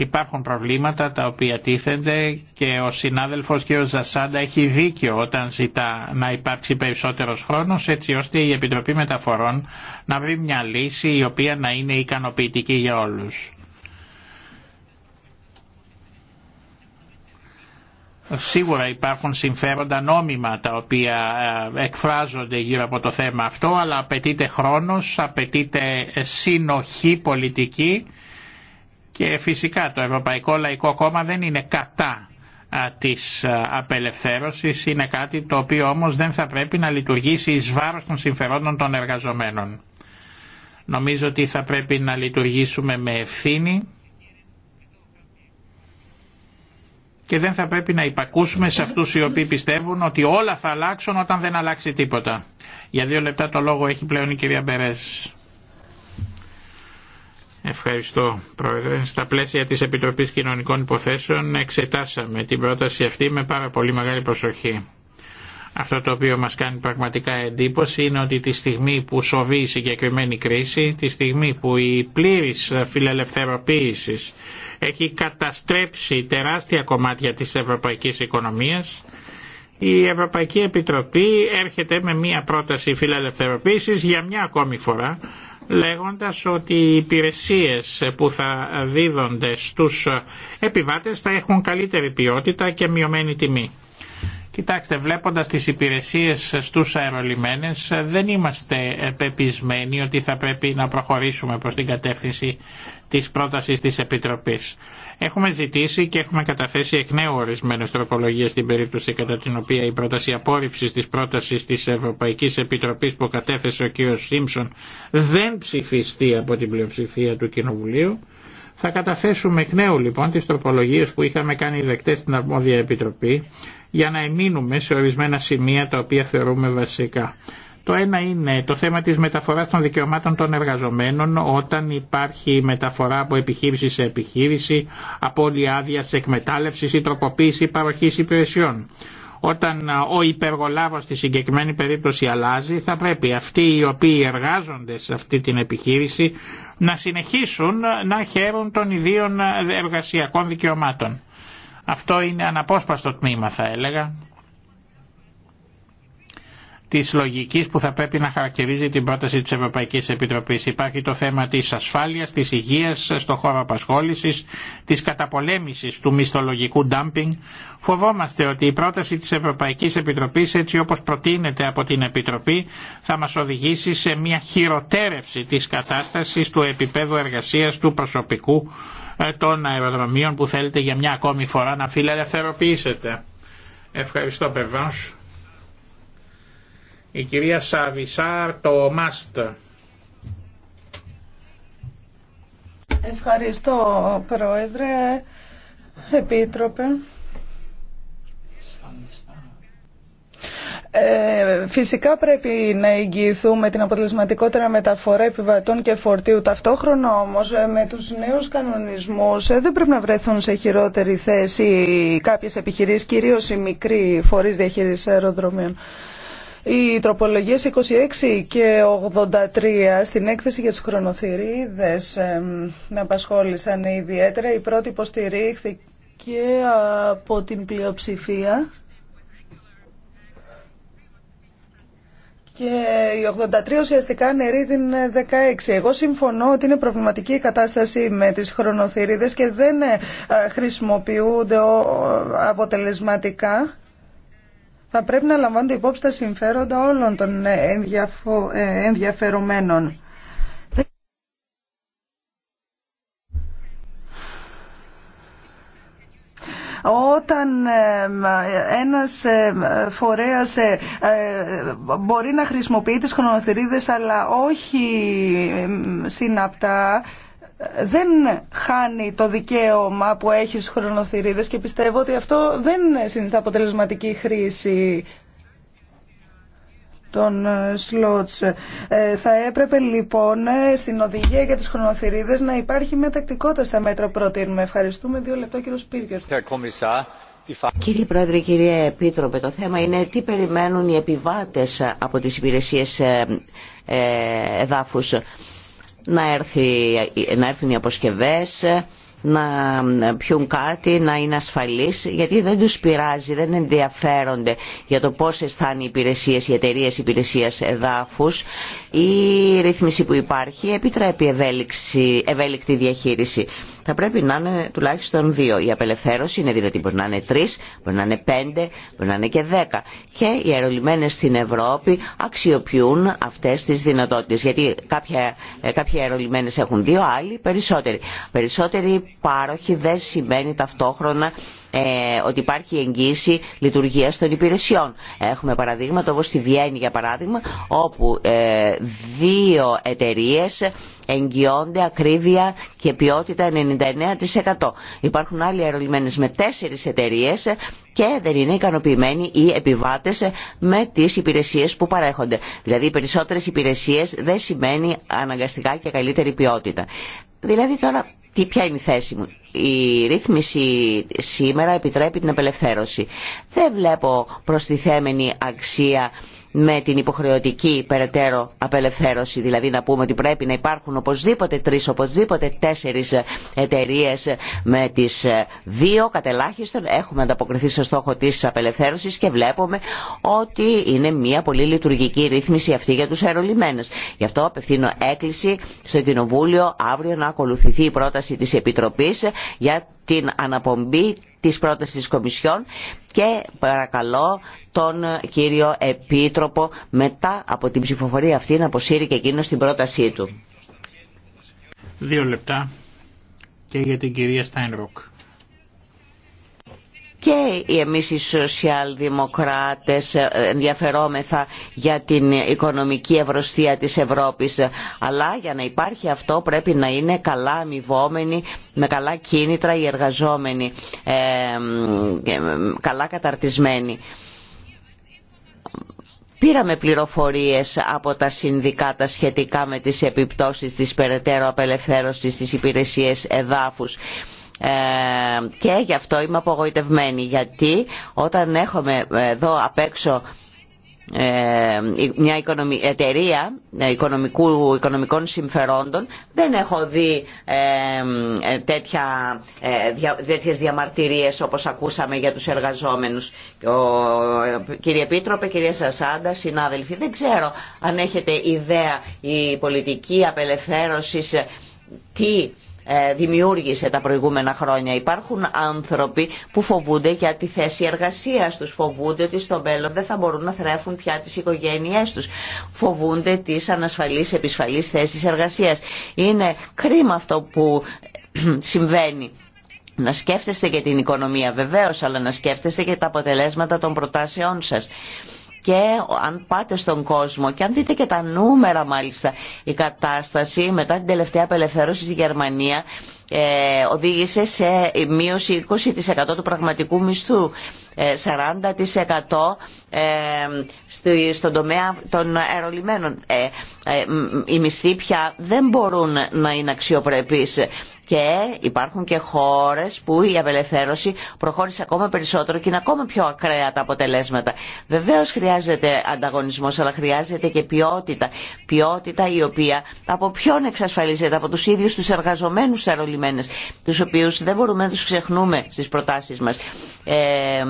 Υπάρχουν προβλήματα τα οποία τίθενται και ο συνάδελφος ο Ζασάντα έχει δίκιο όταν ζητά να υπάρξει περισσότερος χρόνος έτσι ώστε η Επιτροπή Μεταφορών να βρει μια λύση η οποία να είναι ικανοποιητική για όλους. Σίγουρα υπάρχουν συμφέροντα νόμιμα τα οποία ε, εκφράζονται γύρω από το θέμα αυτό αλλά απαιτείται χρόνος, απαιτείται συνοχή πολιτική και φυσικά το Ευρωπαϊκό Λαϊκό Κόμμα δεν είναι κατά της απελευθέρωσης, είναι κάτι το οποίο όμως δεν θα πρέπει να λειτουργήσει εις βάρος των συμφερόντων των εργαζομένων. Νομίζω ότι θα πρέπει να λειτουργήσουμε με ευθύνη και δεν θα πρέπει να υπακούσουμε σε αυτούς οι οποίοι πιστεύουν ότι όλα θα αλλάξουν όταν δεν αλλάξει τίποτα. Για δύο λεπτά το λόγο έχει πλέον η κυρία Μπερές. Ευχαριστώ Πρόεδρε. Στα πλαίσια της Επιτροπής Κοινωνικών Υποθέσεων εξετάσαμε την πρόταση αυτή με πάρα πολύ μεγάλη προσοχή. Αυτό το οποίο μας κάνει πραγματικά εντύπωση είναι ότι τη στιγμή που σοβεί η συγκεκριμένη κρίση, τη στιγμή που η πλήρης φιλελευθεροποίησης έχει καταστρέψει τεράστια κομμάτια της ευρωπαϊκής οικονομίας, η Ευρωπαϊκή Επιτροπή έρχεται με μια πρόταση φιλελευθεροποίησης για μια ακόμη φορά λέγοντας ότι οι υπηρεσίες που θα δίδονται στους επιβάτες θα έχουν καλύτερη ποιότητα και μειωμένη τιμή. Κοιτάξτε, βλέποντας τις υπηρεσίες στους αερολιμένες δεν είμαστε πεπισμένοι ότι θα πρέπει να προχωρήσουμε προς την κατεύθυνση της πρότασης τη Επιτροπής. Έχουμε ζητήσει και έχουμε καταθέσει εκ νέου ορισμένε τροπολογίε στην περίπτωση κατά την οποία η πρόταση απόρριψη τη πρόταση τη Ευρωπαϊκή Επιτροπή που κατέθεσε ο κ. Σίμψον δεν ψηφιστεί από την πλειοψηφία του Κοινοβουλίου. Θα καταθέσουμε εκ νέου λοιπόν τις τροπολογίες που είχαμε κάνει δεκτές στην αρμόδια επιτροπή για να εμείνουμε σε ορισμένα σημεία τα οποία θεωρούμε βασικά. Το ένα είναι το θέμα της μεταφοράς των δικαιωμάτων των εργαζομένων όταν υπάρχει μεταφορά από επιχείρηση σε επιχείρηση, απώλεια άδεια εκμετάλλευση ή τροποποίηση παροχής υπηρεσιών. Όταν ο υπεργολάβος στη συγκεκριμένη περίπτωση αλλάζει, θα πρέπει αυτοί οι οποίοι εργάζονται σε αυτή την επιχείρηση να συνεχίσουν να χαίρουν των ιδίων εργασιακών δικαιωμάτων. Αυτό είναι αναπόσπαστο τμήμα θα έλεγα Τη λογική που θα πρέπει να χαρακτηρίζει την πρόταση τη Ευρωπαϊκή Επιτροπή. Υπάρχει το θέμα τη ασφάλεια, τη υγεία, στον χώρο απασχόληση, τη καταπολέμησης του μισθολογικού ντάμπινγκ. Φοβόμαστε ότι η πρόταση τη Ευρωπαϊκή Επιτροπή, έτσι όπω προτείνεται από την Επιτροπή θα μα οδηγήσει σε μια χειροτέρευση τη κατάσταση του επίπεδου εργασία του προσωπικού ε, των αεροδρομίων που θέλετε για μια ακόμη φορά να φιλελευθερωποιήσετε. Ευχαριστώ Περβάνς. Η κυρία Σαβισάρ το Μάστα. Ευχαριστώ Πρόεδρε, Επίτροπε. Ε, φυσικά πρέπει να εγγυηθούμε την αποτελεσματικότερα μεταφορά επιβατών και φορτίου. Ταυτόχρονα όμως ε, με τους νέους κανονισμούς ε, δεν πρέπει να βρεθούν σε χειρότερη θέση κάποιες επιχειρήσεις, κυρίως οι μικροί φορείς διαχείρισης αεροδρομίων. Οι τροπολογίες 26 και 83 στην έκθεση για τις χρονοθυρίδες με απασχόλησαν ιδιαίτερα. Η πρώτη υποστηρίχθηκε από την πλειοψηφία. Και η 83 ουσιαστικά νερή την 16. Εγώ συμφωνώ ότι είναι προβληματική η κατάσταση με τις χρονοθυρίδες και δεν ε, χρησιμοποιούνται ε, αποτελεσματικά θα πρέπει να λαμβάνονται υπόψη τα συμφέροντα όλων των ε, ενδιαφερομένων. όταν ένας φορέας ε, ε, μπορεί να χρησιμοποιεί τις χρονοθυρίδες αλλά όχι συναπτά δεν χάνει το δικαίωμα που έχει στους χρονοθυρίδες και πιστεύω ότι αυτό δεν συνιστά αποτελεσματική χρήση των ε, σλότς. Ε, θα έπρεπε λοιπόν ε, στην οδηγία για τις χρονοθυρίδες να υπάρχει μια τακτικότητα στα μέτρα που προτείνουμε. Ευχαριστούμε. Δύο λεπτό κύριο Σπίρκερ. Κύριε Πρόεδρε, κύριε Επίτροπε, το θέμα είναι τι περιμένουν οι επιβάτες από τις υπηρεσίες εδάφους να, έρθει, να έρθουν οι αποσκευές, να πιούν κάτι, να είναι ασφαλείς, γιατί δεν τους πειράζει, δεν ενδιαφέρονται για το πώς αισθάνει οι υπηρεσίες, οι εταιρείε υπηρεσίας εδάφους η ρύθμιση που υπάρχει επιτρέπει ευέλικτη διαχείριση. Θα πρέπει να είναι τουλάχιστον δύο. Η απελευθέρωση είναι δυνατή. Μπορεί να είναι τρει, μπορεί να είναι πέντε, μπορεί να είναι και δέκα. Και οι αερολιμένες στην Ευρώπη αξιοποιούν αυτές τις δυνατότητες. Γιατί κάποια, ε, κάποιοι αερολιμένες έχουν δύο, άλλοι περισσότεροι. Περισσότεροι πάροχοι δεν σημαίνει ταυτόχρονα ε, ότι υπάρχει εγγύηση λειτουργίας των υπηρεσιών. Έχουμε παραδείγματα όπως στη Βιέννη για παράδειγμα όπου ε, δύο εταιρείε εγγυώνται ακρίβεια και ποιότητα 99%. Υπάρχουν άλλοι αερολιμένες με τέσσερις εταιρείε και δεν είναι ικανοποιημένοι οι επιβάτες με τις υπηρεσίες που παρέχονται. Δηλαδή οι περισσότερες υπηρεσίες δεν σημαίνει αναγκαστικά και καλύτερη ποιότητα. Δηλαδή τώρα τι, ποια είναι η θέση μου. Η ρύθμιση σήμερα επιτρέπει την απελευθέρωση. Δεν βλέπω προστιθέμενη αξία με την υποχρεωτική περαιτέρω απελευθέρωση. Δηλαδή να πούμε ότι πρέπει να υπάρχουν οπωσδήποτε τρεις, οπωσδήποτε τέσσερις εταιρείε με τις δύο κατελάχιστον. Έχουμε ανταποκριθεί στο στόχο της απελευθέρωσης και βλέπουμε ότι είναι μια πολύ λειτουργική ρύθμιση αυτή για τους αερολιμένες. Γι' αυτό απευθύνω έκκληση στο Κοινοβούλιο αύριο να ακολουθηθεί η πρόταση της Επιτροπής για την αναπομπή της πρότασης της Κομισιόν και παρακαλώ τον κύριο Επίτροπο μετά από την ψηφοφορία αυτή να αποσύρει και εκείνο την πρότασή του. Δύο λεπτά και για την κυρία Στάινροκ. Και εμείς οι σοσιαλδημοκράτες ενδιαφερόμεθα για την οικονομική ευρωστία της Ευρώπης. Αλλά για να υπάρχει αυτό πρέπει να είναι καλά αμοιβόμενοι, με καλά κίνητρα οι εργαζόμενοι, ε, καλά καταρτισμένοι. Πήραμε πληροφορίες από τα συνδικάτα σχετικά με τις επιπτώσεις της περαιτέρω απελευθέρωσης της υπηρεσίες εδάφους. Ε, και γι' αυτό είμαι απογοητευμένη γιατί όταν έχουμε εδώ απ' έξω ε, μια εταιρεία ε, οικονομικού, οικονομικών συμφερόντων δεν έχω δει ε, ε, τέτοια, ε, δια, τέτοιες διαμαρτυρίες όπως ακούσαμε για τους εργαζόμενους ο, κύριε Επίτροπε, κύριε Σασάντα συνάδελφοι, δεν ξέρω αν έχετε ιδέα η πολιτική απελευθέρωση τι ε, δημιούργησε τα προηγούμενα χρόνια. Υπάρχουν άνθρωποι που φοβούνται για τη θέση εργασία του, φοβούνται ότι στο μέλλον δεν θα μπορούν να θρέφουν πια τι οικογένειε του, φοβούνται τι ανασφαλεί επισφαλεί θέσεις εργασίας. Είναι κρίμα αυτό που συμβαίνει. Να σκέφτεστε και την οικονομία βεβαίως, αλλά να σκέφτεστε και τα αποτελέσματα των προτάσεών σας και αν πάτε στον κόσμο και αν δείτε και τα νούμερα μάλιστα η κατάσταση μετά την τελευταία απελευθέρωση στη Γερμανία ε, οδήγησε σε μείωση 20% του πραγματικού μισθού 40% ε, ε στον τομέα των αερολιμένων. Ε, ε οι μισθοί πια δεν μπορούν να είναι αξιοπρεπείς και υπάρχουν και χώρες που η απελευθέρωση προχώρησε ακόμα περισσότερο και είναι ακόμα πιο ακραία τα αποτελέσματα. Βεβαίως χρειάζεται ανταγωνισμό, αλλά χρειάζεται και ποιότητα. Ποιότητα η οποία από ποιον εξασφαλίζεται, από τους ίδιους τους εργαζομένους αερολιμένες, τους οποίους δεν μπορούμε να τους ξεχνούμε στις προτάσεις μας. Ε, ε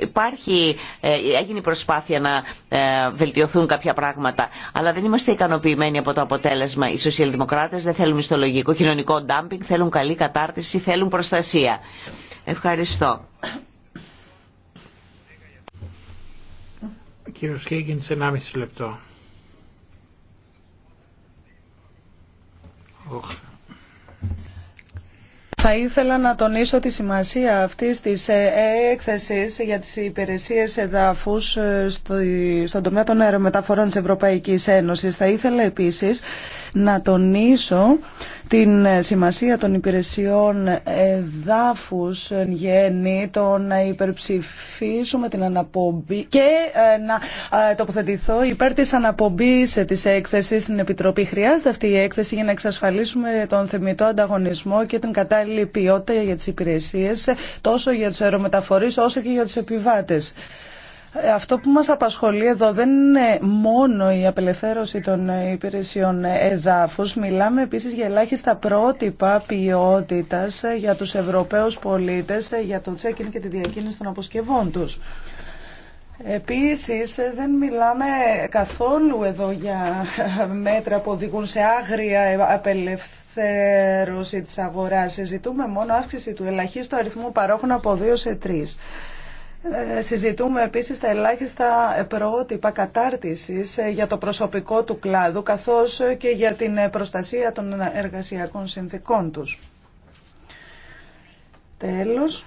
υπάρχει, ε, έγινε η προσπάθεια να ε, βελτιωθούν κάποια πράγματα, αλλά δεν είμαστε ικανοποιημένοι από το αποτέλεσμα. Οι σοσιαλδημοκράτες δεν θέλουν ιστολογία οικοκοινωνικό κοινωνικό ντάμπινγκ, θέλουν καλή κατάρτιση, θέλουν προστασία. Ευχαριστώ. Κύριος σε 1,5 λεπτό. Θα ήθελα να τονίσω τη σημασία αυτής της ε, έκθεσης για τις υπηρεσίες εδάφους ε, στον τομέα των αερομεταφορών της Ευρωπαϊκής Ένωσης. Θα ήθελα επίσης να τονίσω την σημασία των υπηρεσιών εδάφους εν γέννη, το να υπερψηφίσουμε την αναπομπή και ε, να ε, τοποθετηθώ υπέρ της αναπομπής της έκθεσης στην Επιτροπή. Χρειάζεται αυτή η έκθεση για να εξασφαλίσουμε τον θεμητό ανταγωνισμό και την κατάλληλη ποιότητα για τις υπηρεσίες, τόσο για τους αερομεταφορείς όσο και για τους επιβάτες. Αυτό που μας απασχολεί εδώ δεν είναι μόνο η απελευθέρωση των υπηρεσιών εδάφους. Μιλάμε επίσης για ελάχιστα πρότυπα ποιότητας για τους Ευρωπαίους πολίτες, για το τσέκιν και τη διακίνηση των αποσκευών τους. Επίσης δεν μιλάμε καθόλου εδώ για μέτρα που οδηγούν σε άγρια απελευθέρωση της αγοράς. Συζητούμε μόνο αύξηση του ελαχίστου αριθμού παρόχων από 2 σε ε, συζητούμε επίσης τα ελάχιστα πρότυπα κατάρτισης ε, για το προσωπικό του κλάδου καθώς ε, και για την προστασία των εργασιακών συνθήκων τους. Τέλος,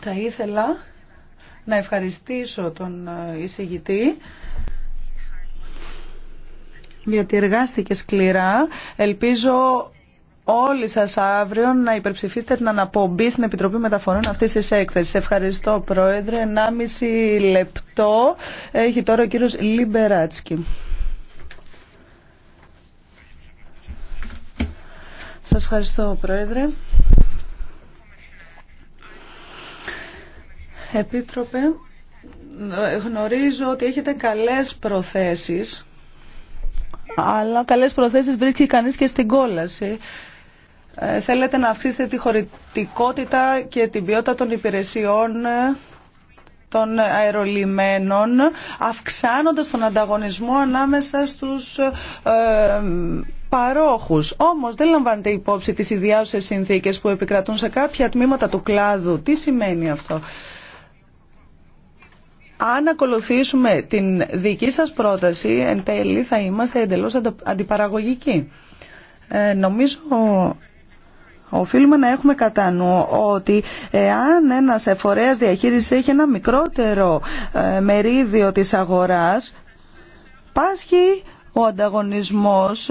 θα ήθελα να ευχαριστήσω τον εισηγητή γιατί εργάστηκε σκληρά. Ελπίζω όλοι σας αύριο να υπερψηφίσετε την αναπομπή στην Επιτροπή Μεταφορών αυτής της έκθεσης. Ευχαριστώ Πρόεδρε. 1,5 λεπτό έχει τώρα ο κύριος Λιμπεράτσκι. Σας ευχαριστώ Πρόεδρε. Επίτροπε, γνωρίζω ότι έχετε καλές προθέσεις, αλλά καλές προθέσεις βρίσκει κανείς και στην κόλαση. Ε, θέλετε να αυξήσετε τη χωρητικότητα και την ποιότητα των υπηρεσιών ε, των αερολιμένων, αυξάνοντας τον ανταγωνισμό ανάμεσα στους ε, παρόχους. Όμως δεν λαμβάνετε υπόψη τις ιδιάζουσες συνθήκες που επικρατούν σε κάποια τμήματα του κλάδου. Τι σημαίνει αυτό. Αν ακολουθήσουμε την δική σας πρόταση, εν τέλει θα είμαστε εντελώς αντιπαραγωγικοί. Ε, νομίζω Οφείλουμε να έχουμε κατά νου ότι εάν ένας εφορέας διαχείρισης έχει ένα μικρότερο ε, μερίδιο της αγοράς, πάσχει ο ανταγωνισμός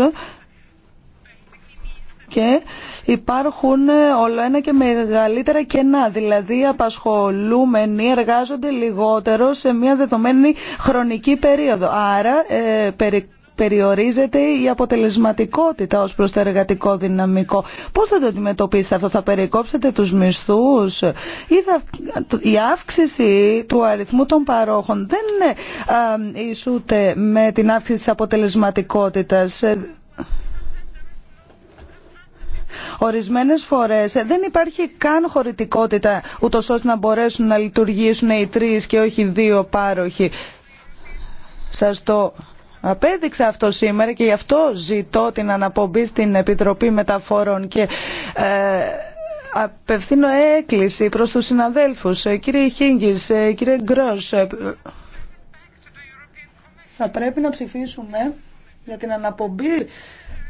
και υπάρχουν ε, όλο ένα και μεγαλύτερα κενά. Δηλαδή, απασχολούμενοι εργάζονται λιγότερο σε μια δεδομένη χρονική περίοδο. Άρα, ε, περιορίζεται η αποτελεσματικότητα ως προς το εργατικό δυναμικό. Πώς θα το αντιμετωπίσετε αυτό, θα περικόψετε τους μισθούς ή η αύξηση του αριθμού των παρόχων δεν ισούται με την αύξηση της αποτελεσματικότητας. Ορισμένες φορές δεν υπάρχει καν χωρητικότητα ούτως ώστε να μπορέσουν να λειτουργήσουν οι τρεις και όχι οι δύο πάροχοι. Σας το Απέδειξε αυτό σήμερα και γι' αυτό ζητώ την αναπομπή στην Επιτροπή Μεταφορών και ε, απευθύνω έκκληση προς τους συναδέλφους, ε, κύριε Χίγκης, ε, κύριε Γκρός. Θα πρέπει να ψηφίσουμε για την αναπομπή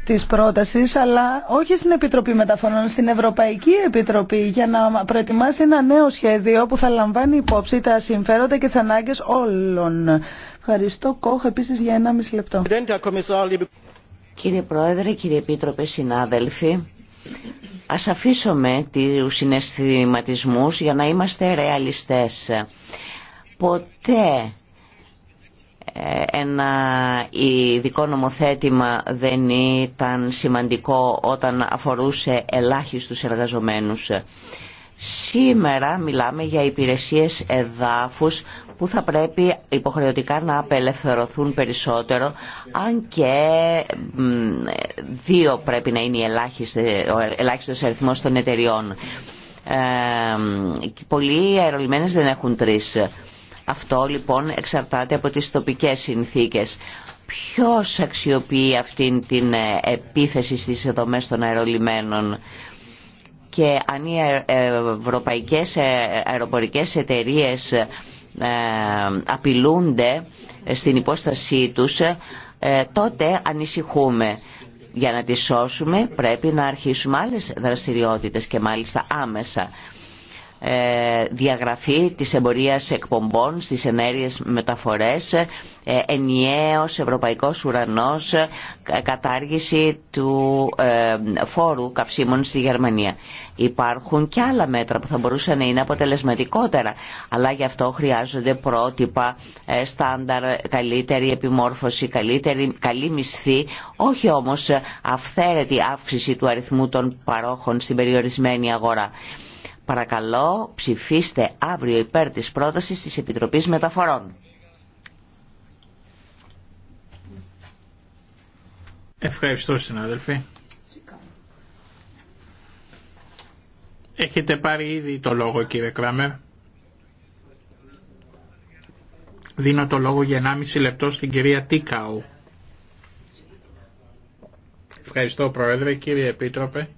της πρόταση, αλλά όχι στην Επιτροπή Μεταφορών, στην Ευρωπαϊκή Επιτροπή, για να προετοιμάσει ένα νέο σχέδιο που θα λαμβάνει υπόψη τα συμφέροντα και τι ανάγκες όλων. Ευχαριστώ, Κόχ, επίσης για ένα μισή λεπτό. Κύριε Πρόεδρε, κύριε Επίτροπε, συνάδελφοι, ας αφήσουμε τους συναισθηματισμούς για να είμαστε ρεαλιστές. Ποτέ ένα ειδικό νομοθέτημα δεν ήταν σημαντικό όταν αφορούσε ελάχιστους εργαζομένους. Σήμερα μιλάμε για υπηρεσίες εδάφους που θα πρέπει υποχρεωτικά να απελευθερωθούν περισσότερο, αν και δύο πρέπει να είναι ο ελάχιστος αριθμός των εταιριών. Ε, πολλοί αερολιμένες δεν έχουν τρεις. Αυτό λοιπόν εξαρτάται από τις τοπικές συνθήκες. Ποιος αξιοποιεί αυτήν την ε, επίθεση στις δομές των αερολιμένων και αν οι ε, ευρωπαϊκές ε, αεροπορικές εταιρείες απειλούνται στην υπόστασή τους, τότε ανησυχούμε. Για να τις σώσουμε πρέπει να αρχίσουμε άλλες δραστηριότητες και μάλιστα άμεσα. Ε, διαγραφή της εμπορίας εκπομπών στις ενέργειες μεταφορές, ε, ενιαίος ευρωπαϊκός ουρανός, ε, κατάργηση του φόρου καυσίμων στη Γερμανία. Υπάρχουν και άλλα μέτρα που θα μπορούσαν να είναι αποτελεσματικότερα, αλλά γι' αυτό χρειάζονται πρότυπα, στάνταρ, καλύτερη επιμόρφωση, καλύτερη, καλή μισθή, όχι όμως αυθαίρετη αύξηση του αριθμού των παρόχων στην περιορισμένη αγορά. Παρακαλώ ψηφίστε αύριο υπέρ της πρότασης της Επιτροπής Μεταφορών. Ευχαριστώ συνάδελφοι. Έχετε πάρει ήδη το λόγο κύριε Κράμερ. Δίνω το λόγο για 1,5 λεπτό στην κυρία Τίκαου. Ευχαριστώ Πρόεδρε, κύριε Επίτροπε.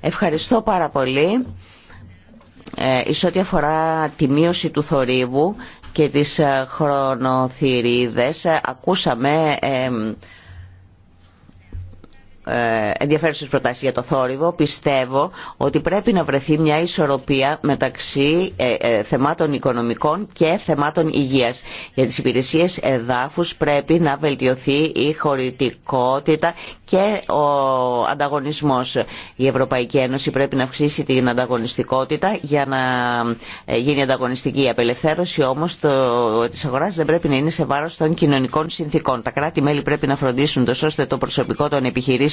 Ευχαριστώ πάρα πολύ. Ε, ό,τι αφορά τη μείωση του θορύβου και τις ε, χρονοθυρίδες, ε, ακούσαμε... Ε, ε, ενδιαφέρουσες προτάσεις για το θόρυβο. Πιστεύω ότι πρέπει να βρεθεί μια ισορροπία μεταξύ ε, ε, θεμάτων οικονομικών και θεμάτων υγείας. Για τις υπηρεσίες εδάφους πρέπει να βελτιωθεί η χωρητικότητα και ο ανταγωνισμός. Η Ευρωπαϊκή Ένωση πρέπει να αυξήσει την ανταγωνιστικότητα για να γίνει ανταγωνιστική. Η απελευθέρωση όμως το, της αγοράς δεν πρέπει να είναι σε βάρος των κοινωνικών συνθήκων. Τα κράτη-μέλη πρέπει να φροντίσουν τόσο το προσωπικό των επιχειρήσεων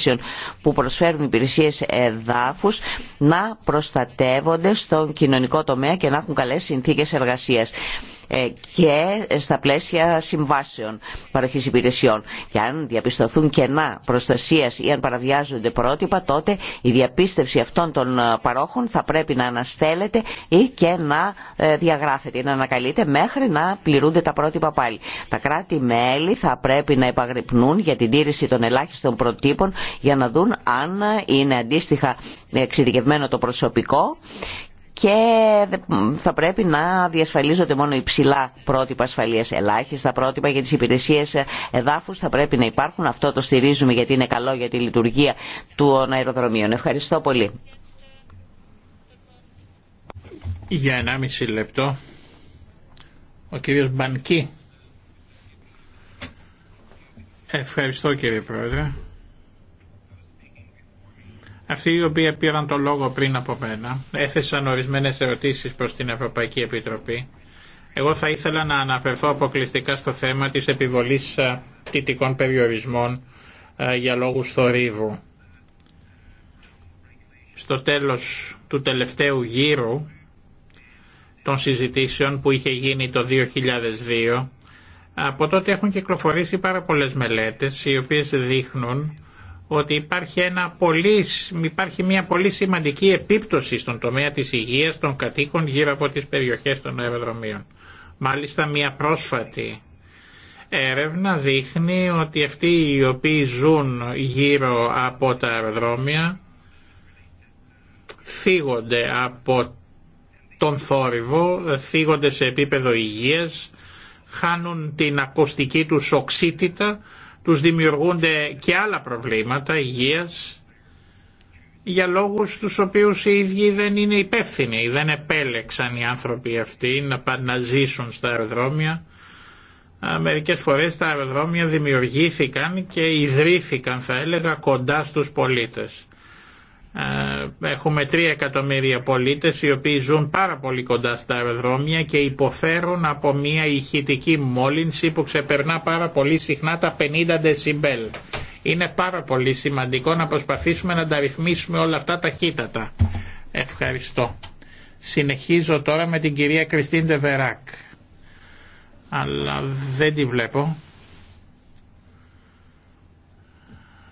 που προσφέρουν υπηρεσίες εδάφους να προστατεύονται στον κοινωνικό τομέα και να έχουν καλές συνθήκες εργασίας. Ε, και στα πλαίσια συμβάσεων παροχή υπηρεσιών. Και αν διαπιστωθούν κενά προστασίας ή αν παραδιάζονται πρότυπα, τότε η διαπίστευση αυτών των ε, παρόχων θα πρέπει να αναστέλλεται ή και να ε, διαγράφεται ή να ανακαλείται μέχρι να πληρούνται τα πρότυπα πάλι. Τα κράτη-μέλη θα πρέπει να επαγρυπνούν για την τήρηση των ελάχιστων προτύπων για να δουν αν είναι αντίστοιχα εξειδικευμένο το προσωπικό και θα πρέπει να διασφαλίζονται μόνο υψηλά πρότυπα ασφαλεία, ελάχιστα πρότυπα για τις υπηρεσίε εδάφους θα πρέπει να υπάρχουν. Αυτό το στηρίζουμε γιατί είναι καλό για τη λειτουργία των αεροδρομίων. Ευχαριστώ πολύ. Για 1,5 λεπτό ο κύριος Ευχαριστώ κύριε Πρόεδρε. Αυτοί οι οποίοι πήραν το λόγο πριν από μένα έθεσαν ορισμένες ερωτήσεις προς την Ευρωπαϊκή Επιτροπή. Εγώ θα ήθελα να αναφερθώ αποκλειστικά στο θέμα της επιβολής τιτικών ε, περιορισμών ε, για λόγους θορύβου. Στο τέλος του τελευταίου γύρου των συζητήσεων που είχε γίνει το 2002, από τότε έχουν κυκλοφορήσει πάρα πολλές μελέτες οι οποίες δείχνουν ότι υπάρχει, ένα υπάρχει μια πολύ σημαντική επίπτωση στον τομέα της υγείας των κατοίκων γύρω από τις περιοχές των αεροδρομίων. Μάλιστα μια πρόσφατη έρευνα δείχνει ότι αυτοί οι οποίοι ζουν γύρω από τα αεροδρόμια φύγονται από τον θόρυβο, φύγονται σε επίπεδο υγείας, χάνουν την ακουστική τους οξύτητα τους δημιουργούνται και άλλα προβλήματα υγείας για λόγους τους οποίους οι ίδιοι δεν είναι υπεύθυνοι, δεν επέλεξαν οι άνθρωποι αυτοί να πάνε να ζήσουν στα αεροδρόμια. Μερικές φορές τα αεροδρόμια δημιουργήθηκαν και ιδρύθηκαν θα έλεγα κοντά στους πολίτες. Ε, έχουμε 3 εκατομμύρια πολίτες οι οποίοι ζουν πάρα πολύ κοντά στα αεροδρόμια και υποφέρουν από μια ηχητική μόλυνση που ξεπερνά πάρα πολύ συχνά τα 50 δεσιμπέλ. Είναι πάρα πολύ σημαντικό να προσπαθήσουμε να τα ρυθμίσουμε όλα αυτά ταχύτατα. Ευχαριστώ. Συνεχίζω τώρα με την κυρία Κριστίν Τεβεράκ. Αλλά δεν τη βλέπω.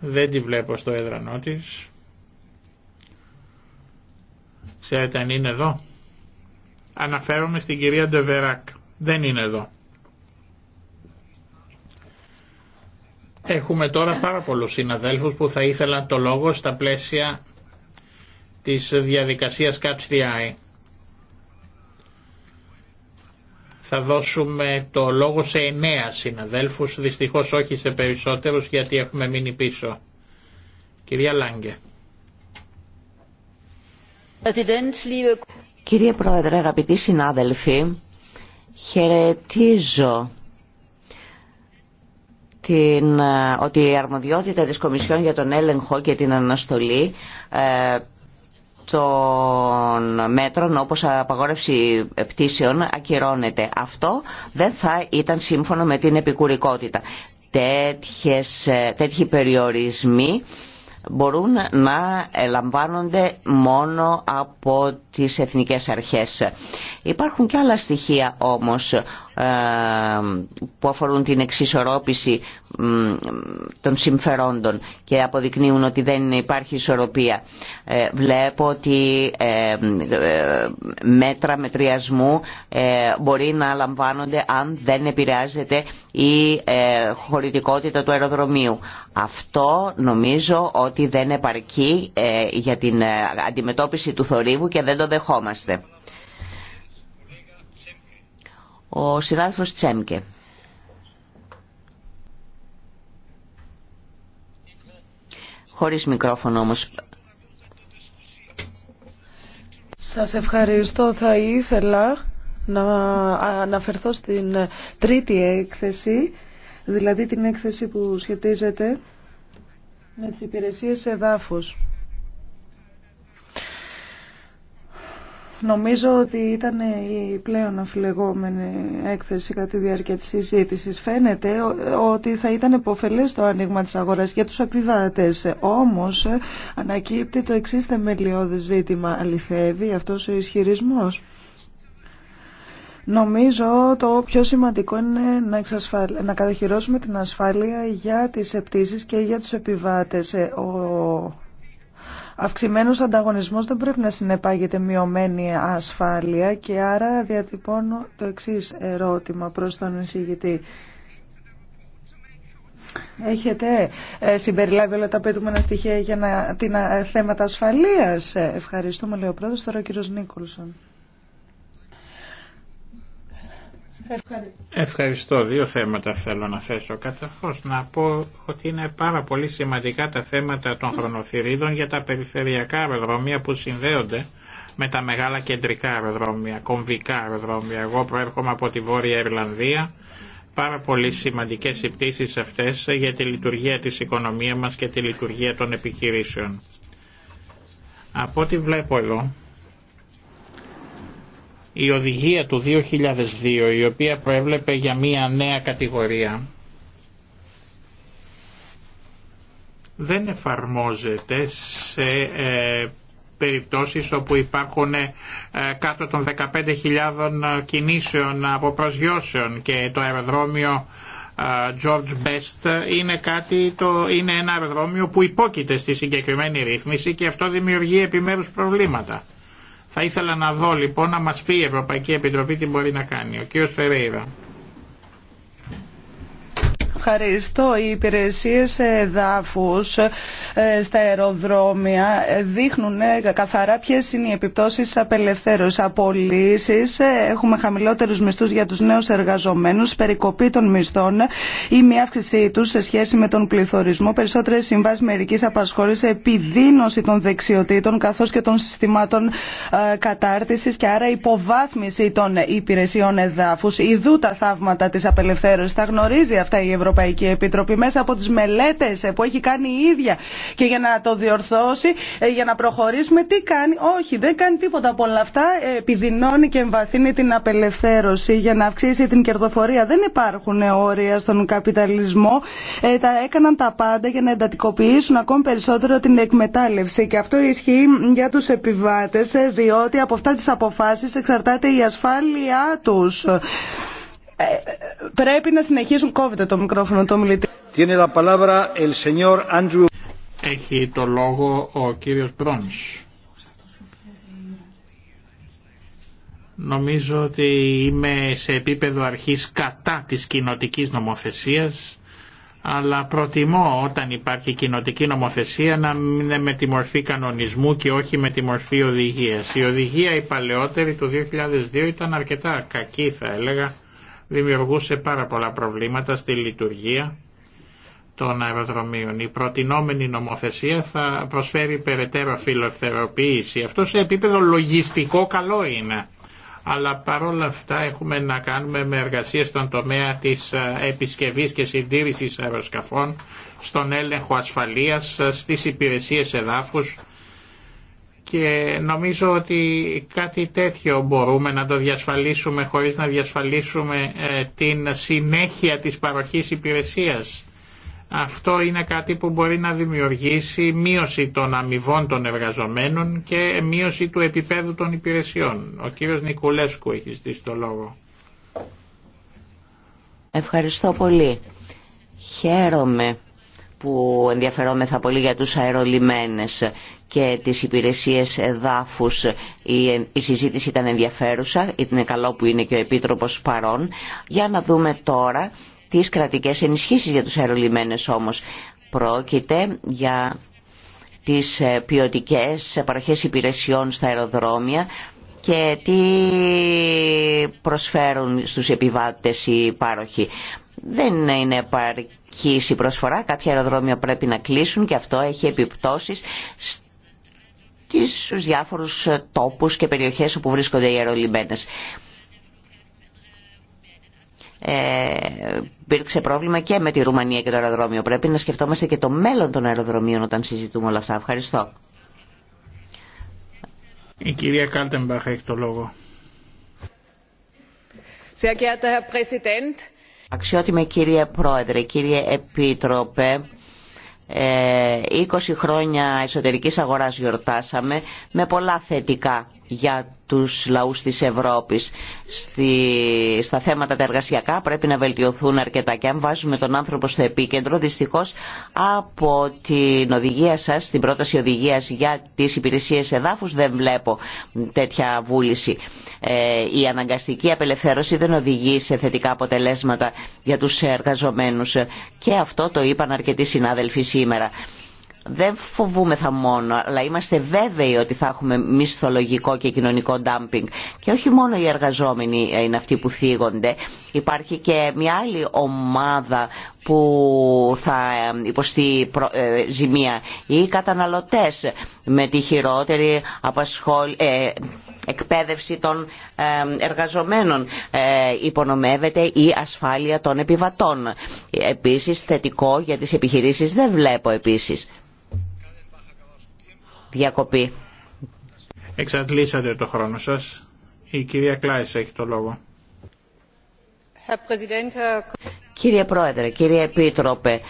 Δεν τη βλέπω στο έδρανό της. Ξέρετε αν είναι εδώ. Αναφέρομαι στην κυρία Ντεβεράκ. Δεν είναι εδώ. Έχουμε τώρα πάρα πολλούς συναδέλφους που θα ήθελαν το λόγο στα πλαίσια της διαδικασίας Catch the Θα δώσουμε το λόγο σε εννέα συναδέλφους, δυστυχώς όχι σε περισσότερους γιατί έχουμε μείνει πίσω. Κυρία Λάγκε. Κύριε Πρόεδρε, αγαπητοί συνάδελφοι, χαιρετίζω την, ε, ότι η αρμοδιότητα της Κομισιόν για τον έλεγχο και την αναστολή ε, των μέτρων όπως απαγόρευση πτήσεων ακυρώνεται. Αυτό δεν θα ήταν σύμφωνο με την επικουρικότητα. Τέτοιες, ε, τέτοιοι περιορισμοί μπορούν να ελαμβάνονται μόνο από τις εθνικές αρχές. Υπάρχουν και άλλα στοιχεία όμως ε, που αφορούν την εξισορρόπηση των συμφερόντων και αποδεικνύουν ότι δεν υπάρχει ισορροπία. Ε, βλέπω ότι ε, μέτρα μετριασμού μπορεί να λαμβάνονται αν δεν επηρεάζεται η χωρητικότητα του αεροδρομίου. Αυτό νομίζω ότι δεν επαρκεί για την αντιμετώπιση του θορύβου και δεν το δεχόμαστε. Ο συνάδελφος Τσέμκε. Χωρίς μικρόφωνο όμως. Σας ευχαριστώ. Θα ήθελα να αναφερθώ στην τρίτη έκθεση, δηλαδή την έκθεση που σχετίζεται με τις υπηρεσίες εδάφους. Νομίζω ότι ήταν η πλέον αφιλεγόμενη έκθεση κατά τη διάρκεια της συζήτηση. Φαίνεται ότι θα ήταν υποφελές το άνοιγμα της αγοράς για τους επιβάτες. Όμως ανακύπτει το εξής θεμελιώδη ζήτημα. Αληθεύει αυτός ο ισχυρισμός. Νομίζω το πιο σημαντικό είναι να, να κατοχυρώσουμε την ασφάλεια για τις επτήσεις και για τους επιβάτες. Ε, ο Αυξημένο ανταγωνισμό δεν πρέπει να συνεπάγεται μειωμένη ασφάλεια και άρα διατυπώνω το εξή ερώτημα προς τον εισηγητή. Έχετε ε, συμπεριλάβει όλα τα απαιτούμενα στοιχεία για να, την, ε, θέματα ασφαλείας. Ε, ευχαριστούμε, λέει ο πρόεδρος. Τώρα ο κύριος Νίκολσον. Ευχαριστώ. Δύο θέματα θέλω να θέσω. Καταρχώς να πω ότι είναι πάρα πολύ σημαντικά τα θέματα των χρονοθυρίδων για τα περιφερειακά αεροδρόμια που συνδέονται με τα μεγάλα κεντρικά αεροδρόμια, κομβικά αεροδρόμια. Εγώ προέρχομαι από τη Βόρεια Ιρλανδία. Πάρα πολύ σημαντικές οι πτήσεις αυτές για τη λειτουργία της οικονομίας μας και τη λειτουργία των επιχειρήσεων. Από ό,τι βλέπω εδώ, η οδηγία του 2002 η οποία προέβλεπε για μία νέα κατηγορία δεν εφαρμόζεται σε ε, περιπτώσεις όπου υπάρχουν ε, κάτω των 15.000 κινήσεων από προσγειώσεων και το αεροδρόμιο ε, George Best είναι, κάτι το, είναι ένα αεροδρόμιο που υπόκειται στη συγκεκριμένη ρύθμιση και αυτό δημιουργεί επιμέρους προβλήματα. Θα ήθελα να δω λοιπόν να μας πει η Ευρωπαϊκή Επιτροπή τι μπορεί να κάνει. Ο κύριος Φερέιρα. Ευχαριστώ. Οι υπηρεσίε εδάφου ε, στα αεροδρόμια δείχνουν ε, καθαρά ποιε είναι οι επιπτώσει τη απελευθέρωση. Απολύσει, ε, έχουμε χαμηλότερου μισθού για του νέου εργαζομένου, περικοπή των μισθών ή μια αύξησή του σε σχέση με τον πληθωρισμό, περισσότερε συμβάσει μερική απασχόληση, επιδείνωση των δεξιοτήτων καθώ και των συστημάτων κατάρτιση και άρα υποβάθμιση των υπηρεσιών εδάφου. Ιδού τα θαύματα τη απελευθέρωση. Τα γνωρίζει αυτά η Ευρωπαϊκή. Ευρωπαϊκή Επιτροπή μέσα από τις μελέτες ε, που έχει κάνει η ίδια και για να το διορθώσει, ε, για να προχωρήσουμε, τι κάνει. Όχι, δεν κάνει τίποτα από όλα αυτά. Ε, επιδεινώνει και εμβαθύνει την απελευθέρωση για να αυξήσει την κερδοφορία. Δεν υπάρχουν όρια στον καπιταλισμό. τα έκαναν τα πάντα για να εντατικοποιήσουν ακόμη περισσότερο την εκμετάλλευση. Και αυτό ισχύει για τους επιβάτες, διότι από αυτά τις αποφάσεις εξαρτάται η ασφάλειά τους. Ε, πρέπει να συνεχίσουν. Κόβεται το μικρόφωνο το ομιλητή. Έχει το λόγο ο κύριος Μπρόνς. Νομίζω ότι είμαι σε επίπεδο αρχής κατά της κοινοτικής νομοθεσίας, αλλά προτιμώ όταν υπάρχει κοινοτική νομοθεσία να είναι με τη μορφή κανονισμού και όχι με τη μορφή οδηγίας. Η οδηγία η παλαιότερη του 2002 ήταν αρκετά κακή θα έλεγα δημιουργούσε πάρα πολλά προβλήματα στη λειτουργία των αεροδρομίων. Η προτινόμενη νομοθεσία θα προσφέρει περαιτέρω φιλοθεροποίηση. Αυτό σε επίπεδο λογιστικό καλό είναι. Αλλά παρόλα αυτά έχουμε να κάνουμε με εργασίες στον τομέα της ε, επισκευής και συντήρησης αεροσκαφών, στον έλεγχο ασφαλείας, ε, στις υπηρεσίες εδάφους, και νομίζω ότι κάτι τέτοιο μπορούμε να το διασφαλίσουμε χωρίς να διασφαλίσουμε ε, την συνέχεια της παροχής υπηρεσίας. Αυτό είναι κάτι που μπορεί να δημιουργήσει μείωση των αμοιβών των εργαζομένων και μείωση του επίπεδου των υπηρεσιών. Ο κύριος Νικουλέσκου έχει στήσει το λόγο. Ευχαριστώ πολύ. Χαίρομαι που ενδιαφερόμεθα πολύ για τους αερολιμένες και τις υπηρεσίες εδάφους η συζήτηση ήταν ενδιαφέρουσα, ήταν καλό που είναι και ο Επίτροπος παρόν. Για να δούμε τώρα τις κρατικές ενισχύσεις για τους αερολιμένες όμως. Πρόκειται για τις ε, ποιοτικέ παροχές υπηρεσιών στα αεροδρόμια και τι προσφέρουν στους επιβάτες οι πάροχοι. Δεν είναι επαρκής η προσφορά, κάποια αεροδρόμια πρέπει να κλείσουν και αυτό έχει επιπτώσεις και στους διάφορους ε, τόπους και περιοχές όπου βρίσκονται οι αερολιμένες. Ε, υπήρξε πρόβλημα και με τη Ρουμανία και το αεροδρόμιο. Πρέπει να σκεφτόμαστε και το μέλλον των αεροδρομίων όταν συζητούμε όλα αυτά. Ευχαριστώ. Η κυρία Κάλτεμπαχ έχει το λόγο. Αξιότιμε κύριε Πρόεδρε, κύριε Επίτροπε, 20 ε, χρόνια εσωτερικής αγοράς γιορτάσαμε με πολλά θετικά για τους λαούς της Ευρώπης. Στη, στα θέματα τα εργασιακά πρέπει να βελτιωθούν αρκετά και αν βάζουμε τον άνθρωπο στο επίκεντρο, δυστυχώς από την οδηγία σας, την πρόταση οδηγίας για τις υπηρεσίες εδάφους δεν βλέπω τέτοια βούληση. Ε, η αναγκαστική απελευθέρωση δεν οδηγεί σε θετικά αποτελέσματα για τους εργαζομένους και αυτό το είπαν αρκετοί συνάδελφοι σήμερα δεν φοβούμεθα μόνο, αλλά είμαστε βέβαιοι ότι θα έχουμε μισθολογικό και κοινωνικό ντάμπινγκ. Και όχι μόνο οι εργαζόμενοι είναι αυτοί που θίγονται. Υπάρχει και μια άλλη ομάδα που θα υποστεί ε, ζημία. Οι καταναλωτές με τη χειρότερη απασχόλη, ε, εκπαίδευση των ε, εργαζομένων. υπονομεύεται η ασφάλεια των επιβατών. Επίσης θετικό για τις επιχειρήσεις δεν βλέπω επίσης διακοπή. Εξαντλήσατε το χρόνο σας. Η κυρία Κλάις έχει το λόγο. Κύριε Πρόεδρε, κύριε Επίτροπε,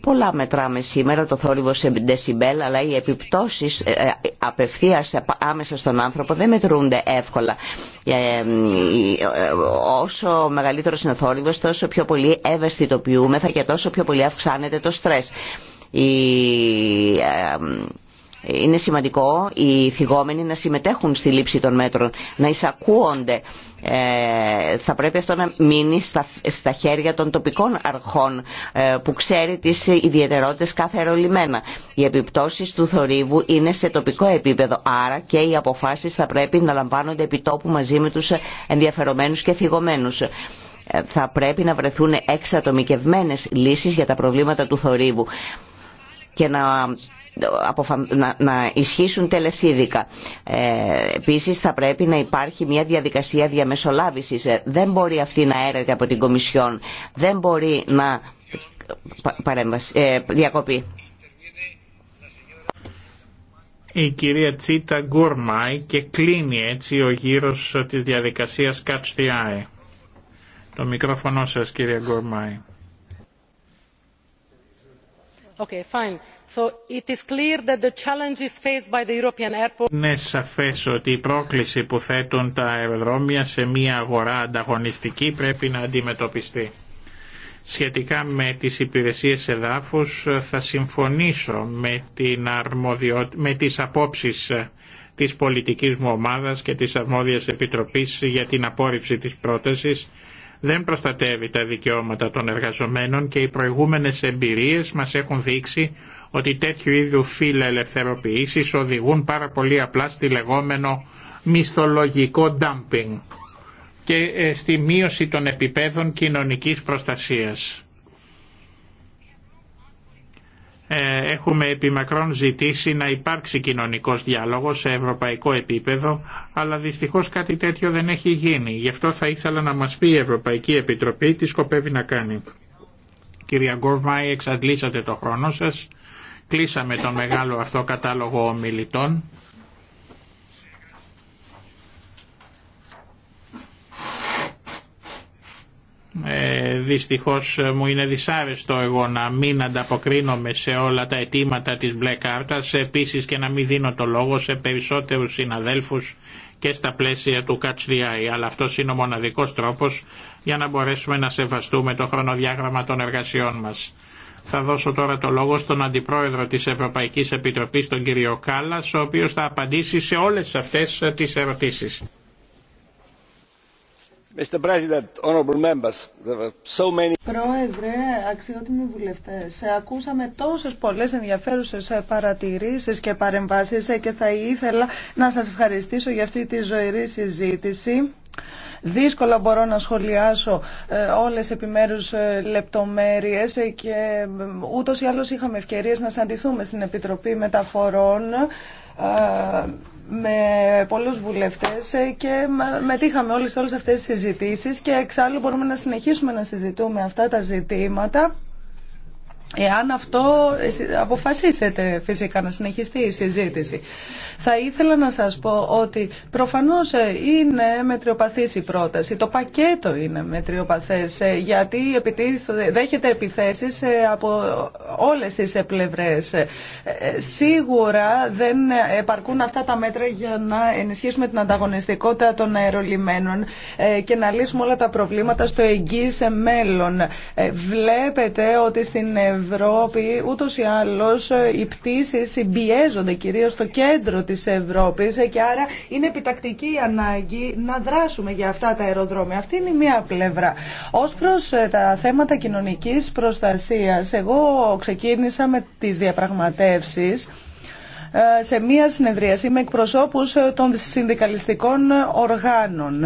πολλά μετράμε σήμερα το θόρυβο σε δεσιμπέλ, αλλά οι επιπτώσεις ε, ε, απευθείας άμεσα στον άνθρωπο δεν μετρούνται εύκολα. Ε, όσο μεγαλύτερος είναι ο θόρυβος, τόσο πιο πολύ ευαισθητοποιούμεθα και τόσο πιο πολύ αυξάνεται το στρες. Η είναι σημαντικό οι θυγόμενοι να συμμετέχουν στη λήψη των μέτρων, να εισακούονται. Ε, θα πρέπει αυτό να μείνει στα, χέρια των τοπικών αρχών ε, που ξέρει τις ιδιαιτερότητες κάθε αερολιμένα. Οι επιπτώσεις του θορύβου είναι σε τοπικό επίπεδο, άρα και οι αποφάσεις θα πρέπει να λαμβάνονται επιτόπου μαζί με τους ενδιαφερομένους και θυγωμένους ε, θα πρέπει να βρεθούν εξατομικευμένες λύσεις για τα προβλήματα του θορύβου και να να ισχύσουν τελεσίδικα. Ε, επίσης θα πρέπει να υπάρχει μια διαδικασία διαμεσολάβησης. Ε, δεν μπορεί αυτή να έρεται από την Κομισιόν. Δεν μπορεί να ε, Διακοπή. Η κυρία Τσίτα Γκουρμάη και κλείνει έτσι ο γύρος της διαδικασίας Catch the Eye. Το μικρόφωνο σας κυρία Γκουρμάη. Okay, fine. Είναι σαφές ότι η πρόκληση που θέτουν τα αεροδρόμια σε μια αγορά ανταγωνιστική πρέπει να αντιμετωπιστεί. Σχετικά με τις υπηρεσίες εδάφους θα συμφωνήσω με, την με τις απόψεις της πολιτικής μου ομάδας και της αρμόδιας επιτροπής για την απόρριψη της πρότασης δεν προστατεύει τα δικαιώματα των εργαζομένων και οι προηγούμενες εμπειρίες μας έχουν δείξει ότι τέτοιου είδου ελευθεροποιήσει οδηγούν πάρα πολύ απλά στη λεγόμενο μισθολογικό dumping και ε, στη μείωση των επιπέδων κοινωνικής προστασίας. Ε, έχουμε επιμακρόν ζητήσει να υπάρξει κοινωνικός διάλογος σε ευρωπαϊκό επίπεδο, αλλά δυστυχώς κάτι τέτοιο δεν έχει γίνει. Γι' αυτό θα ήθελα να μας πει η Ευρωπαϊκή Επιτροπή τι σκοπεύει να κάνει. Κυρία Γκορμάη, εξαντλήσατε το χρόνο σας. Κλείσαμε τον μεγάλο αυτό κατάλογο ομιλητών. Ε, δυστυχώς ε, μου είναι δυσάρεστο εγώ να μην ανταποκρίνομαι σε όλα τα αιτήματα της μπλε κάρτας επίσης και να μην δίνω το λόγο σε περισσότερους συναδέλφους και στα πλαίσια του Catch the Eye αλλά αυτός είναι ο μοναδικός τρόπος για να μπορέσουμε να σεβαστούμε το χρονοδιάγραμμα των εργασιών μας. Θα δώσω τώρα το λόγο στον Αντιπρόεδρο της Ευρωπαϊκής Επιτροπής, τον κύριο Κάλλας, ο οποίος θα απαντήσει σε όλες αυτές τις ερωτήσεις. Πρόεδρε, αξιότιμοι βουλευτές, ακούσαμε τόσες πολλές ενδιαφέρουσες παρατηρήσεις και παρεμβάσεις και θα ήθελα να σας ευχαριστήσω για αυτή τη ζωηρή συζήτηση. Δύσκολα μπορώ να σχολιάσω ε, όλες επιμέρους ε, λεπτομέρειες ε, και ούτως ή άλλως είχαμε ευκαιρίες να σαντηθούμε στην Επιτροπή Μεταφορών με πολλούς βουλευτές ε, και μετήχαμε όλες, όλες αυτές τις συζητήσεις και εξάλλου μπορούμε να συνεχίσουμε να συζητούμε αυτά τα ζητήματα. Εάν αυτό ε, αποφασίσετε φυσικά να συνεχιστεί η συζήτηση. Θα ήθελα να σας πω ότι προφανώς ε, είναι μετριοπαθής η πρόταση. Το πακέτο είναι μετριοπαθές ε, γιατί δέχεται επιθέσεις από όλες τις πλευρές. Σίγουρα δεν επαρκούν αυτά τα μέτρα για να ενισχύσουμε την ανταγωνιστικότητα των αερολιμένων και να λύσουμε όλα τα προβλήματα στο εγγύς μέλλον. Βλέπετε ότι στην Ευρώπη ούτως ή άλλως οι πτήσεις συμπιέζονται κυρίως στο κέντρο της Ευρώπης και άρα είναι επιτακτική η ανάγκη να δράσουμε για αυτά τα αεροδρόμια. Αυτή είναι η μία πλευρά. Ως προς ε, τα θέματα κοινωνικής προστασίας, εγώ ξεκίνησα με τις διαπραγματεύσεις ε, σε μία συνεδρίαση με εκπροσώπους ε, των συνδικαλιστικών οργάνων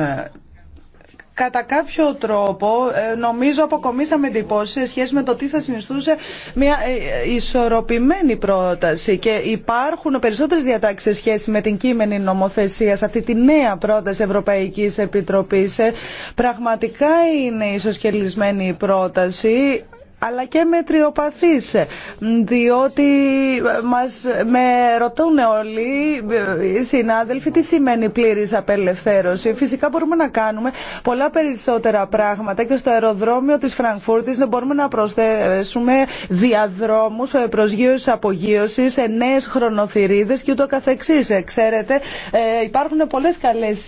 κατά κάποιο τρόπο ε, νομίζω αποκομίσαμε εντυπώσει σε σχέση με το τι θα συνιστούσε μια ε, ε, ισορροπημένη πρόταση και υπάρχουν περισσότερες διατάξεις σε σχέση με την κείμενη νομοθεσία σε αυτή τη νέα πρόταση Ευρωπαϊκής Επιτροπής. Πραγματικά είναι ισοσκελισμένη η πρόταση αλλά και με διότι μας, με ρωτούν όλοι οι συνάδελφοι τι σημαίνει πλήρης απελευθέρωση. Φυσικά μπορούμε να κάνουμε πολλά περισσότερα πράγματα και στο αεροδρόμιο της Φραγκφούρτης μπορούμε να προσθέσουμε διαδρόμους προσγείωσης απογείωσης, νέες χρονοθυρίδες και ούτω καθεξής. Ε, ξέρετε, ε, υπάρχουν πολλές καλές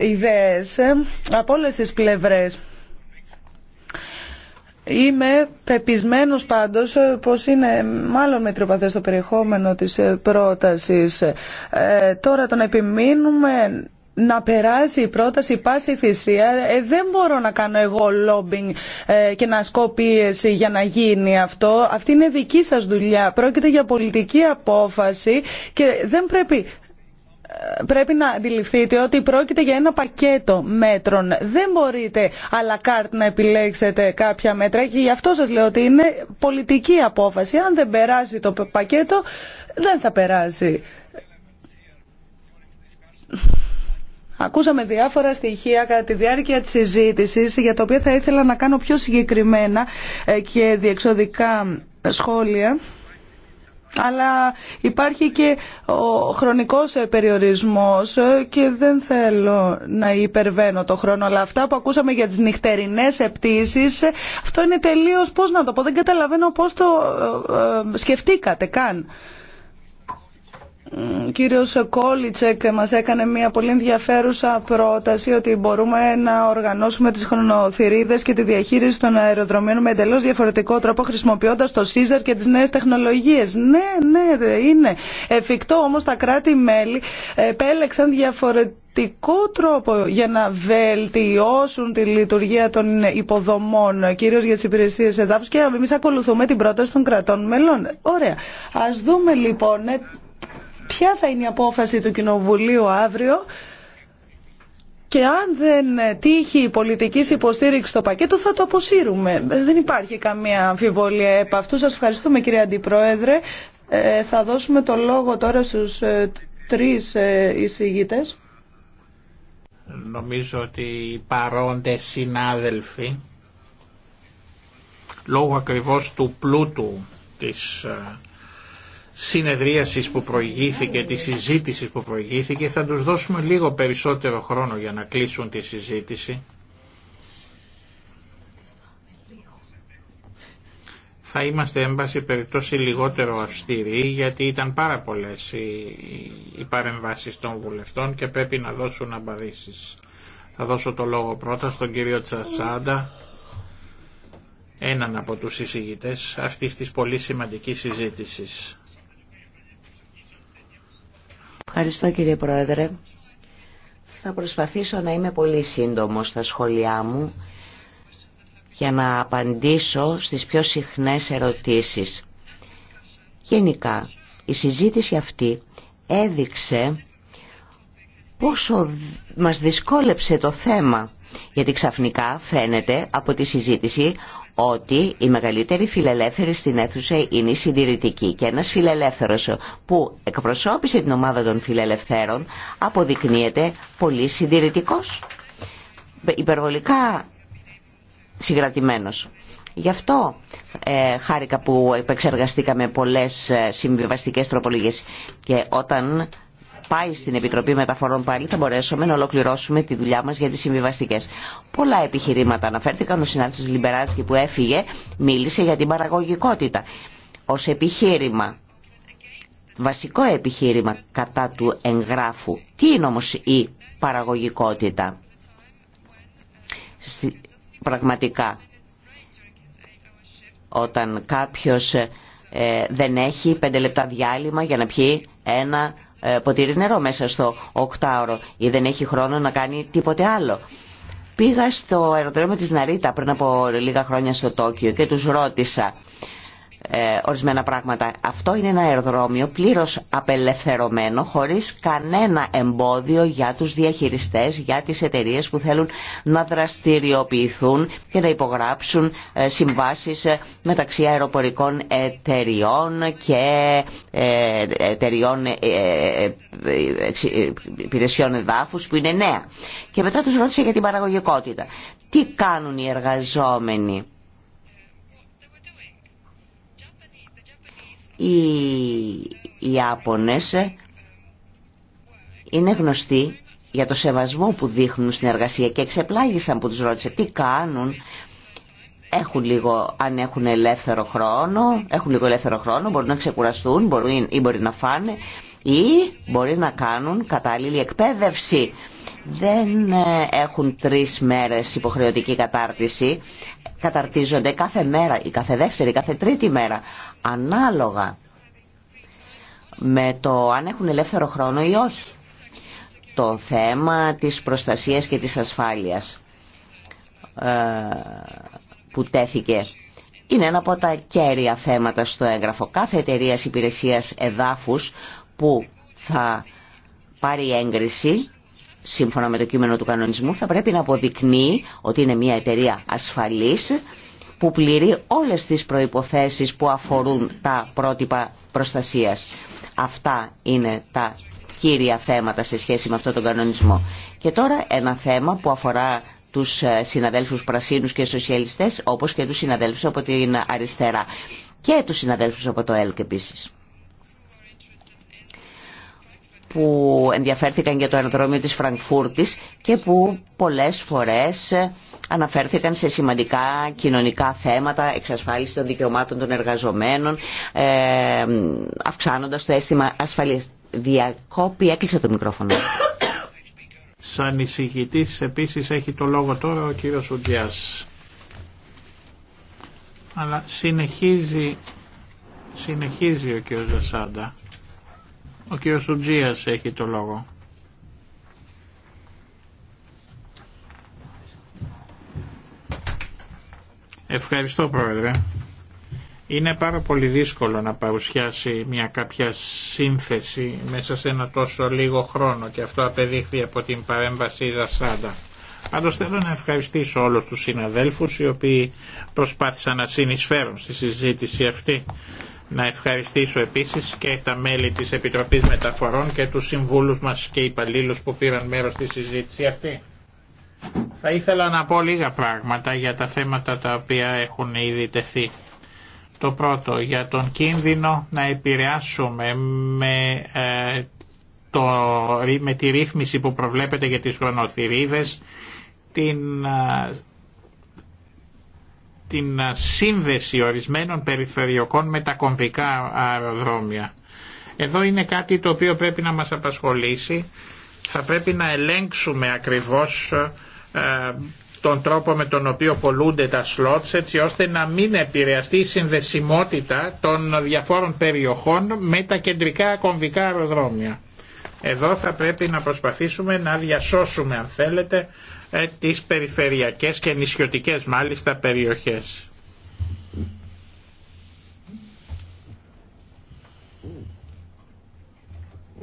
ιδέες ε, από όλες τις πλευρές. Είμαι πεπισμένος πάντως ε, πως είναι μάλλον μετριοπαθές το περιεχόμενο της ε, πρότασης. Ε, τώρα τον επιμείνουμε να περάσει η πρόταση πάση θυσία. δεν μπορώ να κάνω εγώ λόμπινγκ και να ασκώ πίεση για να γίνει αυτό. Αυτή είναι δική σας δουλειά. Πρόκειται για πολιτική απόφαση και δεν πρέπει πρέπει να αντιληφθείτε ότι πρόκειται για ένα πακέτο μέτρων. Δεν μπορείτε αλλά να επιλέξετε κάποια μέτρα και γι' αυτό σας λέω ότι είναι πολιτική απόφαση. Αν δεν περάσει το πακέτο δεν θα περάσει. Ακούσαμε διάφορα στοιχεία κατά τη διάρκεια της συζήτησης για το οποίο θα ήθελα να κάνω πιο συγκεκριμένα ε, και διεξοδικά σχόλια αλλά υπάρχει και ο χρονικός περιορισμός και δεν θέλω να υπερβαίνω το χρόνο αλλά αυτά που ακούσαμε για τις νυχτερινές επτήσεις αυτό είναι τελείως πώς να το πω δεν καταλαβαίνω πώς το ε, ε, σκεφτήκατε καν κύριος Κόλιτσεκ μας έκανε μια πολύ ενδιαφέρουσα πρόταση ότι μπορούμε να οργανώσουμε τις χρονοθυρίδες και τη διαχείριση των αεροδρομίων με εντελώς διαφορετικό τρόπο χρησιμοποιώντας το ΣΥΖΑΡ και τις νέες τεχνολογίες. Ναι, ναι, είναι εφικτό όμως τα κράτη-μέλη επέλεξαν διαφορετικό τρόπο για να βελτιώσουν τη λειτουργία των υποδομών, κυρίω για τι υπηρεσίε εδάφου και εμεί ακολουθούμε την πρόταση των κρατών μελών. Ωραία. Α δούμε λοιπόν ποια θα είναι η απόφαση του Κοινοβουλίου αύριο και αν δεν τύχει η πολιτική υποστήριξη στο πακέτο θα το αποσύρουμε. Δεν υπάρχει καμία αμφιβολία επ' αυτού. Σας ευχαριστούμε κύριε Αντιπρόεδρε. Ε, θα δώσουμε το λόγο τώρα στους ε, τρεις ε, εισηγητές. Νομίζω ότι οι παρόντες συνάδελφοι λόγω ακριβώς του πλούτου της ε, συνεδρίασης που προηγήθηκε, τη συζήτηση που προηγήθηκε. Θα τους δώσουμε λίγο περισσότερο χρόνο για να κλείσουν τη συζήτηση. Θα είμαστε έμβαση περιπτώσει λιγότερο αυστηροί γιατί ήταν πάρα πολλές οι, οι παρεμβάσεις των βουλευτών και πρέπει να δώσουν απαντήσει. Θα δώσω το λόγο πρώτα στον κύριο Τσασάντα, έναν από τους συζητητές αυτής της πολύ σημαντικής συζήτησης. Ευχαριστώ κύριε Πρόεδρε. Θα προσπαθήσω να είμαι πολύ σύντομος στα σχόλιά μου για να απαντήσω στις πιο συχνές ερωτήσεις. Γενικά, η συζήτηση αυτή έδειξε πόσο μας δυσκόλεψε το θέμα, γιατί ξαφνικά φαίνεται από τη συζήτηση ότι η μεγαλύτερη φιλελεύθερη στην αίθουσα είναι η συντηρητική και ένας φιλελεύθερος που εκπροσώπησε την ομάδα των φιλελευθέρων αποδεικνύεται πολύ συντηρητικός, υπερβολικά συγκρατημένος. Γι' αυτό ε, χάρηκα που επεξεργαστήκαμε πολλές ε, συμβιβαστικές τροπολογίες και όταν πάει στην Επιτροπή Μεταφορών πάλι θα μπορέσουμε να ολοκληρώσουμε τη δουλειά μας για τις συμβιβαστικέ. Πολλά επιχειρήματα αναφέρθηκαν. Ο συνάδελφος Λιμπεράτσκι που έφυγε μίλησε για την παραγωγικότητα ως επιχείρημα. Βασικό επιχείρημα κατά του εγγράφου. Τι είναι όμως η παραγωγικότητα πραγματικά. Όταν κάποιος ε, δεν έχει πέντε λεπτά διάλειμμα για να πιει ένα ε, ποτήρι νερό μέσα στο οκτάωρο ή δεν έχει χρόνο να κάνει τίποτε άλλο. Πήγα στο αεροδρόμιο της Ναρίτα πριν από λίγα χρόνια στο Τόκιο και τους ρώτησα ε, ορισμένα πράγματα. Αυτό είναι ένα αεροδρόμιο πλήρως απελευθερωμένο, χωρίς κανένα εμπόδιο για τους διαχειριστές, για τις εταιρείες που θέλουν να δραστηριοποιηθούν και να υπογράψουν ε, συμβάσεις ε, μεταξύ αεροπορικών εταιριών και εταιριών υπηρεσιών εδάφους που είναι νέα. Και μετά τους ρώτησε για την παραγωγικότητα. Τι κάνουν οι εργαζόμενοι Οι Ιάπωνες είναι γνωστοί για το σεβασμό που δείχνουν στην εργασία και εξεπλάγησαν που τους ρώτησε τι κάνουν. Έχουν λίγο, αν έχουν ελεύθερο χρόνο, έχουν λίγο ελεύθερο χρόνο, μπορούν να ξεκουραστούν μπορούν, ή μπορεί να φάνε ή μπορεί να κάνουν κατάλληλη εκπαίδευση δεν ε, έχουν τρεις μέρες υποχρεωτική κατάρτιση. Καταρτίζονται κάθε μέρα ή κάθε δεύτερη, κάθε τρίτη μέρα. Ανάλογα με το αν έχουν ελεύθερο χρόνο ή όχι. Το θέμα της προστασίας και της ασφάλειας ε, που τέθηκε είναι ένα από τα κέρια θέματα στο έγγραφο. Κάθε εταιρεία υπηρεσίας εδάφους που θα πάρει έγκριση σύμφωνα με το κείμενο του κανονισμού θα πρέπει να αποδεικνύει ότι είναι μια εταιρεία ασφαλής που πληρεί όλες τις προϋποθέσεις που αφορούν τα πρότυπα προστασίας. Αυτά είναι τα κύρια θέματα σε σχέση με αυτόν τον κανονισμό. Και τώρα ένα θέμα που αφορά τους ε, συναδέλφους πρασίνους και σοσιαλιστές όπως και τους συναδέλφους από την αριστερά και τους συναδέλφους από το ΕΛΚ επίσης που ενδιαφέρθηκαν για το αεροδρόμιο της Φραγκφούρτης και που πολλές φορές αναφέρθηκαν σε σημαντικά κοινωνικά θέματα, εξασφάλιση των δικαιωμάτων των εργαζομένων, ε, αυξάνοντας το αίσθημα ασφαλείας. Διακόπη, έκλεισε το μικρόφωνο. Σαν εισηγητής επίσης έχει το λόγο τώρα ο κύριος Αλλά συνεχίζει, ο κύριος Ζασάντα ο κ. Σουτζίας έχει το λόγο. Ευχαριστώ Πρόεδρε. Είναι πάρα πολύ δύσκολο να παρουσιάσει μια κάποια σύνθεση μέσα σε ένα τόσο λίγο χρόνο και αυτό απεδείχθη από την παρέμβαση Ζασάντα. Πάντω θέλω να ευχαριστήσω όλου του συναδέλφου, οι οποίοι προσπάθησαν να συνεισφέρουν στη συζήτηση αυτή να ευχαριστήσω επίσης και τα μέλη της Επιτροπής Μεταφορών και του συμβούλους μας και υπαλλήλους που πήραν μέρος στη συζήτηση αυτή. Θα ήθελα να πω λίγα πράγματα για τα θέματα τα οποία έχουν ήδη τεθεί. Το πρώτο, για τον κίνδυνο να επηρεάσουμε με, ε, το, τη ρύθμιση που προβλέπεται για τις χρονοθυρίδες την ε, την σύνδεση ορισμένων περιφερειοκών με τα κομβικά αεροδρόμια. Εδώ είναι κάτι το οποίο πρέπει να μας απασχολήσει. Θα πρέπει να ελέγξουμε ακριβώς τον τρόπο με τον οποίο πολλούνται τα σλότς έτσι ώστε να μην επηρεαστεί η συνδεσιμότητα των διαφόρων περιοχών με τα κεντρικά κομβικά αεροδρόμια. Εδώ θα πρέπει να προσπαθήσουμε να διασώσουμε αν θέλετε ε, τις περιφερειακές και νησιωτικές μάλιστα περιοχές.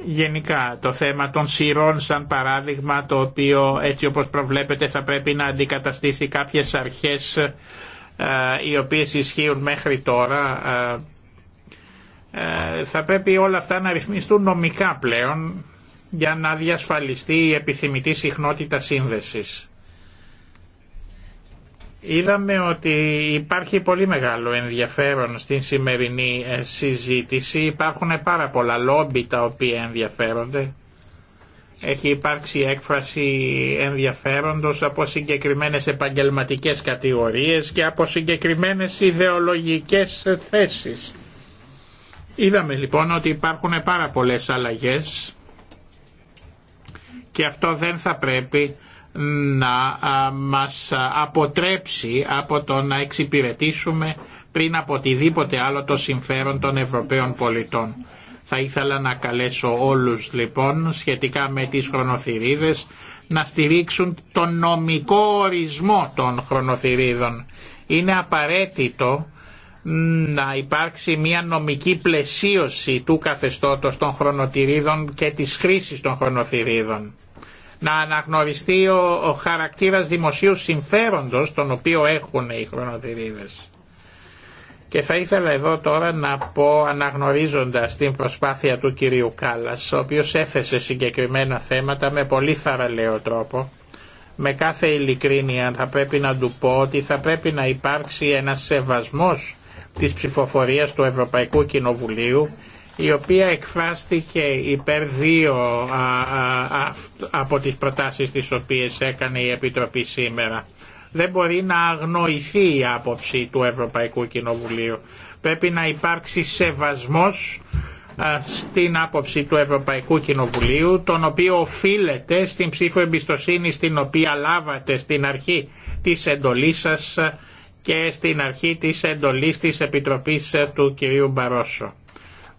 γενικά το θέμα των σειρών σαν παράδειγμα το οποίο έτσι όπως προβλέπετε θα πρέπει να αντικαταστήσει κάποιες αρχές ε, οι οποίες ισχύουν μέχρι τώρα ε, θα πρέπει όλα αυτά να ρυθμιστούν νομικά πλέον για να διασφαλιστεί η επιθυμητή συχνότητα σύνδεσης. Είδαμε ότι υπάρχει πολύ μεγάλο ενδιαφέρον στην σημερινή ε, συζήτηση. Υπάρχουν πάρα πολλά λόμπι τα οποία ενδιαφέρονται. Έχει υπάρξει έκφραση ενδιαφέροντος από συγκεκριμένες επαγγελματικές κατηγορίες και από συγκεκριμένες ιδεολογικές θέσεις. Είδαμε λοιπόν ότι υπάρχουν πάρα πολλές αλλαγές και αυτό δεν θα πρέπει να μας αποτρέψει από το να εξυπηρετήσουμε πριν από οτιδήποτε άλλο το συμφέρον των Ευρωπαίων πολιτών. Θα ήθελα να καλέσω όλους λοιπόν σχετικά με τις χρονοθυρίδες να στηρίξουν τον νομικό ορισμό των χρονοθυρίδων. Είναι απαραίτητο να υπάρξει μια νομική πλαισίωση του καθεστώτος των χρονοθυρίδων και της χρήσης των χρονοθυρίδων να αναγνωριστεί ο, ο χαρακτήρας δημοσίου συμφέροντος τον οποίο έχουν οι χρονοτηρίδες. Και θα ήθελα εδώ τώρα να πω αναγνωρίζοντας την προσπάθεια του κυρίου Κάλλας, ο οποίος έθεσε συγκεκριμένα θέματα με πολύ θαραλέο τρόπο, με κάθε ειλικρίνεια θα πρέπει να του πω ότι θα πρέπει να υπάρξει ένας σεβασμός της ψηφοφορίας του Ευρωπαϊκού Κοινοβουλίου η οποία εκφράστηκε υπέρ δύο από τις προτάσεις τις οποίες έκανε η Επιτροπή σήμερα. Δεν μπορεί να αγνοηθεί η άποψη του Ευρωπαϊκού Κοινοβουλίου. Πρέπει να υπάρξει σεβασμός στην άποψη του Ευρωπαϊκού Κοινοβουλίου, τον οποίο οφείλεται στην ψήφο εμπιστοσύνη στην οποία λάβατε στην αρχή της εντολής σας και στην αρχή της εντολής της Επιτροπής του κ. Μπαρόσο.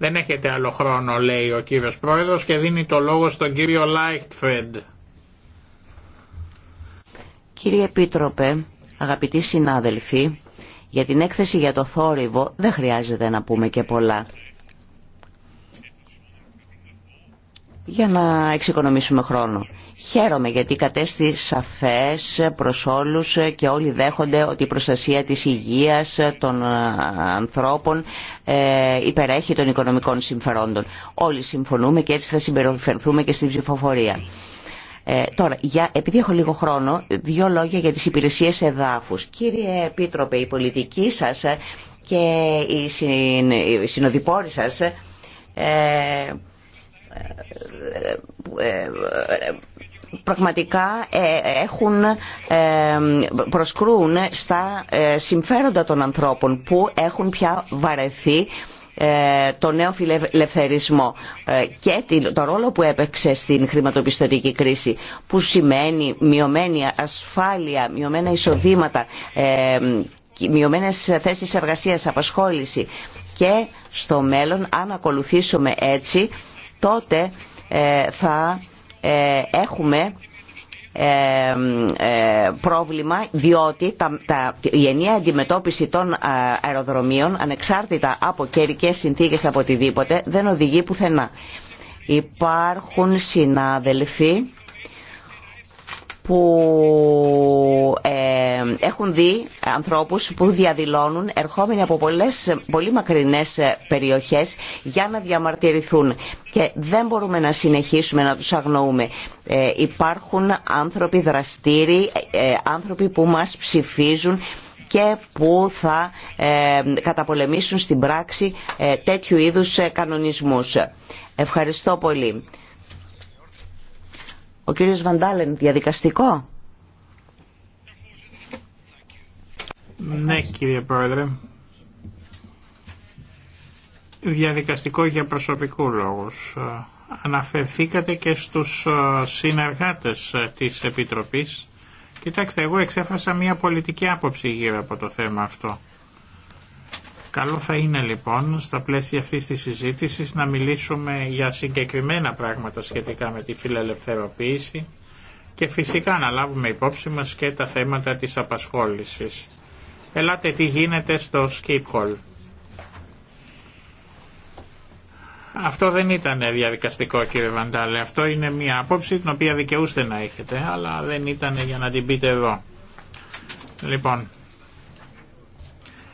Δεν έχετε άλλο χρόνο λέει ο κύριος Πρόεδρος και δίνει το λόγο στον κύριο Λάιχτφρεντ. Κύριε Επίτροπε, αγαπητοί συνάδελφοι, για την έκθεση για το θόρυβο δεν χρειάζεται να πούμε και πολλά. Για να εξοικονομήσουμε χρόνο. Χαίρομαι γιατί κατέστη σαφές προς όλους και όλοι δέχονται ότι η προστασία της υγείας των ε, ανθρώπων ε, υπερέχει των οικονομικών συμφερόντων. Όλοι συμφωνούμε και έτσι θα συμπεριφερθούμε και στην ψηφοφορία. Ε, τώρα, για, επειδή έχω λίγο χρόνο, δύο λόγια για τις υπηρεσίες εδάφους. Κύριε Επίτροπε, η πολιτική σας και η, συν, η πραγματικά ε, έχουν, ε, προσκρούν στα ε, συμφέροντα των ανθρώπων που έχουν πια βαρεθεί το νέο φιλελευθερισμό και το ρόλο που έπαιξε στην χρηματοπιστωτική κρίση που σημαίνει μειωμένη ασφάλεια, μειωμένα εισοδήματα, μειωμένες θέσεις εργασίας, απασχόληση και στο μέλλον αν ακολουθήσουμε έτσι τότε θα ε, έχουμε ε, ε, πρόβλημα διότι τα, η ενιαία αντιμετώπιση των αεροδρομίων ανεξάρτητα από καιρικές συνθήκες από οτιδήποτε δεν οδηγεί πουθενά. Υπάρχουν συνάδελφοι που έχουν δει ανθρώπους που διαδηλώνουν ερχόμενοι από πολλές, πολύ μακρινές περιοχές για να διαμαρτυρηθούν και δεν μπορούμε να συνεχίσουμε να τους αγνοούμε. Ε, υπάρχουν άνθρωποι δραστήριοι, ε, άνθρωποι που μας ψηφίζουν και που θα ε, καταπολεμήσουν στην πράξη τέτοιου είδους κανονισμούς. Ευχαριστώ πολύ. Ο κύριος Βαντάλεν, διαδικαστικό. Ναι κύριε Πρόεδρε. Διαδικαστικό για προσωπικού λόγους. Αναφερθήκατε και στους ε, συνεργάτες ε, της Επιτροπής. Κοιτάξτε, εγώ εξέφρασα μια πολιτική άποψη γύρω από το θέμα αυτό. Καλό θα είναι λοιπόν στα πλαίσια αυτής της συζήτηση να μιλήσουμε για συγκεκριμένα πράγματα σχετικά με τη φιλελευθεροποίηση και φυσικά να λάβουμε υπόψη μας και τα θέματα της απασχόλησης. Ελάτε τι γίνεται στο Skip Call. Αυτό δεν ήταν διαδικαστικό κύριε Βαντάλε. Αυτό είναι μια άποψη την οποία δικαιούστε να έχετε, αλλά δεν ήταν για να την πείτε εδώ. Λοιπόν,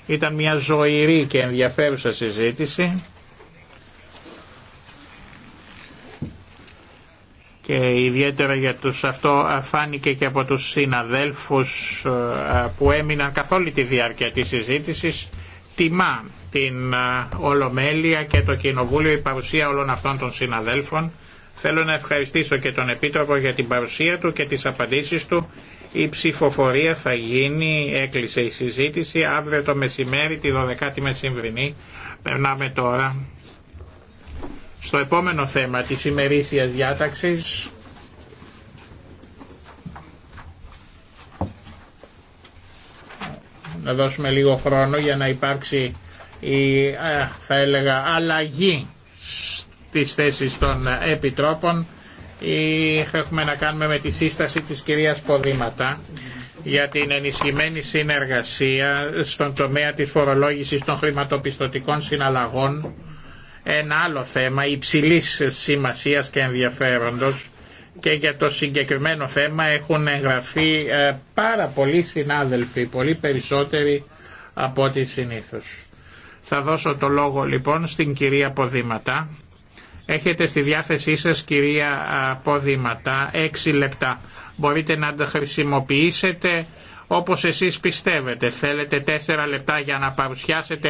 ήταν μια ζωηρή και ενδιαφέρουσα συζήτηση. και ιδιαίτερα για τους αυτό φάνηκε και από τους συναδέλφους ε, που έμειναν καθ' όλη τη διάρκεια της συζήτησης τιμά την ε, Ολομέλεια και το Κοινοβούλιο η παρουσία όλων αυτών των συναδέλφων Θέλω να ευχαριστήσω και τον Επίτροπο για την παρουσία του και τις απαντήσεις του. Η ψηφοφορία θα γίνει, έκλεισε η συζήτηση, αύριο το μεσημέρι, τη 12η μεσημβρινή. Περνάμε τώρα στο επόμενο θέμα της ημερήσιας διάταξης να δώσουμε λίγο χρόνο για να υπάρξει η θα έλεγα αλλαγή της θέσης των επιτρόπων ή έχουμε να κάνουμε με τη σύσταση της κυρίας Ποδήματα για την ενισχυμένη συνεργασία στον τομέα της φορολόγησης των χρηματοπιστωτικών συναλλαγών ένα άλλο θέμα υψηλής σημασίας και ενδιαφέροντος και για το συγκεκριμένο θέμα έχουν εγγραφεί ε, πάρα πολλοί συνάδελφοι, πολύ περισσότεροι από ό,τι συνήθως. Θα δώσω το λόγο λοιπόν στην κυρία Ποδήματα. Έχετε στη διάθεσή σας κυρία Ποδήματα έξι λεπτά. Μπορείτε να τα χρησιμοποιήσετε όπως εσείς πιστεύετε. Θέλετε τέσσερα λεπτά για να παρουσιάσετε